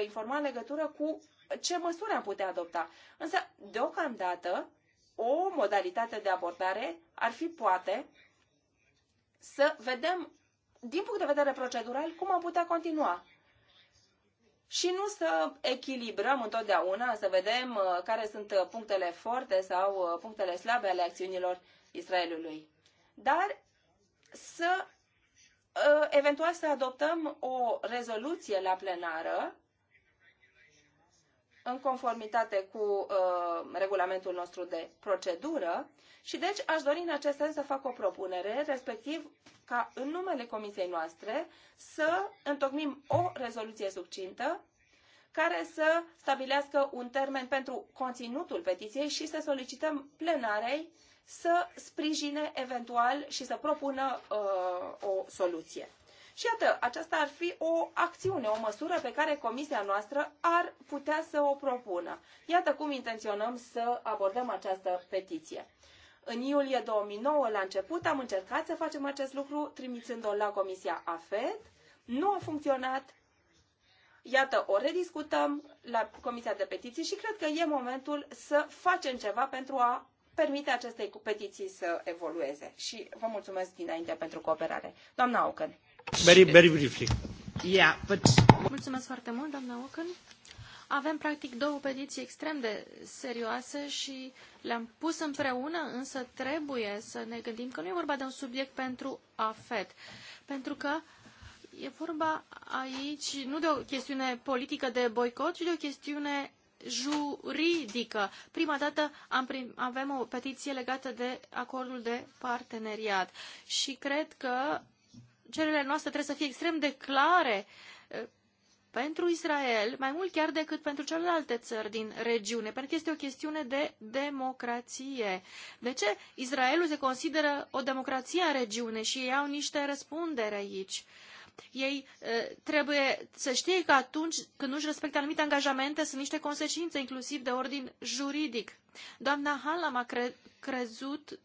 informa în legătură cu ce măsuri am putea adopta. Însă, deocamdată, o modalitate de abordare ar fi poate să vedem, din punct de vedere procedural, cum am putea continua. Și nu să echilibrăm întotdeauna, să vedem uh, care sunt uh, punctele forte sau uh, punctele slabe ale acțiunilor Israelului. Dar să eventual să adoptăm o rezoluție la plenară în conformitate cu uh, regulamentul nostru de procedură și deci aș dori în acest sens să fac o propunere, respectiv ca în numele comisiei noastre să întocmim o rezoluție succintă care să stabilească un termen pentru conținutul petiției și să solicităm plenarei să sprijine eventual și să propună uh, o soluție. Și iată, aceasta ar fi o acțiune, o măsură pe care comisia noastră ar putea să o propună. Iată cum intenționăm să abordăm această petiție. În iulie 2009, la început, am încercat să facem acest lucru trimițând-o la Comisia AFED. Nu a funcționat. Iată, o rediscutăm la Comisia de Petiții și cred că e momentul să facem ceva pentru a permite acestei petiții să evolueze. Și vă mulțumesc dinainte pentru cooperare. Doamna Aucăn. Very, very briefly. Yeah, but... Mulțumesc foarte mult, doamna Ocan. Avem practic două petiții extrem de serioase și le-am pus împreună, însă trebuie să ne gândim că nu e vorba de un subiect pentru AFET, pentru că e vorba aici nu de o chestiune politică de boicot, ci de o chestiune juridică. Prima dată am prim, avem o petiție legată de acordul de parteneriat și cred că cererile noastre trebuie să fie extrem de clare eh, pentru Israel, mai mult chiar decât pentru celelalte țări din regiune, pentru că este o chestiune de democrație. De ce Israelul se consideră o democrație a regiune și ei au niște răspundere aici? Uh, ei trebuie să știe că atunci când nu-și respectă anumite angajamente sunt niște consecințe, inclusiv de ordin juridic. Doamna Hallam a cre crezut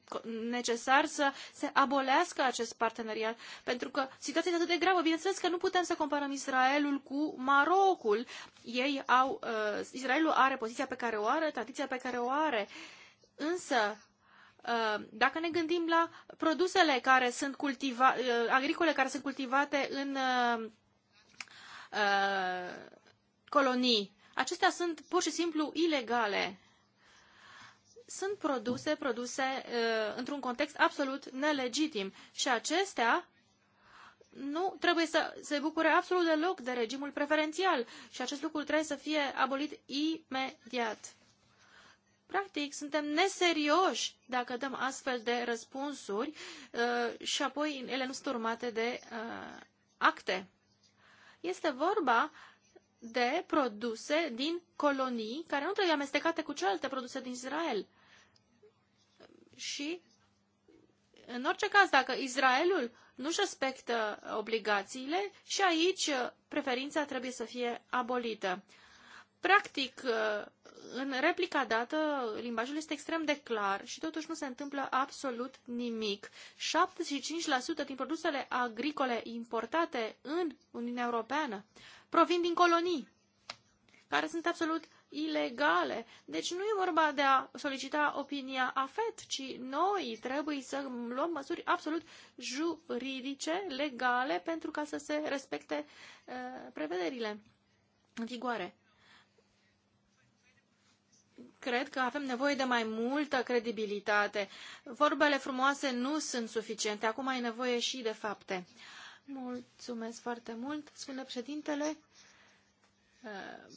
necesar să se abolească acest parteneriat, pentru că situația este atât de gravă. Bineînțeles că nu putem să comparăm Israelul cu Marocul. Ei au, uh, Israelul are poziția pe care o are, tradiția pe care o are. Însă, Uh, dacă ne gândim la produsele care sunt cultiva, uh, agricole care sunt cultivate în uh, colonii, acestea sunt pur și simplu ilegale. Sunt produse, produse într-un context absolut nelegitim și acestea nu trebuie să se bucure absolut deloc de regimul preferențial și acest lucru trebuie să fie abolit imediat. Practic, suntem neserioși dacă dăm astfel de răspunsuri uh, și apoi ele nu sunt urmate de uh, acte. Este vorba de produse din colonii care nu trebuie amestecate cu celelalte produse din Israel. Și, în orice caz, dacă Israelul nu-și respectă obligațiile și aici uh, preferința trebuie să fie abolită. Practic, în replica dată limbajul este extrem de clar și totuși nu se întâmplă absolut nimic. 75% din produsele agricole importate în Uniunea Europeană provin din colonii, care sunt absolut ilegale. Deci nu e vorba de a solicita opinia AFET, ci noi trebuie să luăm măsuri absolut juridice, legale, pentru ca să se respecte uh, prevederile în vigoare cred că avem nevoie de mai multă credibilitate. Vorbele frumoase nu sunt suficiente. Acum ai nevoie și de fapte. Mulțumesc foarte mult, spune președintele,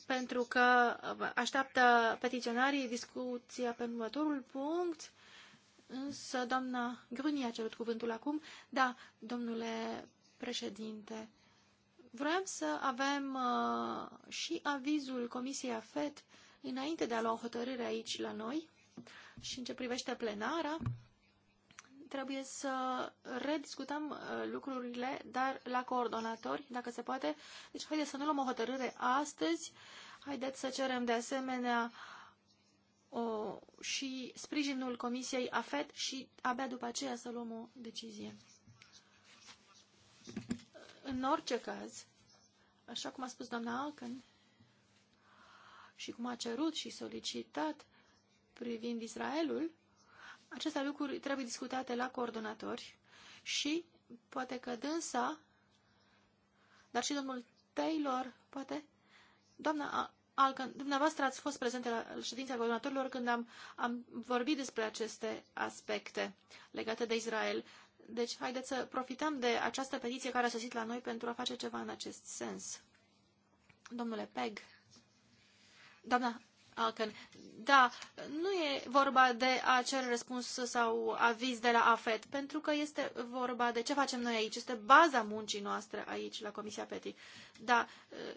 pentru că așteaptă petiționarii discuția pe următorul punct. Însă doamna Gruni a cerut cuvântul acum. Da, domnule președinte, vrem să avem uh, și avizul Comisiei AFET uh, înainte de a lua o hotărâre aici la noi și în ce privește plenara, trebuie să rediscutăm uh, lucrurile, dar la coordonatori, dacă se poate. Deci, haideți să nu luăm o hotărâre astăzi, haideți să cerem de asemenea o, și sprijinul Comisiei AFET și abia după aceea să luăm o decizie. În orice caz, așa cum a spus doamna Alcan, și cum a cerut și solicitat privind Israelul, aceste lucruri trebuie discutate la coordonatori și poate că dânsa, dar și domnul Taylor, poate, doamna Alcan, dumneavoastră ați fost prezente la ședința coordonatorilor când am, am vorbit despre aceste aspecte legate de Israel. Deci, haideți să profităm de această petiție care a sosit la noi pentru a face ceva în acest sens. Domnule Peg, Doamna Aken, da, nu e vorba de acel răspuns sau aviz de la AFET, pentru că este vorba de ce facem noi aici. Este baza muncii noastre aici, la Comisia PETI. Da, eh,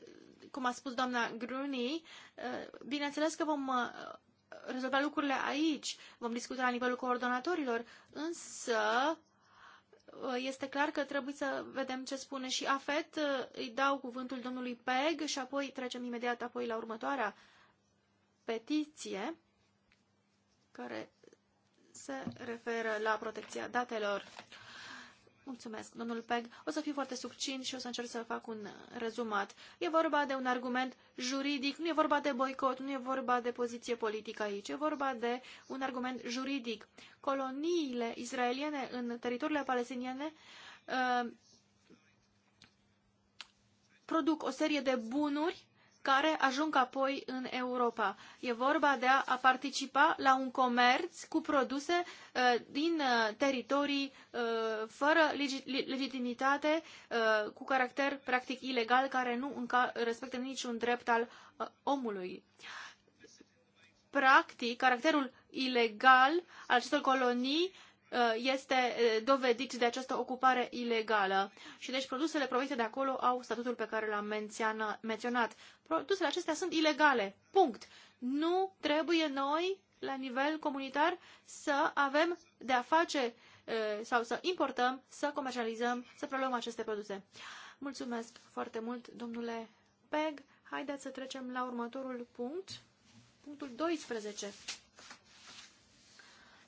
cum a spus doamna Gruni, eh, bineînțeles că vom eh, rezolva lucrurile aici, vom discuta la nivelul coordonatorilor, însă este clar că trebuie să vedem ce spune și AFET. Îi dau cuvântul domnului Peg și apoi trecem imediat apoi la următoarea petiție care se referă la protecția datelor. Mulțumesc, domnul Peg. O să fiu foarte succint și o să încerc să fac un rezumat. E vorba de un argument juridic, nu e vorba de boicot, nu e vorba de poziție politică aici, e vorba de un argument juridic. Coloniile israeliene în teritoriile palestiniene uh, produc o serie de bunuri care ajung apoi în Europa. E vorba de a participa la un comerț cu produse uh, din uh, teritorii uh, fără legitimitate, cu caracter practic ilegal, care nu respectă niciun drept al omului. Practic, caracterul ilegal al acestor colonii Uh, este uh, dovedit de această ocupare ilegală. Și deci produsele provenite de acolo au statutul pe care l-am menționat. Produsele acestea sunt ilegale. Punct. Nu trebuie noi, la nivel comunitar, să avem de-a face uh, sau să importăm, să comercializăm, să preluăm aceste produse. Mulțumesc foarte mult, domnule Peg. Haideți să trecem la următorul punct, punctul 12.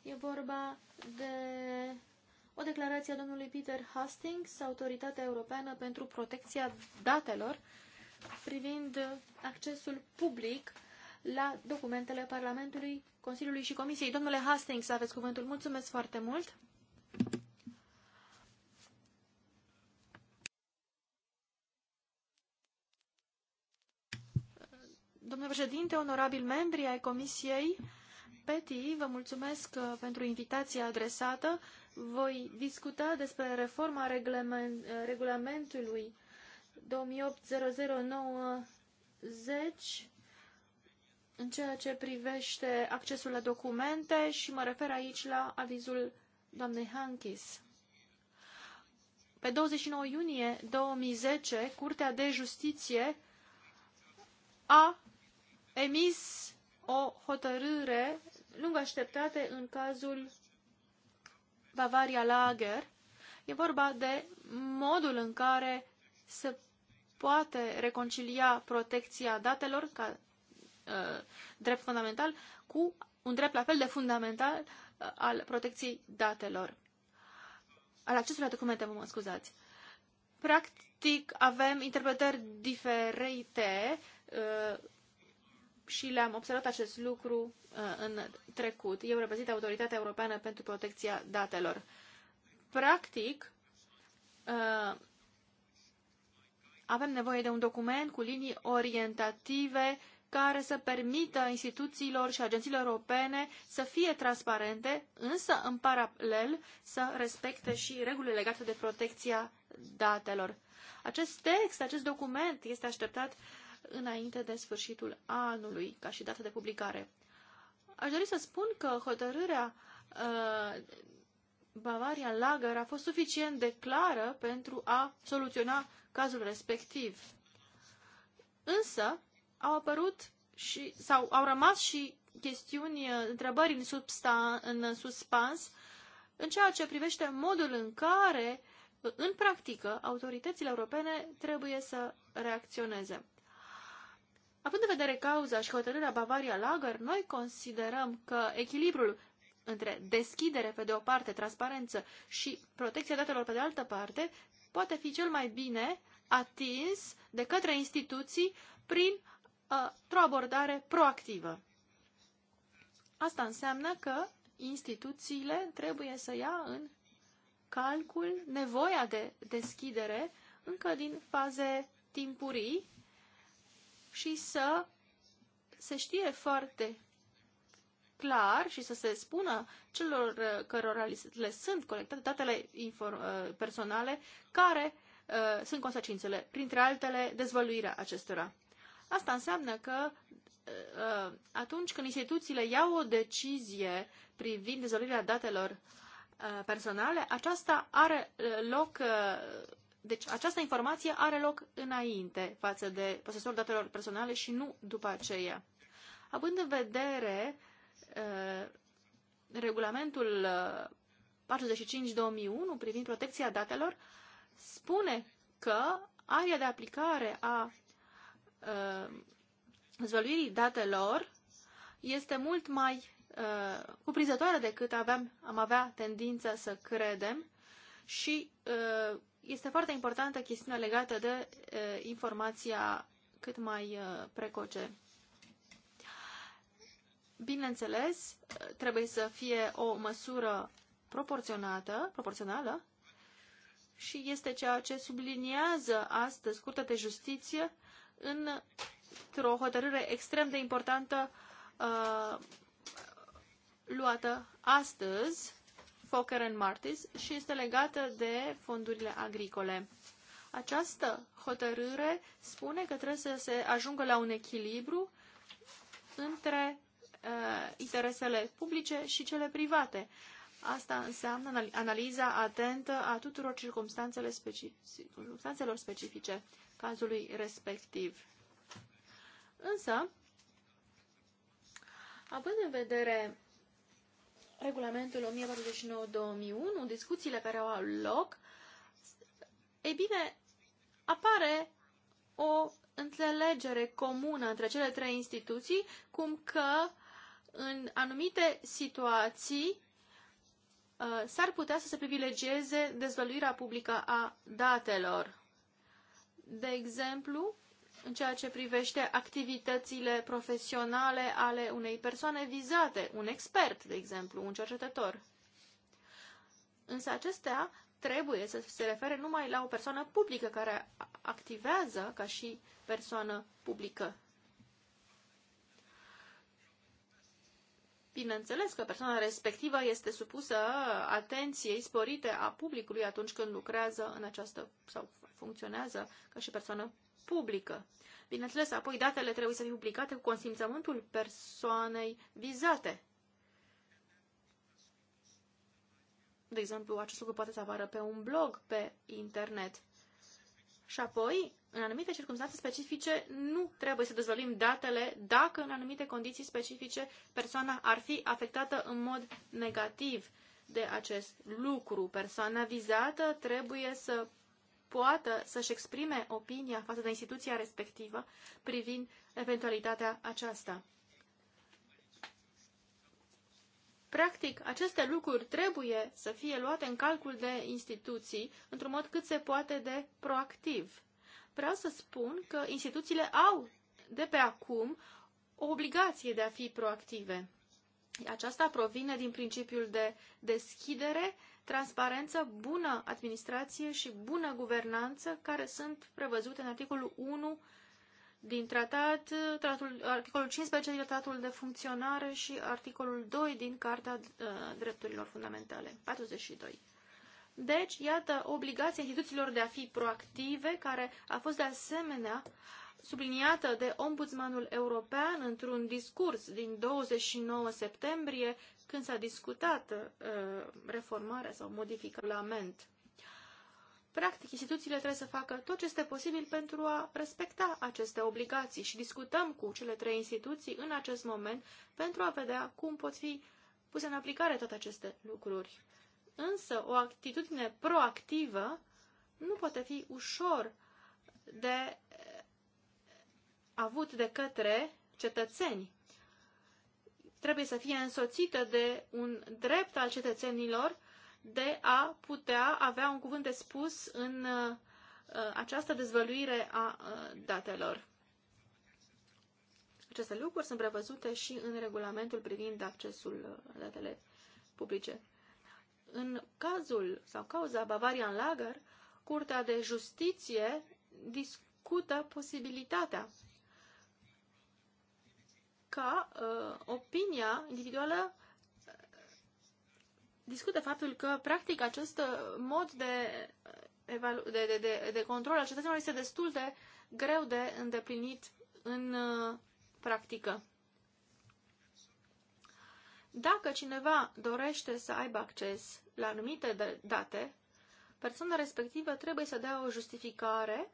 E vorba de o declarație a domnului Peter Hastings, Autoritatea Europeană pentru Protecția Datelor, privind accesul public la documentele Parlamentului, Consiliului și Comisiei. Domnule Hastings, aveți cuvântul. Mulțumesc foarte mult! Domnule președinte, onorabil membri ai Comisiei, PETI, vă mulțumesc uh, pentru invitația adresată. Voi discuta despre reforma regulament, uh, regulamentului 2008 în ceea ce privește accesul la documente și mă refer aici la avizul doamnei Hankis. Pe 29 iunie 2010, Curtea de Justiție a emis o hotărâre lung așteptate în cazul Bavaria Lager. E vorba de modul în care se poate reconcilia protecția datelor ca uh, drept fundamental cu un drept la fel de fundamental uh, al protecției datelor. Al accesului la documente, mă scuzați. Practic, avem interpretări diferite uh, și le-am observat acest lucru uh, în trecut. Eu reprezint Autoritatea Europeană pentru Protecția Datelor. Practic, uh, avem nevoie de un document cu linii orientative care să permită instituțiilor și agențiilor europene să fie transparente, însă în paralel să respecte și regulile legate de protecția datelor. Acest text, acest document este așteptat înainte de sfârșitul anului, ca și dată de publicare. Aș dori să spun că hotărârea uh, Bavaria Lager a fost suficient de clară pentru a soluționa cazul respectiv. Însă au apărut și, sau au rămas și chestiuni, uh, întrebări în, substan, în suspans în ceea ce privește modul în care, în practică, autoritățile europene trebuie să reacționeze. Având în vedere cauza și hotărârea Bavaria Lager, noi considerăm că echilibrul între deschidere pe de o parte, transparență și protecția datelor pe de altă parte, poate fi cel mai bine atins de către instituții prin uh, o abordare proactivă. Asta înseamnă că instituțiile trebuie să ia în calcul nevoia de deschidere încă din faze timpurii și să se știe foarte clar și să se spună celor uh, cărora le sunt colectate datele uh, personale care uh, sunt consecințele, printre altele dezvăluirea acestora. Asta înseamnă că uh, uh, atunci când instituțiile iau o decizie privind dezvăluirea datelor uh, personale, aceasta are loc deci această informație are loc înainte față de posesorul datelor personale și nu după aceea. Având în vedere uh, regulamentul 45-2001 uh, privind protecția datelor, spune că area de aplicare a uh, zvăluirii datelor este mult mai uh, cuprinzătoare decât aveam, am avea tendința să credem și uh, este foarte importantă chestiunea legată de uh, informația cât mai uh, precoce. Bineînțeles, trebuie să fie o măsură proporționată, proporțională și este ceea ce subliniază astăzi Curtea de Justiție într-o hotărâre extrem de importantă uh, luată astăzi Fokker and Martis și este legată de fondurile agricole. Această hotărâre spune că trebuie să se ajungă la un echilibru între uh, interesele publice și cele private. Asta înseamnă analiza atentă a tuturor circumstanțelor, specif circumstanțelor specifice cazului respectiv. Însă, având în vedere regulamentul 1049-2001, discuțiile care au loc, ei bine, apare o înțelegere comună între cele trei instituții, cum că în anumite situații uh, s-ar putea să se privilegieze dezvăluirea publică a datelor. De exemplu, în ceea ce privește activitățile profesionale ale unei persoane vizate, un expert, de exemplu, un cercetător. Însă acestea trebuie să se refere numai la o persoană publică care activează ca și persoană publică. Bineînțeles că persoana respectivă este supusă atenției sporite a publicului atunci când lucrează în această sau funcționează ca și persoană publică. Bineînțeles, apoi datele trebuie să fie publicate cu consimțământul persoanei vizate. De exemplu, acest lucru poate să apară pe un blog, pe internet. Și apoi, în anumite circunstanțe specifice, nu trebuie să dezvălim datele dacă, în anumite condiții specifice, persoana ar fi afectată în mod negativ de acest lucru. Persoana vizată trebuie să poată să-și exprime opinia față de instituția respectivă privind eventualitatea aceasta. Practic, aceste lucruri trebuie să fie luate în calcul de instituții într-un mod cât se poate de proactiv. Vreau să spun că instituțiile au de pe acum o obligație de a fi proactive. Aceasta provine din principiul de deschidere transparență, bună administrație și bună guvernanță, care sunt prevăzute în articolul 1 din tratat, tratul, articolul 15 din tratatul de funcționare și articolul 2 din Carta uh, Drepturilor Fundamentale, 42. Deci, iată obligația instituțiilor de a fi proactive, care a fost de asemenea subliniată de Ombudsmanul European într-un discurs din 29 septembrie când s-a discutat uh, reformarea sau modificarea regulament. Practic, instituțiile trebuie să facă tot ce este posibil pentru a respecta aceste obligații și discutăm cu cele trei instituții în acest moment pentru a vedea cum pot fi puse în aplicare toate aceste lucruri. Însă, o actitudine proactivă nu poate fi ușor de avut de către cetățeni trebuie să fie însoțită de un drept al cetățenilor de a putea avea un cuvânt de spus în uh, uh, această dezvăluire a uh, datelor. Aceste lucruri sunt prevăzute și în regulamentul privind accesul la datele publice. În cazul sau cauza Bavarian Lager, Curtea de Justiție discută posibilitatea ca uh, opinia individuală uh, discută faptul că, practic, acest uh, mod de, uh, de, de, de, de control al cetățenilor este destul de greu de îndeplinit în uh, practică. Dacă cineva dorește să aibă acces la anumite date, persoana respectivă trebuie să dea o justificare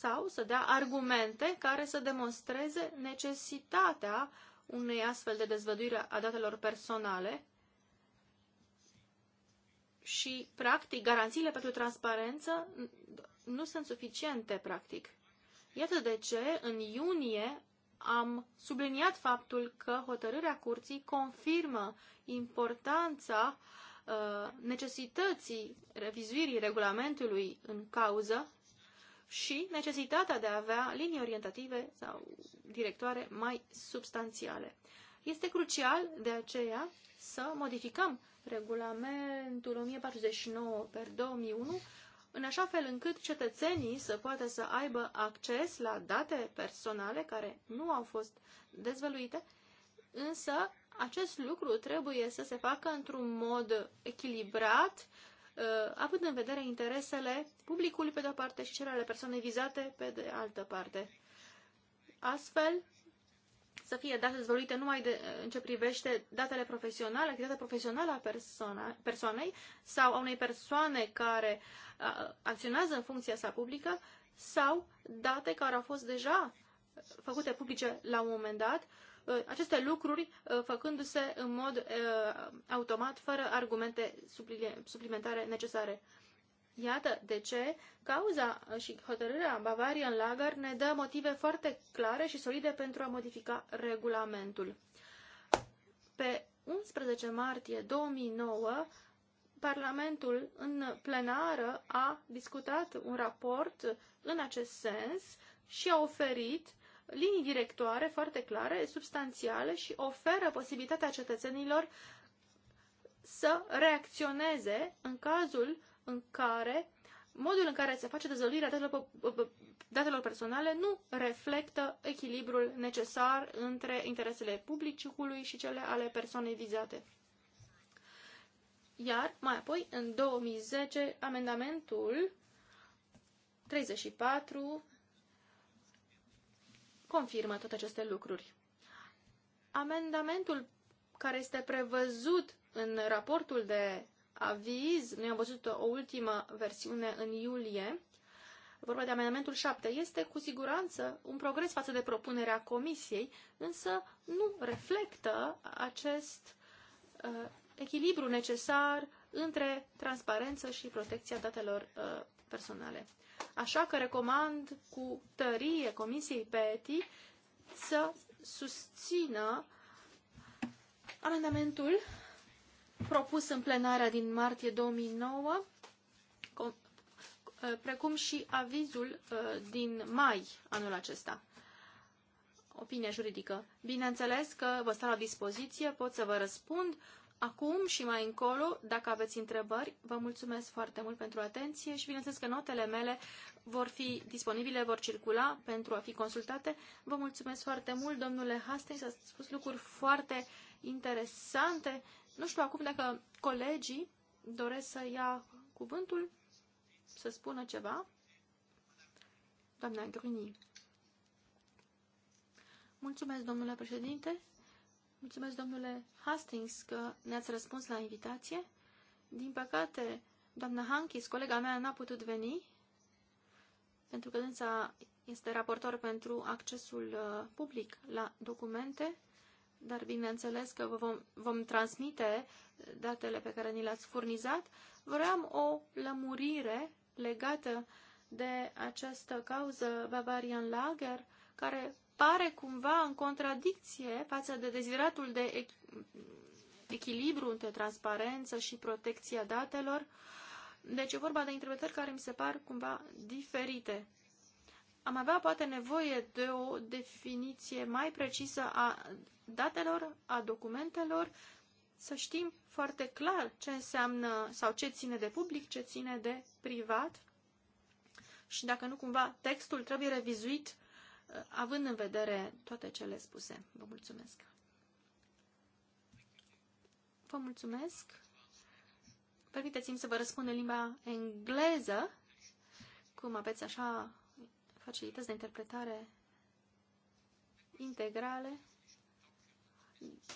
sau să dea argumente care să demonstreze necesitatea unei astfel de dezvăduire a datelor personale și, practic, garanțiile pentru transparență nu sunt suficiente, practic. Iată de ce, în iunie, am subliniat faptul că hotărârea curții confirmă importanța uh, necesității revizuirii regulamentului în cauză și necesitatea de a avea linii orientative sau directoare mai substanțiale. Este crucial de aceea să modificăm regulamentul 1049 per 2001 în așa fel încât cetățenii să poată să aibă acces la date personale care nu au fost dezvăluite, însă acest lucru trebuie să se facă într-un mod echilibrat Uh, având în vedere interesele publicului pe de-o parte și cele ale persoanei vizate pe de altă parte. Astfel, să fie date dezvoluite numai de, uh, în ce privește datele profesionale, activitatea profesională a persoana, persoanei sau a unei persoane care uh, acționează în funcția sa publică sau date care au fost deja făcute publice la un moment dat Uh, aceste lucruri uh, făcându-se în mod uh, automat, fără argumente suplimentare necesare. Iată de ce cauza și hotărârea Bavarian Lager ne dă motive foarte clare și solide pentru a modifica regulamentul. Pe 11 martie 2009, Parlamentul în plenară a discutat un raport în acest sens și a oferit linii directoare foarte clare, substanțiale și oferă posibilitatea cetățenilor să reacționeze în cazul în care modul în care se face dezvăluirea datelor, datelor personale nu reflectă echilibrul necesar între interesele publicului și cele ale persoanei vizate. Iar mai apoi, în 2010, amendamentul 34 confirmă toate aceste lucruri. Amendamentul care este prevăzut în raportul de aviz, noi am văzut o ultimă versiune în iulie, vorba de amendamentul 7, este cu siguranță un progres față de propunerea comisiei, însă nu reflectă acest uh, echilibru necesar între transparență și protecția datelor uh, personale. Așa că recomand cu tărie Comisiei PETI să susțină amendamentul propus în plenarea din martie 2009, eh, precum și avizul eh, din mai anul acesta. Opinia juridică. Bineînțeles că vă stau la dispoziție, pot să vă răspund acum și mai încolo, dacă aveți întrebări, vă mulțumesc foarte mult pentru atenție și bineînțeles că notele mele vor fi disponibile, vor circula pentru a fi consultate. Vă mulțumesc foarte mult, domnule Hastings, ați spus lucruri foarte interesante. Nu știu acum dacă colegii doresc să ia cuvântul, să spună ceva. Doamna Grini. Mulțumesc, domnule președinte. Mulțumesc, domnule Hastings, că ne-ați răspuns la invitație. Din păcate, doamna Hankis, colega mea, n-a putut veni, pentru că dânsa este raportor pentru accesul uh, public la documente, dar bineînțeles că vă vom, vom transmite uh, datele pe care ni le-ați furnizat. Vreau o lămurire legată de această cauză Bavarian Lager, care pare cumva în contradicție față de deziratul de echilibru între transparență și protecția datelor. Deci e vorba de interpretări care mi se par cumva diferite. Am avea poate nevoie de o definiție mai precisă a datelor, a documentelor, să știm foarte clar ce înseamnă sau ce ține de public, ce ține de privat și dacă nu cumva textul trebuie revizuit având în vedere toate cele spuse. Vă mulțumesc! Vă mulțumesc! Permiteți-mi să vă răspund în limba engleză, cum aveți așa facilități de interpretare integrale.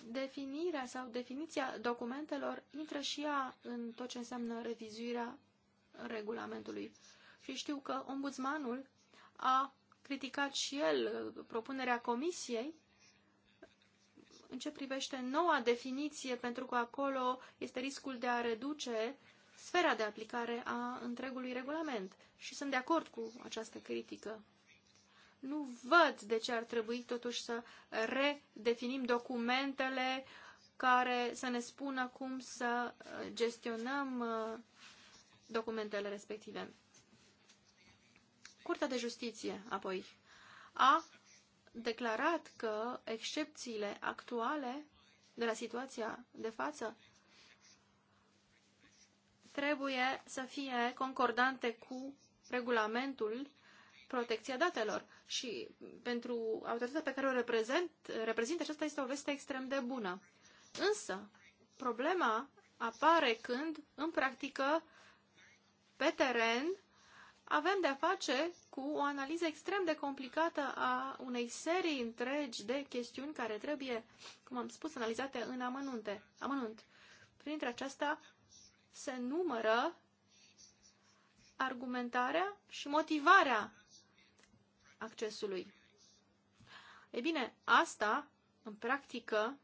Definirea sau definiția documentelor intră și ea în tot ce înseamnă revizuirea regulamentului. Și știu că ombudsmanul a criticat și el propunerea comisiei în ce privește noua definiție, pentru că acolo este riscul de a reduce sfera de aplicare a întregului regulament. Și sunt de acord cu această critică. Nu văd de ce ar trebui totuși să redefinim documentele care să ne spună cum să gestionăm uh, documentele respective. Curtea de Justiție, apoi, a declarat că excepțiile actuale de la situația de față trebuie să fie concordante cu regulamentul protecția datelor și pentru autoritatea pe care o reprezint, reprezint, aceasta este o veste extrem de bună. Însă, problema apare când, în practică, pe teren, avem de-a face cu o analiză extrem de complicată a unei serii întregi de chestiuni care trebuie, cum am spus, analizate în amănunte, amănunt. Printre aceasta se numără argumentarea și motivarea accesului. Ei bine, asta, în practică,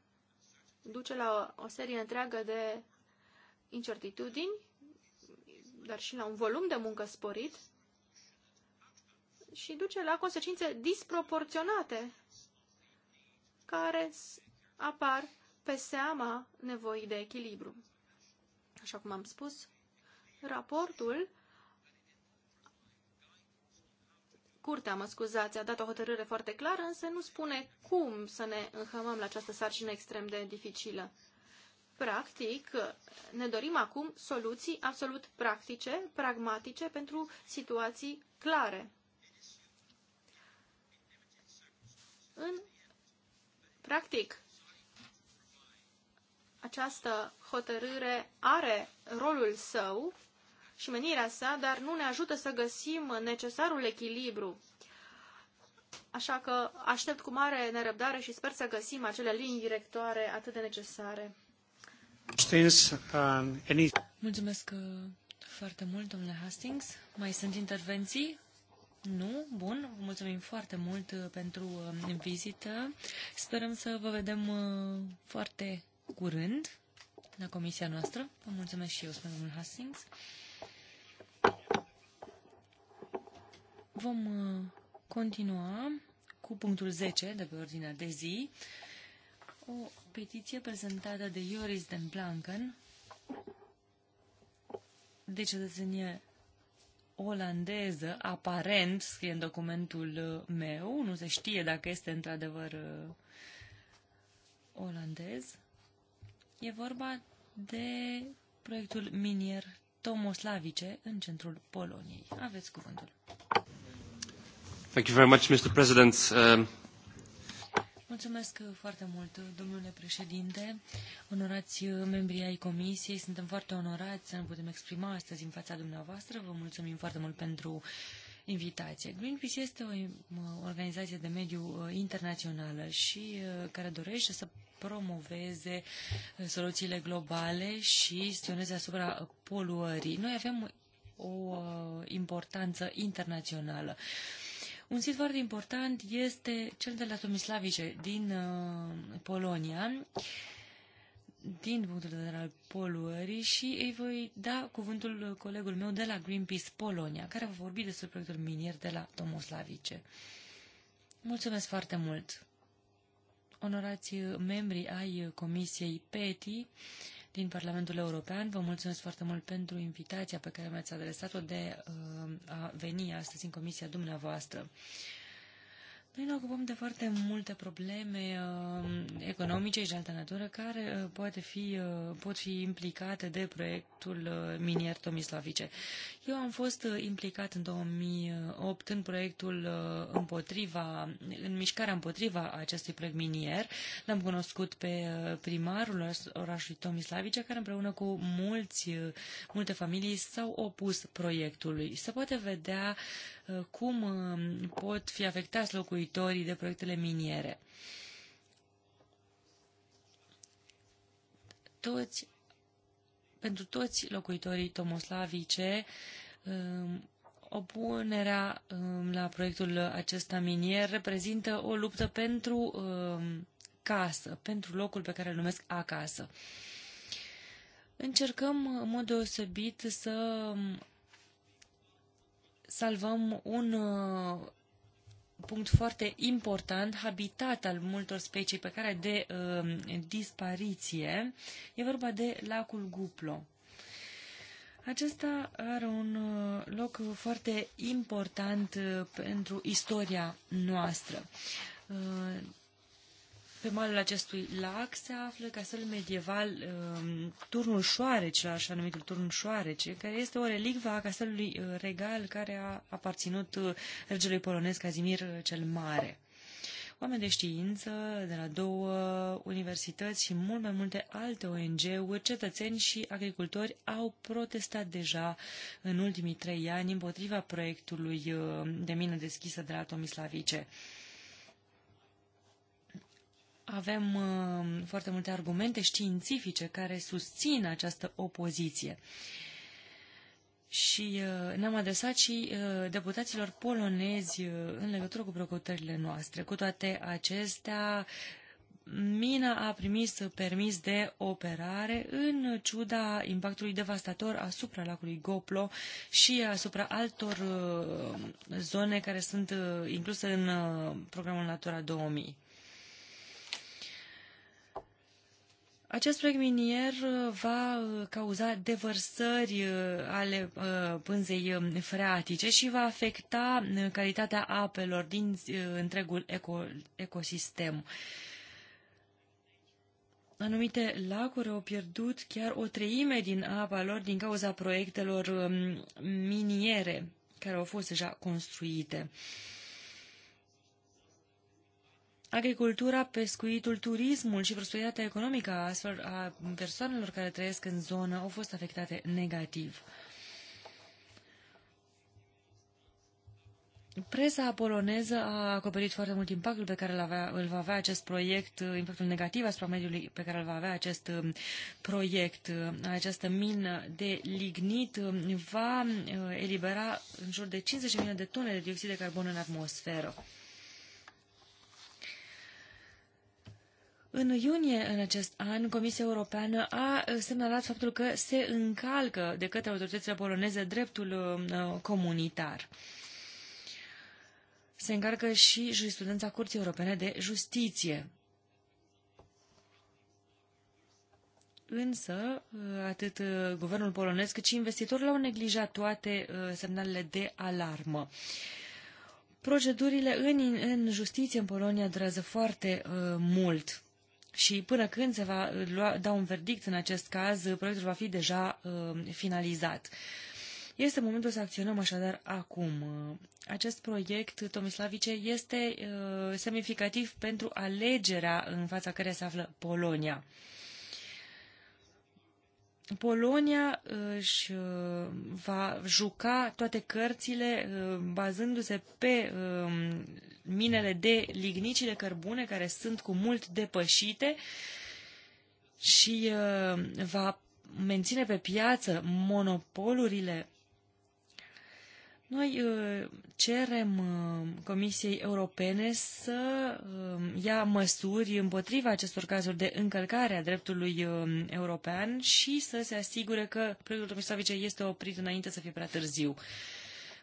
duce la o, serie întreagă de incertitudini, dar și la un volum de muncă sporit și duce la consecințe disproporționate care apar pe seama nevoii de echilibru. Așa cum am spus, raportul Curtea, mă scuzați, a dat o hotărâre foarte clară, însă nu spune cum să ne înhămăm la această sarcină extrem de dificilă. Practic, ne dorim acum soluții absolut practice, pragmatice, pentru situații clare. În practic, această hotărâre are rolul său și menirea sa, dar nu ne ajută să găsim necesarul echilibru. Așa că aștept cu mare nerăbdare și sper să găsim acele linii directoare atât de necesare. Uh, Mulțumesc uh, foarte mult, domnule Hastings. Mai sunt intervenții? Nu? Bun. Vă mulțumim foarte mult uh, pentru uh, vizită. Sperăm să vă vedem uh, foarte curând la comisia noastră. Vă mulțumesc și eu, spune domnul Hastings. Vom continua cu punctul 10 de pe ordinea de zi. O petiție prezentată de Ioris Den Blanken de cetățenie olandeză, aparent, scrie în documentul uh, meu, nu se știe dacă este într-adevăr uh, olandez. E vorba de proiectul minier Tomoslavice în centrul Poloniei. Aveți cuvântul. Thank you very much, Mr. President. Uh... Mulțumesc foarte mult, domnule președinte, onorați membrii ai comisiei, suntem foarte onorați să ne putem exprima astăzi în fața dumneavoastră, vă mulțumim foarte mult pentru invitație. Greenpeace este o uh, organizație de mediu uh, internațională și uh, care dorește să promoveze soluțiile globale și stioneze asupra poluării. Noi avem o importanță internațională. Un sit foarte important este cel de la Tomislavice din uh, Polonia, din punctul de vedere al poluării și îi voi da cuvântul colegul meu de la Greenpeace Polonia, care va vorbi despre proiectul minier de la Tomislavice. Mulțumesc foarte mult! Onorați membrii ai Comisiei PETI, uh, din Parlamentul European. Vă mulțumesc foarte mult pentru invitația pe care mi-ați adresat-o de uh, a veni astăzi în comisia dumneavoastră. Noi ne ocupăm de foarte multe probleme uh, economice și de altă natură care uh, poate fi, uh, pot fi implicate de proiectul uh, minier Tomislavice. Eu am fost uh, implicat în 2008 în proiectul uh, împotriva, în mișcarea împotriva acestui proiect minier. L-am cunoscut pe uh, primarul orașului Tomislavice care împreună cu mulți, uh, multe familii s-au opus proiectului. Se poate vedea uh, cum uh, pot fi afectați locuitorii investitorii, de proiectele miniere. Toți, pentru toți locuitorii tomoslavice, um, opunerea um, la proiectul acesta minier reprezintă o luptă pentru um, casă, pentru locul pe care îl numesc acasă. Încercăm în mod deosebit să salvăm un uh, punct foarte important, habitat al multor specii pe care de uh, dispariție. E vorba de lacul Guplo. Acesta are un uh, loc foarte important uh, pentru istoria noastră. Uh, pe malul acestui lac se află castelul medieval um, Turnul Șoarece, așa numitul Turnul Șoarece, care este o relicvă a castelului uh, regal care a aparținut uh, regelui polonez Cazimir uh, cel Mare oameni de știință de la două universități și mult mai multe alte ONG-uri, cetățeni și agricultori au protestat deja în ultimii trei ani împotriva proiectului de mină deschisă de la Tomislavice. Avem uh, foarte multe argumente științifice care susțin această opoziție. Și uh, ne-am adresat și uh, deputaților polonezi uh, în legătură cu preocupările noastre. Cu toate acestea, mina a primit permis de operare în ciuda impactului devastator asupra lacului Goplo și asupra altor uh, zone care sunt uh, incluse în uh, programul Natura 2000. Acest proiect minier uh, va uh, cauza devărsări uh, ale pânzei um, freatice și va afecta calitatea apelor din întregul eco, ecosistem. Anumite lacuri au pierdut chiar o treime din apa lor din cauza proiectelor um, miniere care au fost deja construite. Uh, agricultura, pescuitul, turismul și prosperitatea economică a, astfel, a persoanelor care trăiesc în zonă au fost afectate negativ. Presa poloneză a acoperit foarte mult impactul pe care îl, avea, îl va avea acest proiect, impactul negativ asupra mediului pe care îl va avea acest uh, proiect. Această mină de lignit uh, va uh, elibera în jur de 50 milioane de tone de dioxid de carbon în atmosferă. În iunie în acest an, Comisia Europeană a uh, semnalat faptul că se încalcă de către autoritățile poloneze dreptul uh, comunitar. Se încarcă și jurisprudența Curții Europene de Justiție. Însă, uh, atât guvernul polonez cât și investitorul au neglijat toate semnalele de alarmă. Procedurile în, în justiție în Polonia durează foarte uh, mult și până când se va lua, da un verdict în acest caz, proiectul va fi deja uh, finalizat. Este momentul să acționăm așadar acum. Uh, acest proiect, Tomislavice, este uh, semnificativ pentru alegerea în fața care se află Polonia. Uh, Polonia uh, își uh, va juca toate cărțile uh, bazându-se pe um, minele de lignici de cărbune care sunt cu mult depășite și va menține pe piață monopolurile noi uh, cerem uh, Comisiei Europene să um, ia măsuri împotriva acestor cazuri de încălcare a dreptului um, european și să se asigure că proiectul Tomisavice este oprit înainte să fie prea târziu.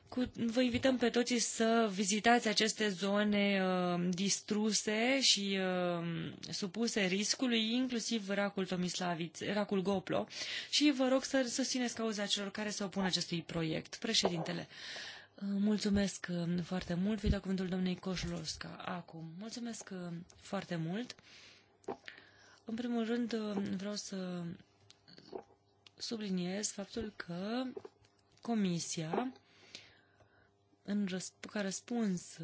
Cu, vă invităm pe toți să vizitați aceste zone uh, distruse și uh, supuse riscului, inclusiv racul Tomislavit, racul Goplo, și vă rog să susțineți cauza celor care se opun acestui proiect. Președintele, uh, mulțumesc uh, foarte mult. Vă dau cuvântul domnei Coșlovska acum. Mulțumesc uh, foarte mult. În primul rând, uh, vreau să subliniez faptul că Comisia în răsp- ca răspuns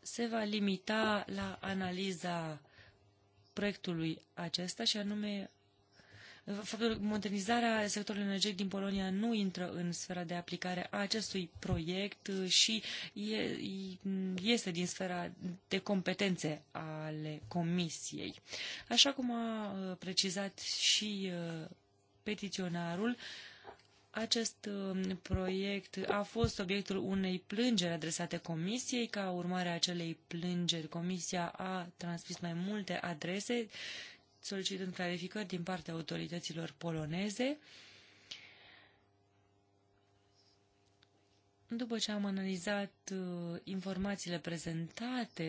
se va limita la analiza proiectului acesta și anume faptul că modernizarea sectorului energetic din Polonia nu intră în sfera de aplicare a acestui proiect și este din sfera de competențe ale Comisiei. Așa cum a uh, precizat și uh, petiționarul, uh, acest um, proiect a fost obiectul unei plângeri adresate comisiei. Ca urmare a acelei plângeri, comisia a transmis mai multe adrese solicitând clarificări din partea autorităților poloneze. După ce am analizat uh, informațiile prezentate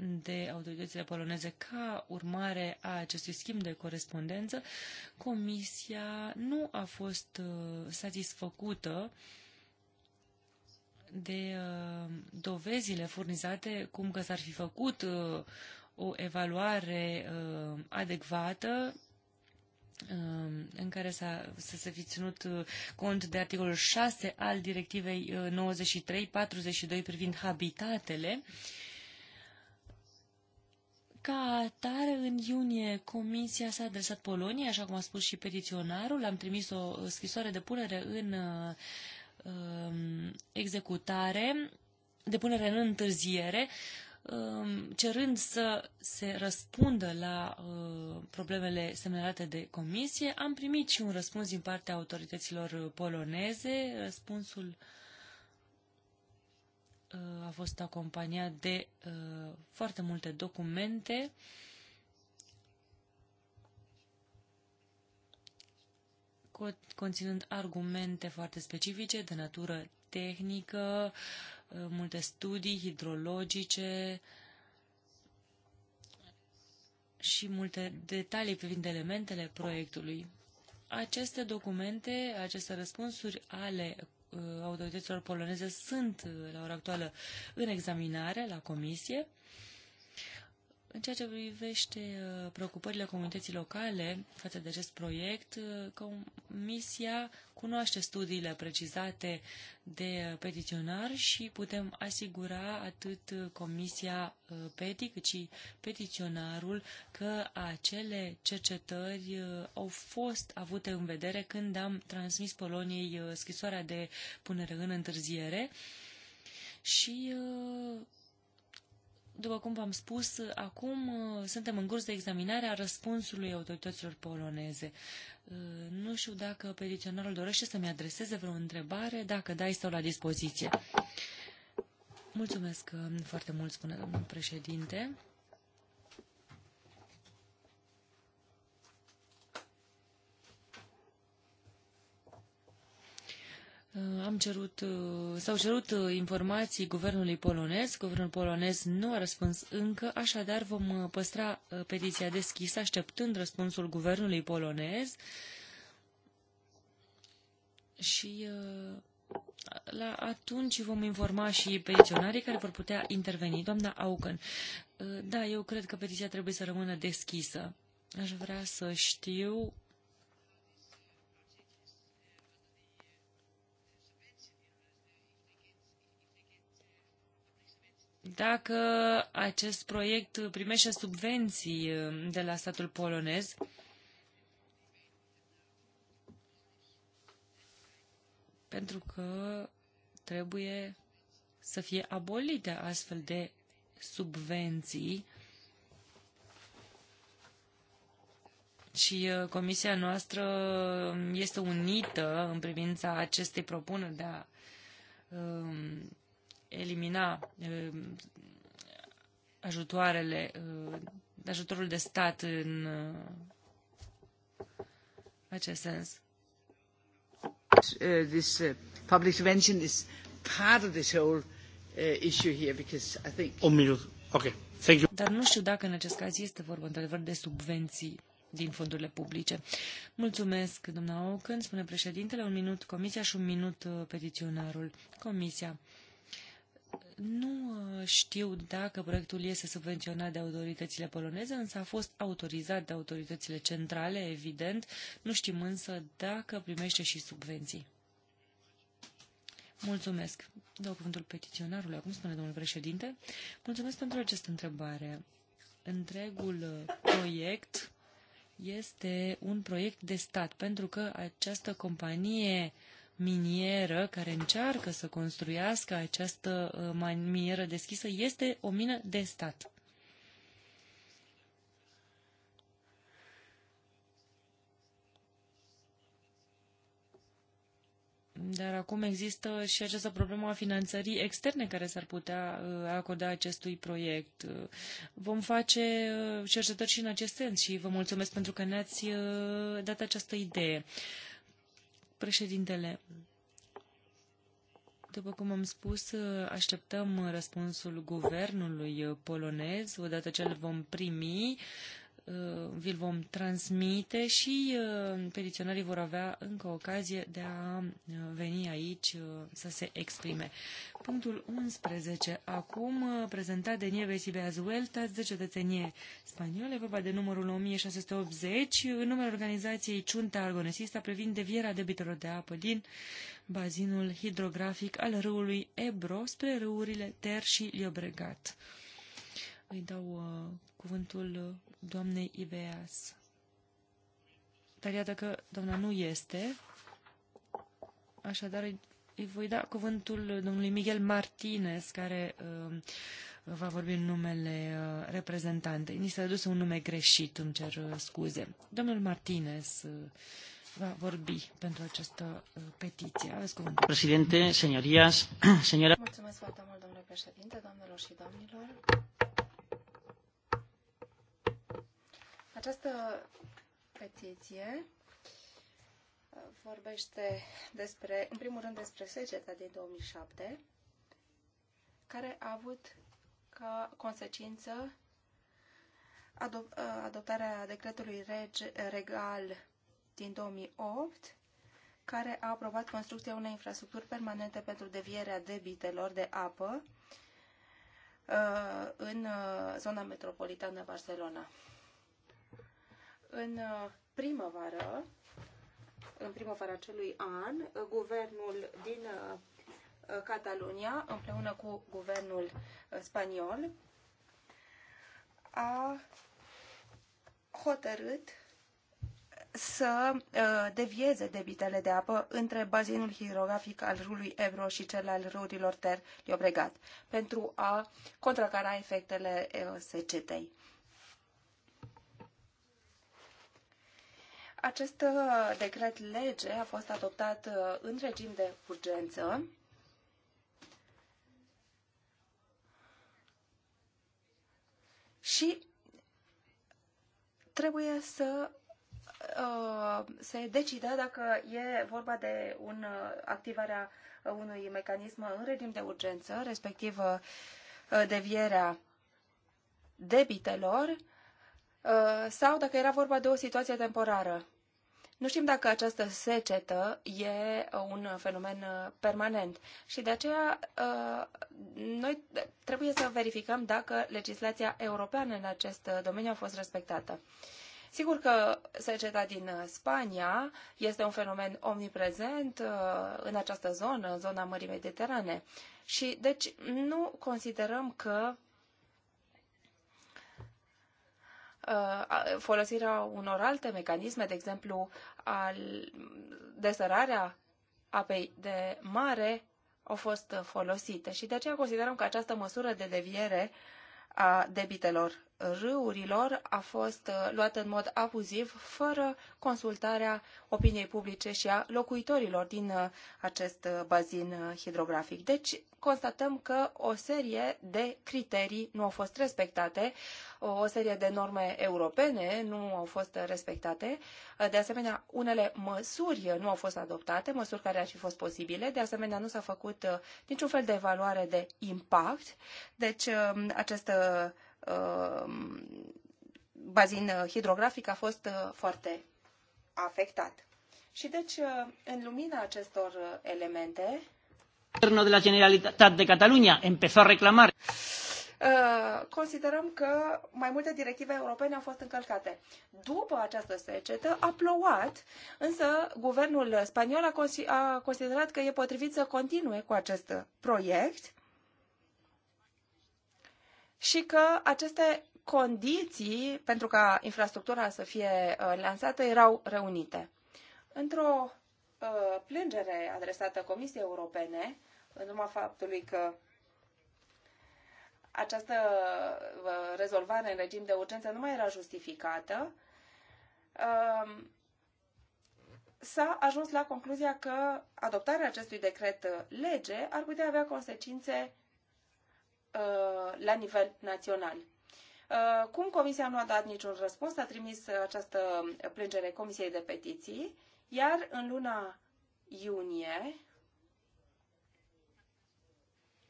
de autoritățile poloneze ca urmare a acestui schimb de corespondență, Comisia nu a fost uh, satisfăcută de uh, dovezile furnizate, cum că s-ar fi făcut uh, o evaluare adecvată în care să, să se fi ținut cont de articolul 6 al directivei 93-42 privind habitatele, uh, ca atare, în iunie, Comisia s-a adresat Polonia, așa cum a spus și petiționarul. Am trimis o scrisoare de punere în uh, executare, de punere în întârziere, uh, cerând să se răspundă la uh, problemele semnalate de comisie. Am primit și un răspuns din partea autorităților poloneze. Răspunsul uh, Uh, a fost acompaniat de uh, foarte multe documente conținând argumente foarte specifice de natură tehnică, uh, multe studii hidrologice și multe detalii privind elementele proiectului. Aceste documente, aceste răspunsuri ale Uh, autorităților poloneze sunt uh, la ora actuală în examinare la comisie în ceea ce privește uh, preocupările comunității locale față de acest proiect, uh, Comisia cunoaște studiile precizate de uh, petiționar și putem asigura atât Comisia PETI cât și petiționarul că acele cercetări au fost avute în vedere când am transmis Poloniei scrisoarea de punere în întârziere și după cum v-am spus, acum uh, suntem în curs de examinare a răspunsului autorităților poloneze. Uh, nu știu dacă peticionarul dorește să-mi adreseze vreo întrebare, dacă da, stau la dispoziție. Mulțumesc uh, foarte mult, spune domnul președinte. Uh, am cerut, uh, s-au cerut uh, informații guvernului polonez. Guvernul polonez nu a răspuns încă, așadar vom păstra petiția deschisă, așteptând răspunsul guvernului polonez. Și la atunci vom informa și petiționarii care vor putea interveni. Doamna Auken, da, eu cred că petiția trebuie să rămână deschisă. Aș vrea să știu dacă acest proiect primește subvenții uh, de la statul polonez. Pentru că trebuie să fie abolite astfel de subvenții și uh, comisia noastră este unită în privința acestei propuneri de a um, elimina uh, ajutoarele, uh, ajutorul de stat în uh, acest sens. This public intervention is part of this whole issue here because I think... Un minut. Okay. Thank you. Dar nu știu dacă în acest caz este vorba într-adevăr de subvenții din fondurile publice. Mulțumesc, doamna Ocân, spune președintele, un minut comisia și un minut petiționarul. Comisia. Nu uh, știu dacă proiectul este subvenționat de autoritățile poloneze, însă a fost autorizat de autoritățile centrale, evident. Nu știm însă dacă primește și subvenții. Mulțumesc. Dau cuvântul petiționarului acum, spune domnul președinte. Mulțumesc pentru această întrebare. Întregul uh, proiect este un proiect de stat, pentru că această companie uh, minieră care încearcă să construiască această uh, minieră deschisă este o mină de stat. Dar acum există și această problemă a finanțării externe care s-ar putea uh, acorda acestui proiect. Uh, vom face cercetări și în acest sens și vă mulțumesc pentru că ne-ați dat această idee. Președintele, după cum am spus, așteptăm răspunsul guvernului polonez. Odată ce îl vom primi, Uh, vi-l vom transmite și uh, petiționarii vor avea încă ocazie de a uh, veni aici să se exprime. Punctul 11. Acum, prezentat de Nieves Ibeaz Hueltas, de cetățenie spaniole, vorba de numărul 1680, în numele organizației Ciunta Argonesista privind devierea debitelor de apă din bazinul hidrografic al râului Ebro spre râurile Ter și Liobregat. Îi dau uh, cuvântul uh, doamnei Ibeas. Dar iată că doamna nu este, așadar îi voi da cuvântul domnului Miguel Martinez, care uh, va vorbi în numele uh, reprezentantei. Ni s-a dus un nume greșit, îmi cer uh, scuze. Domnul Martinez uh, va vorbi pentru această petiție. Aveți cuvântul. Președinte, señorías, señora... Mulțumesc foarte mult, domnule președinte, doamnelor și domnilor. Această petiție uh, vorbește despre, în primul rând despre seceta din 2007, care a avut ca consecință adop uh, adoptarea decretului reg regal din 2008, care a aprobat construcția unei infrastructuri permanente pentru devierea debitelor de apă uh, în zona metropolitană Barcelona. În uh, primăvară, în primăvara acelui an, uh, guvernul din uh, Catalunia, împreună cu guvernul spaniol, a hotărât să devieze debitele de apă între bazinul hidrografic al râului Ebro și cel al râurilor Ter Llobregat pentru a contracara efectele secetei. Acest uh, decret lege a fost adoptat uh, în regim de urgență. Și trebuie să uh, se decidă dacă e vorba de un, activarea unui mecanism în regim de urgență, respectiv devierea debitelor Uh, sau dacă era vorba de o situație temporară. Nu știm dacă această secetă e un fenomen uh, permanent și de aceea uh, noi trebuie să verificăm dacă legislația europeană în acest domeniu a fost respectată. Sigur că seceta din Spania este un fenomen omniprezent în această zonă, în zona Mării Mediterane. Și deci nu considerăm că Uh, folosirea unor alte mecanisme, de exemplu, al desărarea apei de mare, au fost folosite și de aceea considerăm că această măsură de deviere a debitelor râurilor a fost uh, luată în mod abuziv, fără consultarea opiniei publice și a locuitorilor din uh, acest uh, bazin hidrografic. Deci, constatăm că o serie de criterii nu au fost respectate, o serie de norme europene nu au fost respectate, de asemenea, unele măsuri nu au fost adoptate, măsuri care ar fi fost posibile, de asemenea, nu s-a făcut niciun fel de evaluare de impact, deci acest Um, bazin hidrografic a fost uh, foarte afectat. Și deci, uh, în lumina acestor uh, elemente, gobierno de la Generalitat de Catalunya a reclamar. Considerăm că mai multe directive europene au fost încălcate. După această secetă a plouat, însă guvernul spaniol a considerat că e potrivit să continue cu acest proiect și că aceste condiții pentru ca infrastructura să fie uh, lansată erau reunite. Într-o uh, plângere adresată Comisiei Europene, în urma faptului că această uh, rezolvare în regim de urgență nu mai era justificată, um, s-a ajuns la concluzia că adoptarea acestui decret lege ar putea avea consecințe Uh, la nivel național. Uh, cum Comisia nu a dat niciun răspuns, a trimis uh, această plângere Comisiei de Petiții, iar în luna iunie,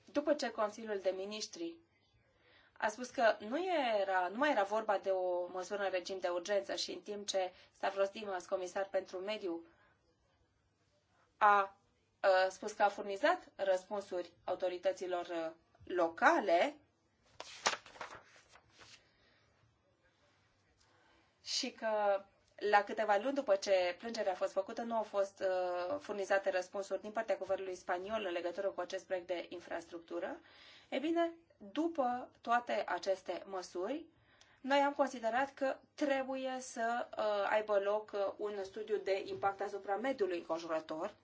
după ce Consiliul de Ministri a spus că nu, era, nu mai era vorba de o măsură în regim de urgență și în timp ce Stavros Dimas, comisar pentru mediu, a, a spus că a furnizat răspunsuri autorităților locale și că la câteva luni după ce plângerea a fost făcută, nu au fost uh, furnizate răspunsuri din partea guvernului spaniol în legătură cu acest proiect de infrastructură. E bine, după toate aceste măsuri, noi am considerat că trebuie să uh, aibă loc uh, un studiu de impact asupra mediului înconjurător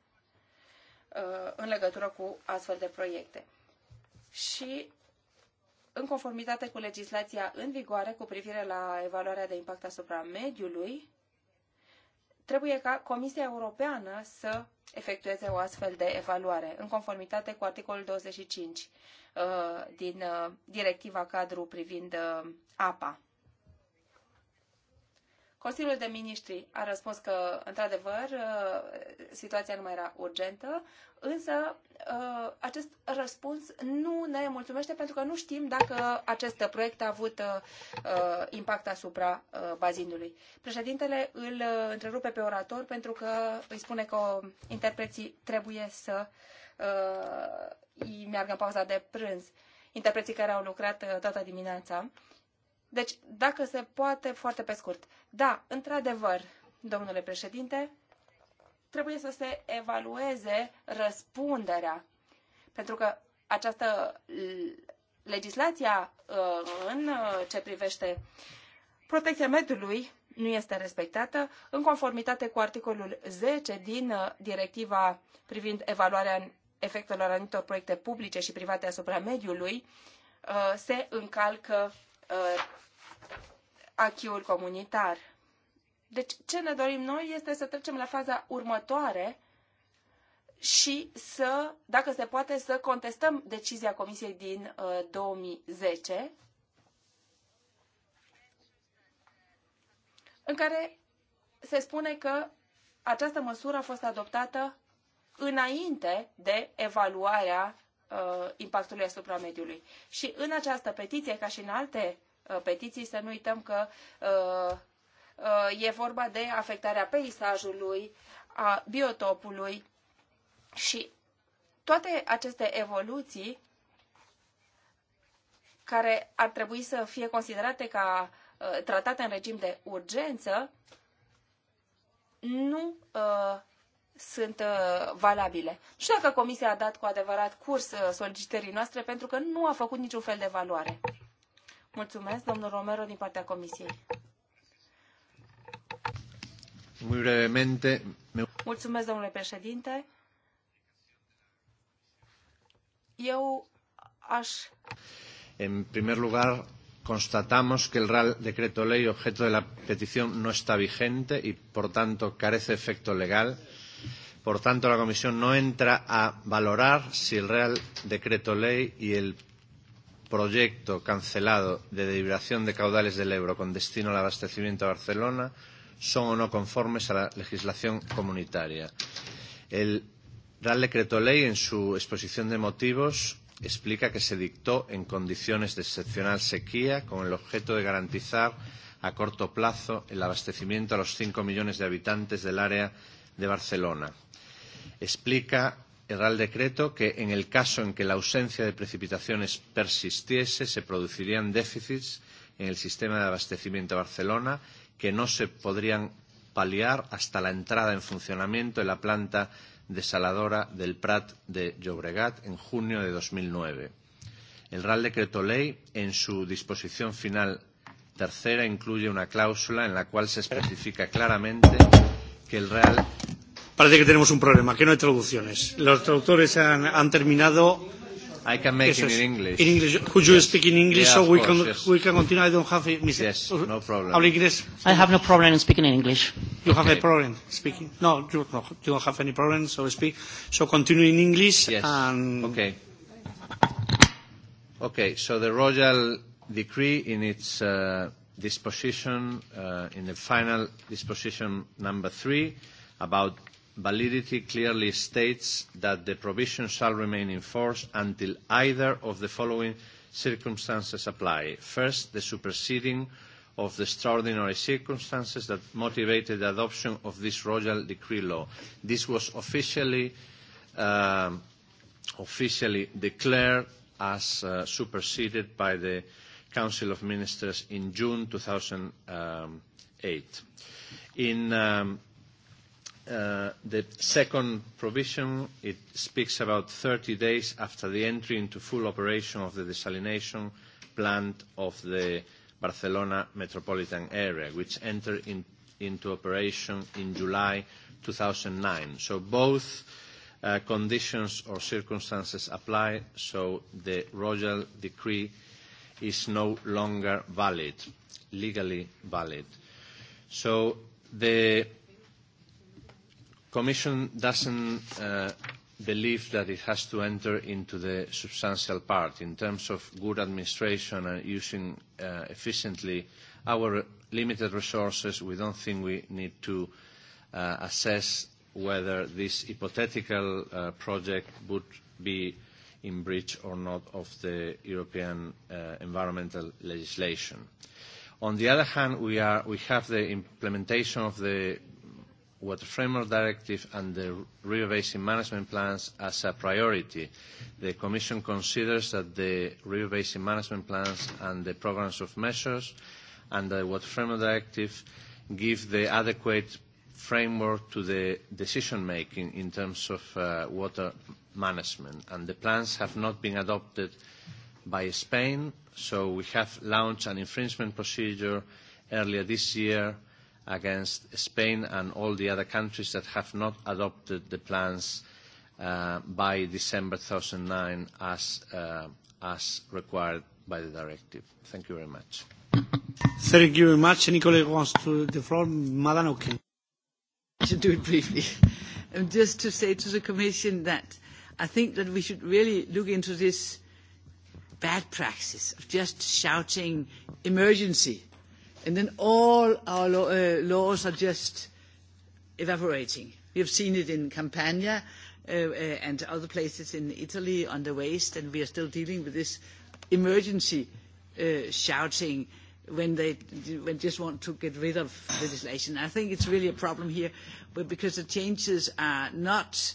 uh, în legătură cu astfel de proiecte și în conformitate cu legislația în vigoare cu privire la evaluarea de impact asupra mediului, trebuie ca Comisia Europeană să efectueze o astfel de evaluare, în conformitate cu articolul 25 uh, din uh, directiva cadru privind uh, apa. Consiliul de Ministri a răspuns că, într-adevăr, uh, situația nu mai era urgentă, însă uh, acest răspuns nu ne mulțumește pentru că nu știm dacă acest proiect a avut uh, impact asupra bazinului. Președintele îl întrerupe pe orator pentru că îi spune că interpreții trebuie să îi meargă în pauza de prânz interpreții care au lucrat toată dimineața. Deci, dacă se poate, foarte pe scurt. Da, într-adevăr, domnule președinte, trebuie să se evalueze răspunderea. Pentru că această legislația uh, în uh, ce privește protecția mediului nu este respectată în conformitate cu articolul 10 din uh, directiva privind evaluarea efectelor anumitor proiecte publice și private asupra mediului se încalcă uh, achiul comunitar. Deci ce ne dorim noi este să trecem la faza următoare și să, dacă se poate, să contestăm decizia Comisiei din uh, 2010 în care se spune că această măsură a fost adoptată înainte de evaluarea uh, impactului asupra mediului. Și în această petiție, ca și în alte uh, petiții, să nu uităm că uh, uh, e vorba de afectarea peisajului, a biotopului și toate aceste evoluții care ar trebui să fie considerate ca uh, tratate în regim de urgență, nu uh, sunt uh, valabile. Nu știu dacă Comisia a dat cu adevărat curs uh, solicitării noastre, pentru că nu a făcut niciun fel de valoare. Mulțumesc, domnul Romero, din partea Comisiei. Mulțumesc, domnule președinte. Eu aș... În primul lugar, constatamos que el Real Decreto Ley objeto de la petición no está vigente y, por tanto, carece efecto legal. Por tanto, la Comisión no entra a valorar si el Real Decreto Ley y el proyecto cancelado de deliberación de caudales del Ebro con destino al abastecimiento de Barcelona son o no conformes a la legislación comunitaria. El Real Decreto Ley, en su exposición de motivos, explica que se dictó en condiciones de excepcional sequía con el objeto de garantizar a corto plazo el abastecimiento a los 5 millones de habitantes del área de Barcelona explica el Real Decreto que en el caso en que la ausencia de precipitaciones persistiese, se producirían déficits en el sistema de abastecimiento de Barcelona que no se podrían paliar hasta la entrada en funcionamiento de la planta desaladora del Prat de Llobregat en junio de 2009. El Real Decreto Ley, en su disposición final tercera, incluye una cláusula en la cual se especifica claramente que el Real Parece que tenemos un problema, que no hay traducciones. Los traductores han, han terminado. I can make Eso it in English. In English. Could you yes. speak in English yeah, so we course, can yes. we can continue? I don't have it. Mr. Yes, no problem. Habla inglés. I have no problem in speaking in English. You have a problem speaking? No, you, no, you don't have any problem. So speak. So continue in English. Yes. And okay. Okay. So the royal decree in its uh, disposition, uh, in the final disposition number three, about validity clearly states that the provision shall remain in force until either of the following circumstances apply. First, the superseding of the extraordinary circumstances that motivated the adoption of this royal decree law. This was officially, uh, officially declared as uh, superseded by the Council of Ministers in June 2008. Um, in um, Uh, the second provision, it speaks about 30 days after the entry into full operation of the desalination plant of the Barcelona metropolitan area, which entered in, into operation in July 2009. So both uh, conditions or circumstances apply, so the royal decree is no longer valid, legally valid. So the Commission doesn't uh, believe that it has to enter into the substantial part in terms of good administration and using uh, efficiently our limited resources. We don't think we need to uh, assess whether this hypothetical uh, project would be in breach or not of the European uh, environmental legislation. On the other hand, we, are, we have the implementation of the what the Framework Directive and the river basin management plans as a priority, the Commission considers that the river basin management plans and the programs of measures and the Water Framework Directive give the adequate framework to the decision-making in terms of uh, water management. And the plans have not been adopted by Spain, so we have launched an infringement procedure earlier this year against Spain and all the other countries that have not adopted the plans uh, by December 2009 as, uh, as required by the directive. Thank you very much. Thank you very much. Nicola wants to the floor. Madam O'Keefe. I should do it briefly. Just to say to the Commission that I think that we should really look into this bad practice of just shouting emergency And then all our uh, laws are just evaporating. We have seen it in Campania uh, uh, and other places in Italy on the waste, and we are still dealing with this emergency uh, shouting when they when just want to get rid of legislation. I think it's really a problem here because the changes are not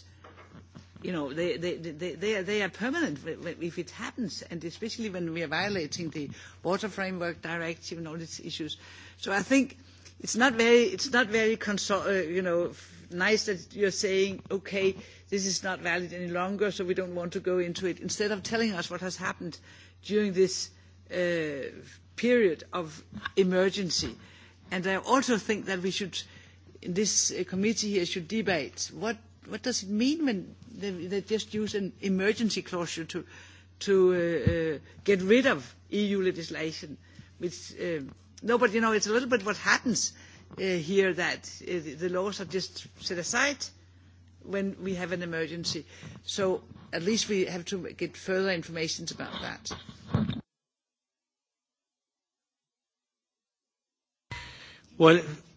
you know, they, they, they, they, are, they are permanent if it happens, and especially when we are violating the Water Framework Directive and all these issues. So I think it's not very, it's not very consol- uh, you know, nice that you're saying, okay, this is not valid any longer, so we don't want to go into it, instead of telling us what has happened during this uh, period of emergency. And I also think that we should, in this uh, committee here, should debate what what does it mean when they, they just use an emergency clause to, to uh, uh, get rid of EU legislation? Which, uh, no, but you know, it's a little bit what happens uh, here that uh, the laws are just set aside when we have an emergency. So at least we have to get further information about that. Well,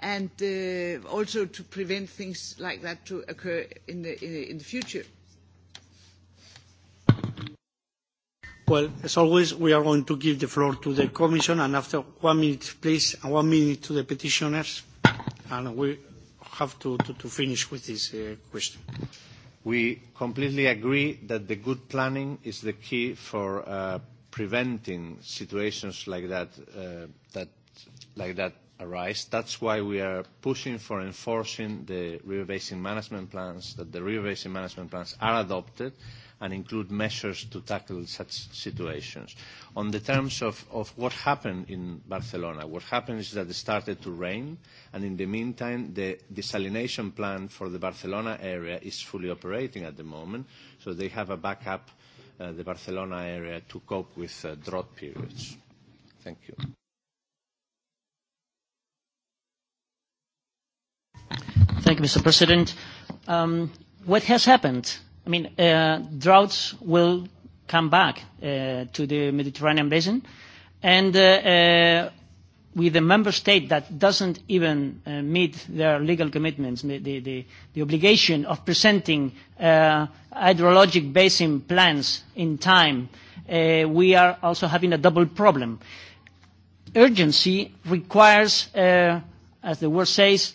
and uh, also to prevent things like that to occur in the, in the, in the future. Well, as always, we are going to give the floor to the Commission, and after one minute, please, and one minute to the petitioners, and we have to, to, to finish with this uh, question. We completely agree that the good planning is the key for uh, preventing situations like that, uh, that, like that arise. That's why we are pushing for enforcing the river basin management plans, that the river basin management plans are adopted and include measures to tackle such situations. On the terms of, of what happened in Barcelona, what happened is that it started to rain, and in the meantime, the desalination plant for the Barcelona area is fully operating at the moment, so they have a backup, uh, the Barcelona area, to cope with uh, drought periods. Thank you. Thank you, Mr. President. Um, what has happened? I mean, uh, droughts will come back uh, to the Mediterranean basin, and uh, uh, with a member state that doesn't even uh, meet their legal commitments, the, the, the obligation of presenting uh, hydrologic basin plans in time, uh, we are also having a double problem. Urgency requires, uh, as the word says,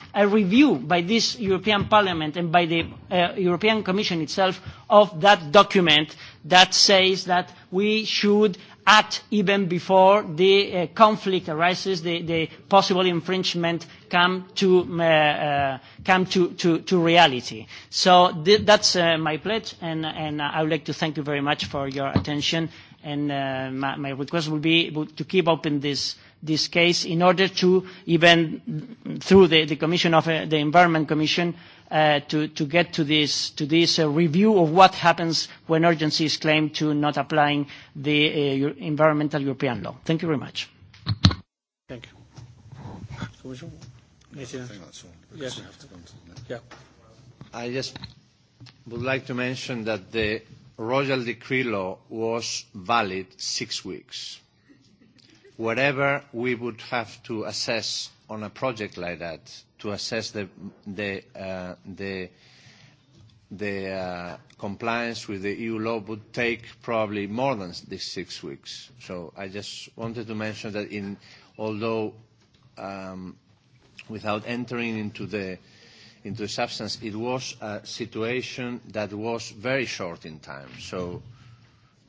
a review by this European Parliament and by the uh, European Commission itself of that document that says that we should act even before the uh, conflict arises, the, the possible infringement come to, uh, uh, come to, to, to reality. So th that's uh, my pledge, and, and I would like to thank you very much for your attention, and uh, my, my request will be to keep open this this case in order to even through the, the Commission of uh, the Environment Commission uh, to, to get to this, to this uh, review of what happens when urgency is claimed to not applying the uh, environmental European law. Thank you very much. Thank you. Commission? Yes. Yeah. I just would like to mention that the Royal Decree Law was valid six weeks whatever we would have to assess on a project like that, to assess the, uh, uh, compliance with the EU law would take probably more than these six weeks. So I just wanted to mention that in, although um, without entering into the, substance, it was a situation that was very short in time. So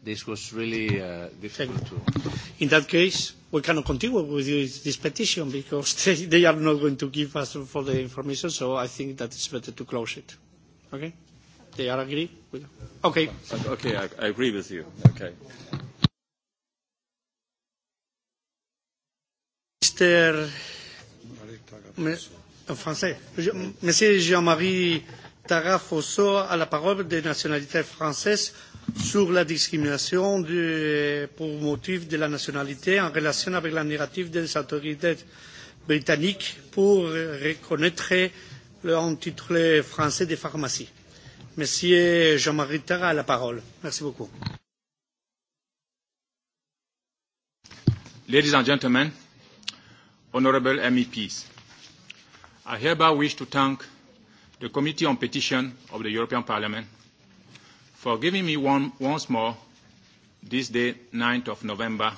this was really uh, difficult to. In that case, we cannot continue with this petition because they, they are not going to give us for the information, so I think that it's better to close it. Okay? They are agree? With... Okay. Okay, I, I agree with you. Okay. Mr. En français. Mm. Monsieur Jean-Marie Tarafoso a la parole de nationalité française sur la discrimination de, pour motif de la nationalité en relation avec la négative des autorités britanniques pour reconnaître l'intitulé français des pharmacies. Monsieur Jean-Marie Tera, a la parole. Merci beaucoup. Ladies and gentlemen, honorable MEPs, I hereby wish to thank the Committee on Petition of the European Parliament for giving me one, once more this day, 9th of November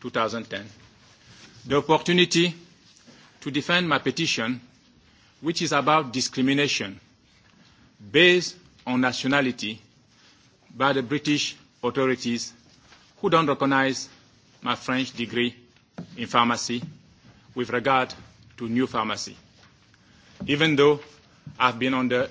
2010, the opportunity to defend my petition, which is about discrimination based on nationality by the British authorities who don't recognize my French degree in pharmacy with regard to new pharmacy, even though I've been under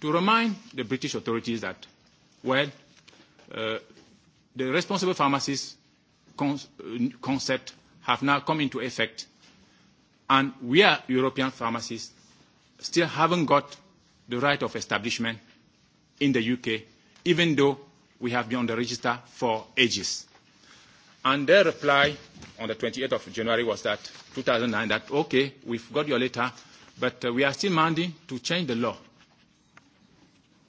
to remind the British authorities that, well, uh, the responsible pharmacies con uh, concept have now come into effect, and we are European pharmacists still haven't got the right of establishment in the UK, even though we have been on the register for ages. And their reply on the 28th of January was that 2009, that, okay, we've got your letter, but uh, we are still demanding to change the law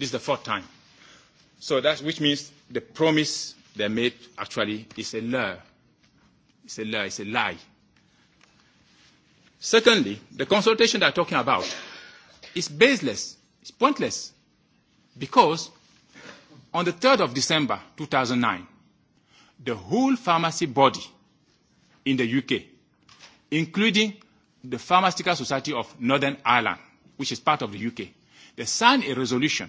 This is the fourth time. So that which means the promise they made actually is a lie. It's a lie. It's a lie. Secondly, the consultation they are talking about is baseless. It's pointless. Because on the 3rd of December 2009, the whole pharmacy body in the UK, including the Pharmaceutical Society of Northern Ireland, which is part of the UK, they signed a resolution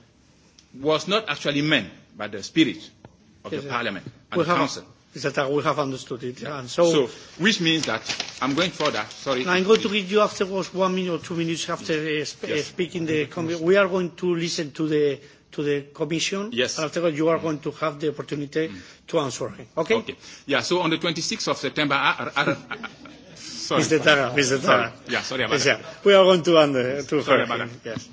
was not actually meant by the spirit of the parliament and we the have, council. Is that we have understood it. Yeah. And so, so, which means that I'm going further. Sorry. I'm going to read you afterwards one minute or two minutes after uh, uh yes. speaking. The we are going to listen to the to the Commission. Yes. After afterwards, you are mm. going to have the opportunity mm. to answer him. Okay? Okay. Yeah. So on the 26th of September, I, I, I, sorry. Mr. Tara, Mr. Tara. Sorry. Yeah. Sorry about yes, that. Yeah. We are going to, under, uh, to sorry hear about him. That. Yes.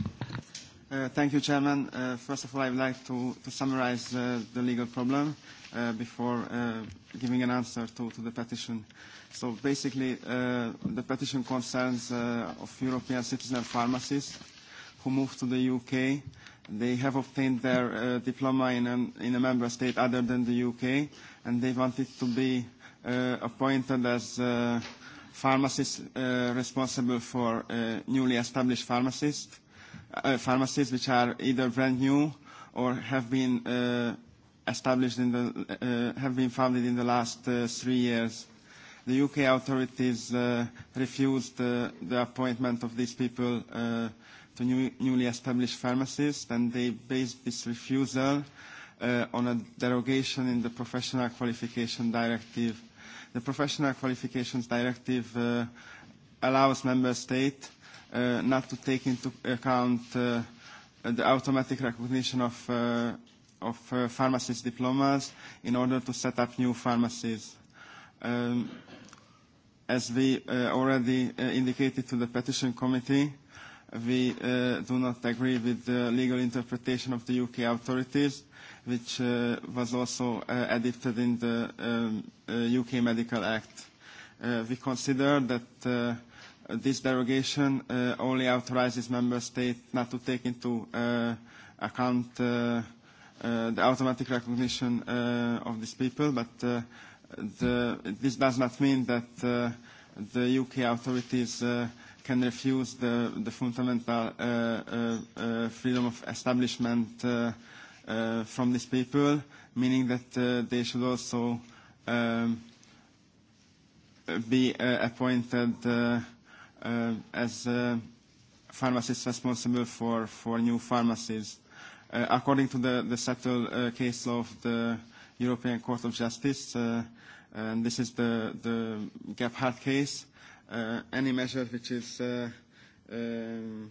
Uh, thank you, Chairman. Uh, first of all, I would like to, to summarize uh, the legal problem uh, before uh, giving an answer to, to the petition. So basically, uh, the petition concerns uh, of European citizen pharmacists who moved to the UK. They have obtained their uh, diploma in a, in a member state other than the UK, and they wanted to be uh, appointed as uh, pharmacists uh, responsible for uh, newly established pharmacists pharmacies which are either brand new or have been uh, established in the, uh, have been founded in the last uh, three years. The UK authorities uh, refused uh, the appointment of these people uh, to new, newly established pharmacies, and they based this refusal uh, on a derogation in the Professional Qualification Directive. The Professional Qualifications Directive uh, allows member states uh, not to take into account uh, the automatic recognition of, uh, of uh, pharmacist diplomas in order to set up new pharmacies. Um, as we uh, already uh, indicated to the petition committee, we uh, do not agree with the legal interpretation of the UK authorities, which uh, was also uh, adopted in the um, uh, UK Medical Act. Uh, we consider that uh, this derogation uh, only authorizes member states not to take into uh, account uh, uh, the automatic recognition uh, of these people, but uh, the, this does not mean that uh, the UK authorities uh, can refuse the, the fundamental uh, uh, uh, freedom of establishment uh, uh, from these people, meaning that uh, they should also um, be uh, appointed uh, uh, as a pharmacist responsible for, for new pharmacies. Uh, according to the, the settled uh, case of the European Court of Justice, uh, and this is the, the Gephardt case, uh, any measure which is uh, um,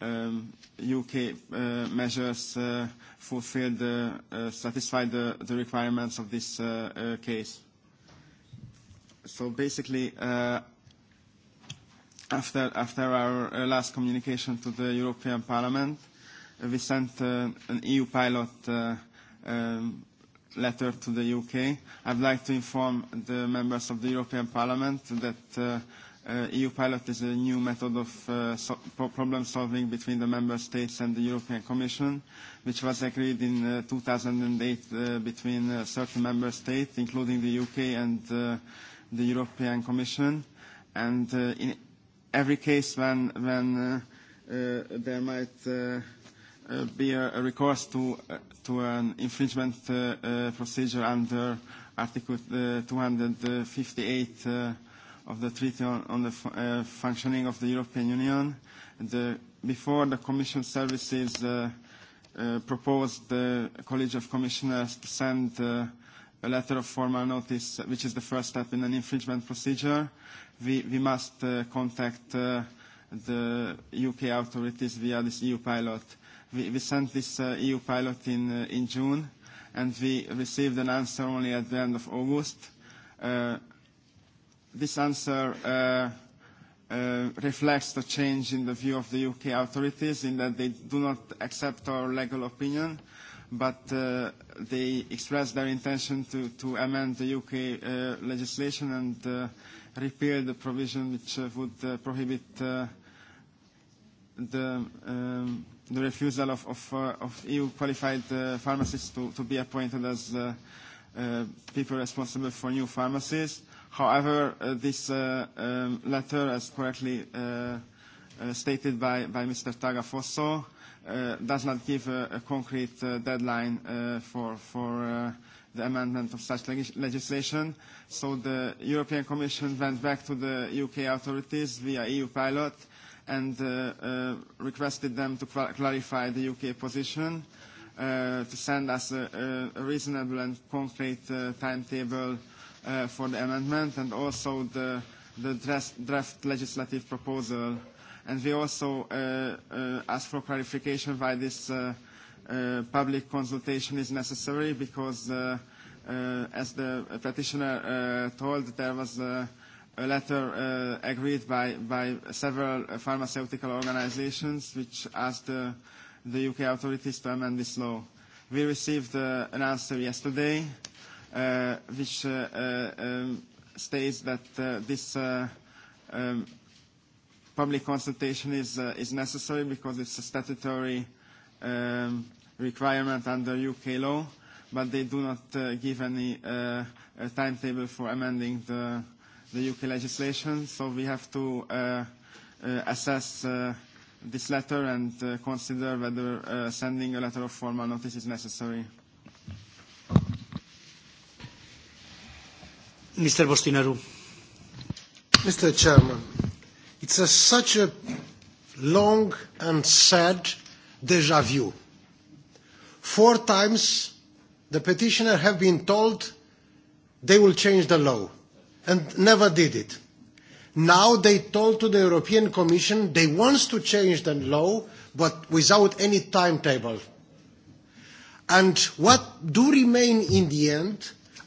UK um, uh, measures uh, fulfilled, uh, uh, satisfied the, the requirements of this uh, uh, case. So basically, uh, after, after our uh, last communication to the European Parliament, uh, we sent uh, an EU pilot uh, um, letter to the UK. I'd like to inform the members of the European Parliament that uh, uh, EU pilot is a new method of uh, so problem solving between the member states and the European Commission, which was agreed in uh, 2008 uh, between uh, certain member states, including the UK and uh, the European Commission. And uh, in every case when, when uh, uh, there might uh, uh, be a, a recourse to, uh, to an infringement uh, uh, procedure under Article uh, 258 uh, of the Treaty on, on the uh, Functioning of the European Union. The, before the Commission services uh, uh, proposed the College of Commissioners to send uh, a letter of formal notice, which is the first step in an infringement procedure, we, we must uh, contact uh, the UK authorities via this EU pilot. We, we sent this uh, EU pilot in, uh, in June, and we received an answer only at the end of August. Uh, this answer uh, uh, reflects the change in the view of the UK authorities in that they do not accept our legal opinion, but uh, they express their intention to, to amend the UK uh, legislation and uh, repeal the provision which uh, would uh, prohibit uh, the, um, the refusal of, of, uh, of EU-qualified uh, pharmacists to, to be appointed as uh, uh, people responsible for new pharmacies. Uh, However, uh, this uh, um, letter, as correctly uh, uh, stated by, by Mr. Tagafoso, uh, does not give a, a concrete uh, deadline uh, for, for uh, the amendment of such leg legislation. So the European Commission went back to the UK authorities via EU pilot and uh, uh, requested them to clarify the UK position, uh, to send us a, a, a reasonable and concrete uh, timetable uh, uh, for the amendment and also the, the draft, draft legislative proposal. And we also uh, uh, ask for clarification why this uh, uh, public consultation is necessary because uh, uh, as the petitioner uh, told, there was a, uh, a letter uh, agreed by, by several pharmaceutical organizations which asked uh, the UK authorities to amend this law. We received uh, an answer yesterday Uh, which uh, uh, um, states that this um, public consultation is, necessary because it's a statutory um, requirement under UK law, but they do not give any timetable for amending the, the UK legislation. So we have to assess this letter and consider whether sending a letter of formal notice is necessary. Mr. Bostinaru. Mr. Chairman, it's a, such a long and sad deja vu. Four times the petitioner have been told they will change the law and never did it. Now they told to the European Commission they want to change the law but without any timetable. And what do remain in the end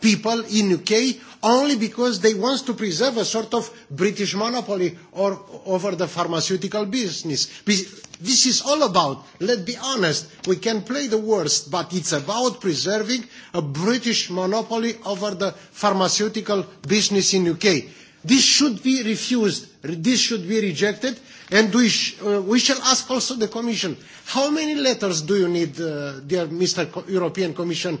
people in UK only because they want to preserve a sort of British monopoly or, over the pharmaceutical business. This is all about, let's be honest, we can play the worst, but it's about preserving a British monopoly over the pharmaceutical business in UK. This should be refused, this should be rejected, and we, sh uh, we shall ask also the Commission, how many letters do you need, uh, dear Mr. Co European Commission,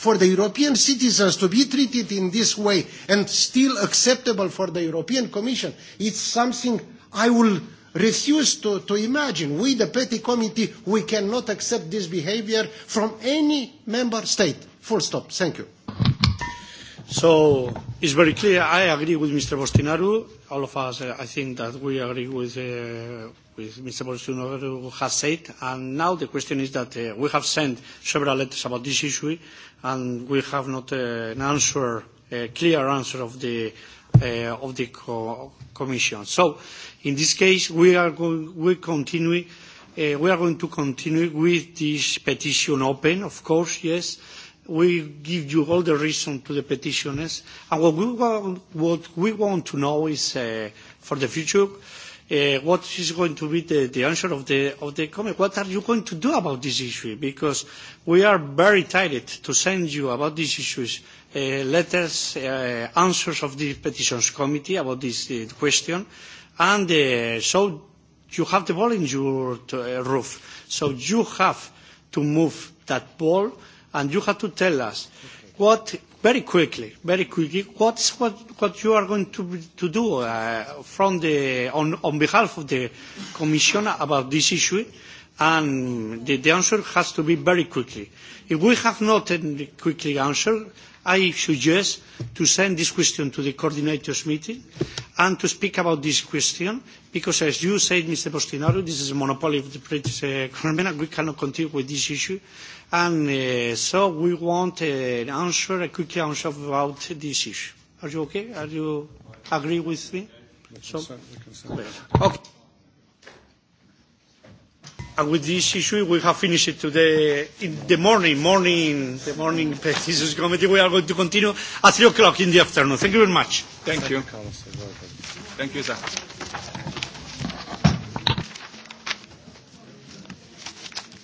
for the European citizens to be treated in this way and still acceptable for the European Commission, it's something I will refuse to, to imagine. We, the Petty Committee, we cannot accept this behavior from any member state. Full stop. Thank you. So it's very clear. I agree with Mr. Bostinaru. All of us, uh, I think that we agree with, uh, with Mr. Bostinaru has said. And now the question is that uh, we have sent several letters about this issue, and we have not uh, an answer, a clear answer of the of the Commission. So, in this case, we are going we continue. we are going to continue with this petition open, of course, yes we give you all the reason to the petitioners. And what we want, what we want to know is uh, for the future, uh, what is going to be the, the answer of the, of the comment? What are you going to do about this issue? Because we are very tired to send you about these issues uh, letters, uh, answers of the petitions committee about this uh, question. And uh, so you have the ball in your uh, roof. So you have to move that ball and you have to tell us what very quickly, very quickly, what's what, what you are going to, to do uh, from the, on, on behalf of the Commission about this issue, and the, the answer has to be very quickly. If we have not a quickly answer, I suggest to send this question to the coordinators meeting and to speak about this question because as you said, Mr. Postinaro, this is a monopoly of the British uh, government and we cannot continue with this issue. And uh, so we want an answer, a quick answer about this issue. Are you okay? Are you agree with me? So, okay. And with this issue, we have finished today in the morning, morning, the morning petitions committee. We are going to continue at three o'clock in the afternoon. Thank you very much. Thank, Thank you. you. Thank you, sir.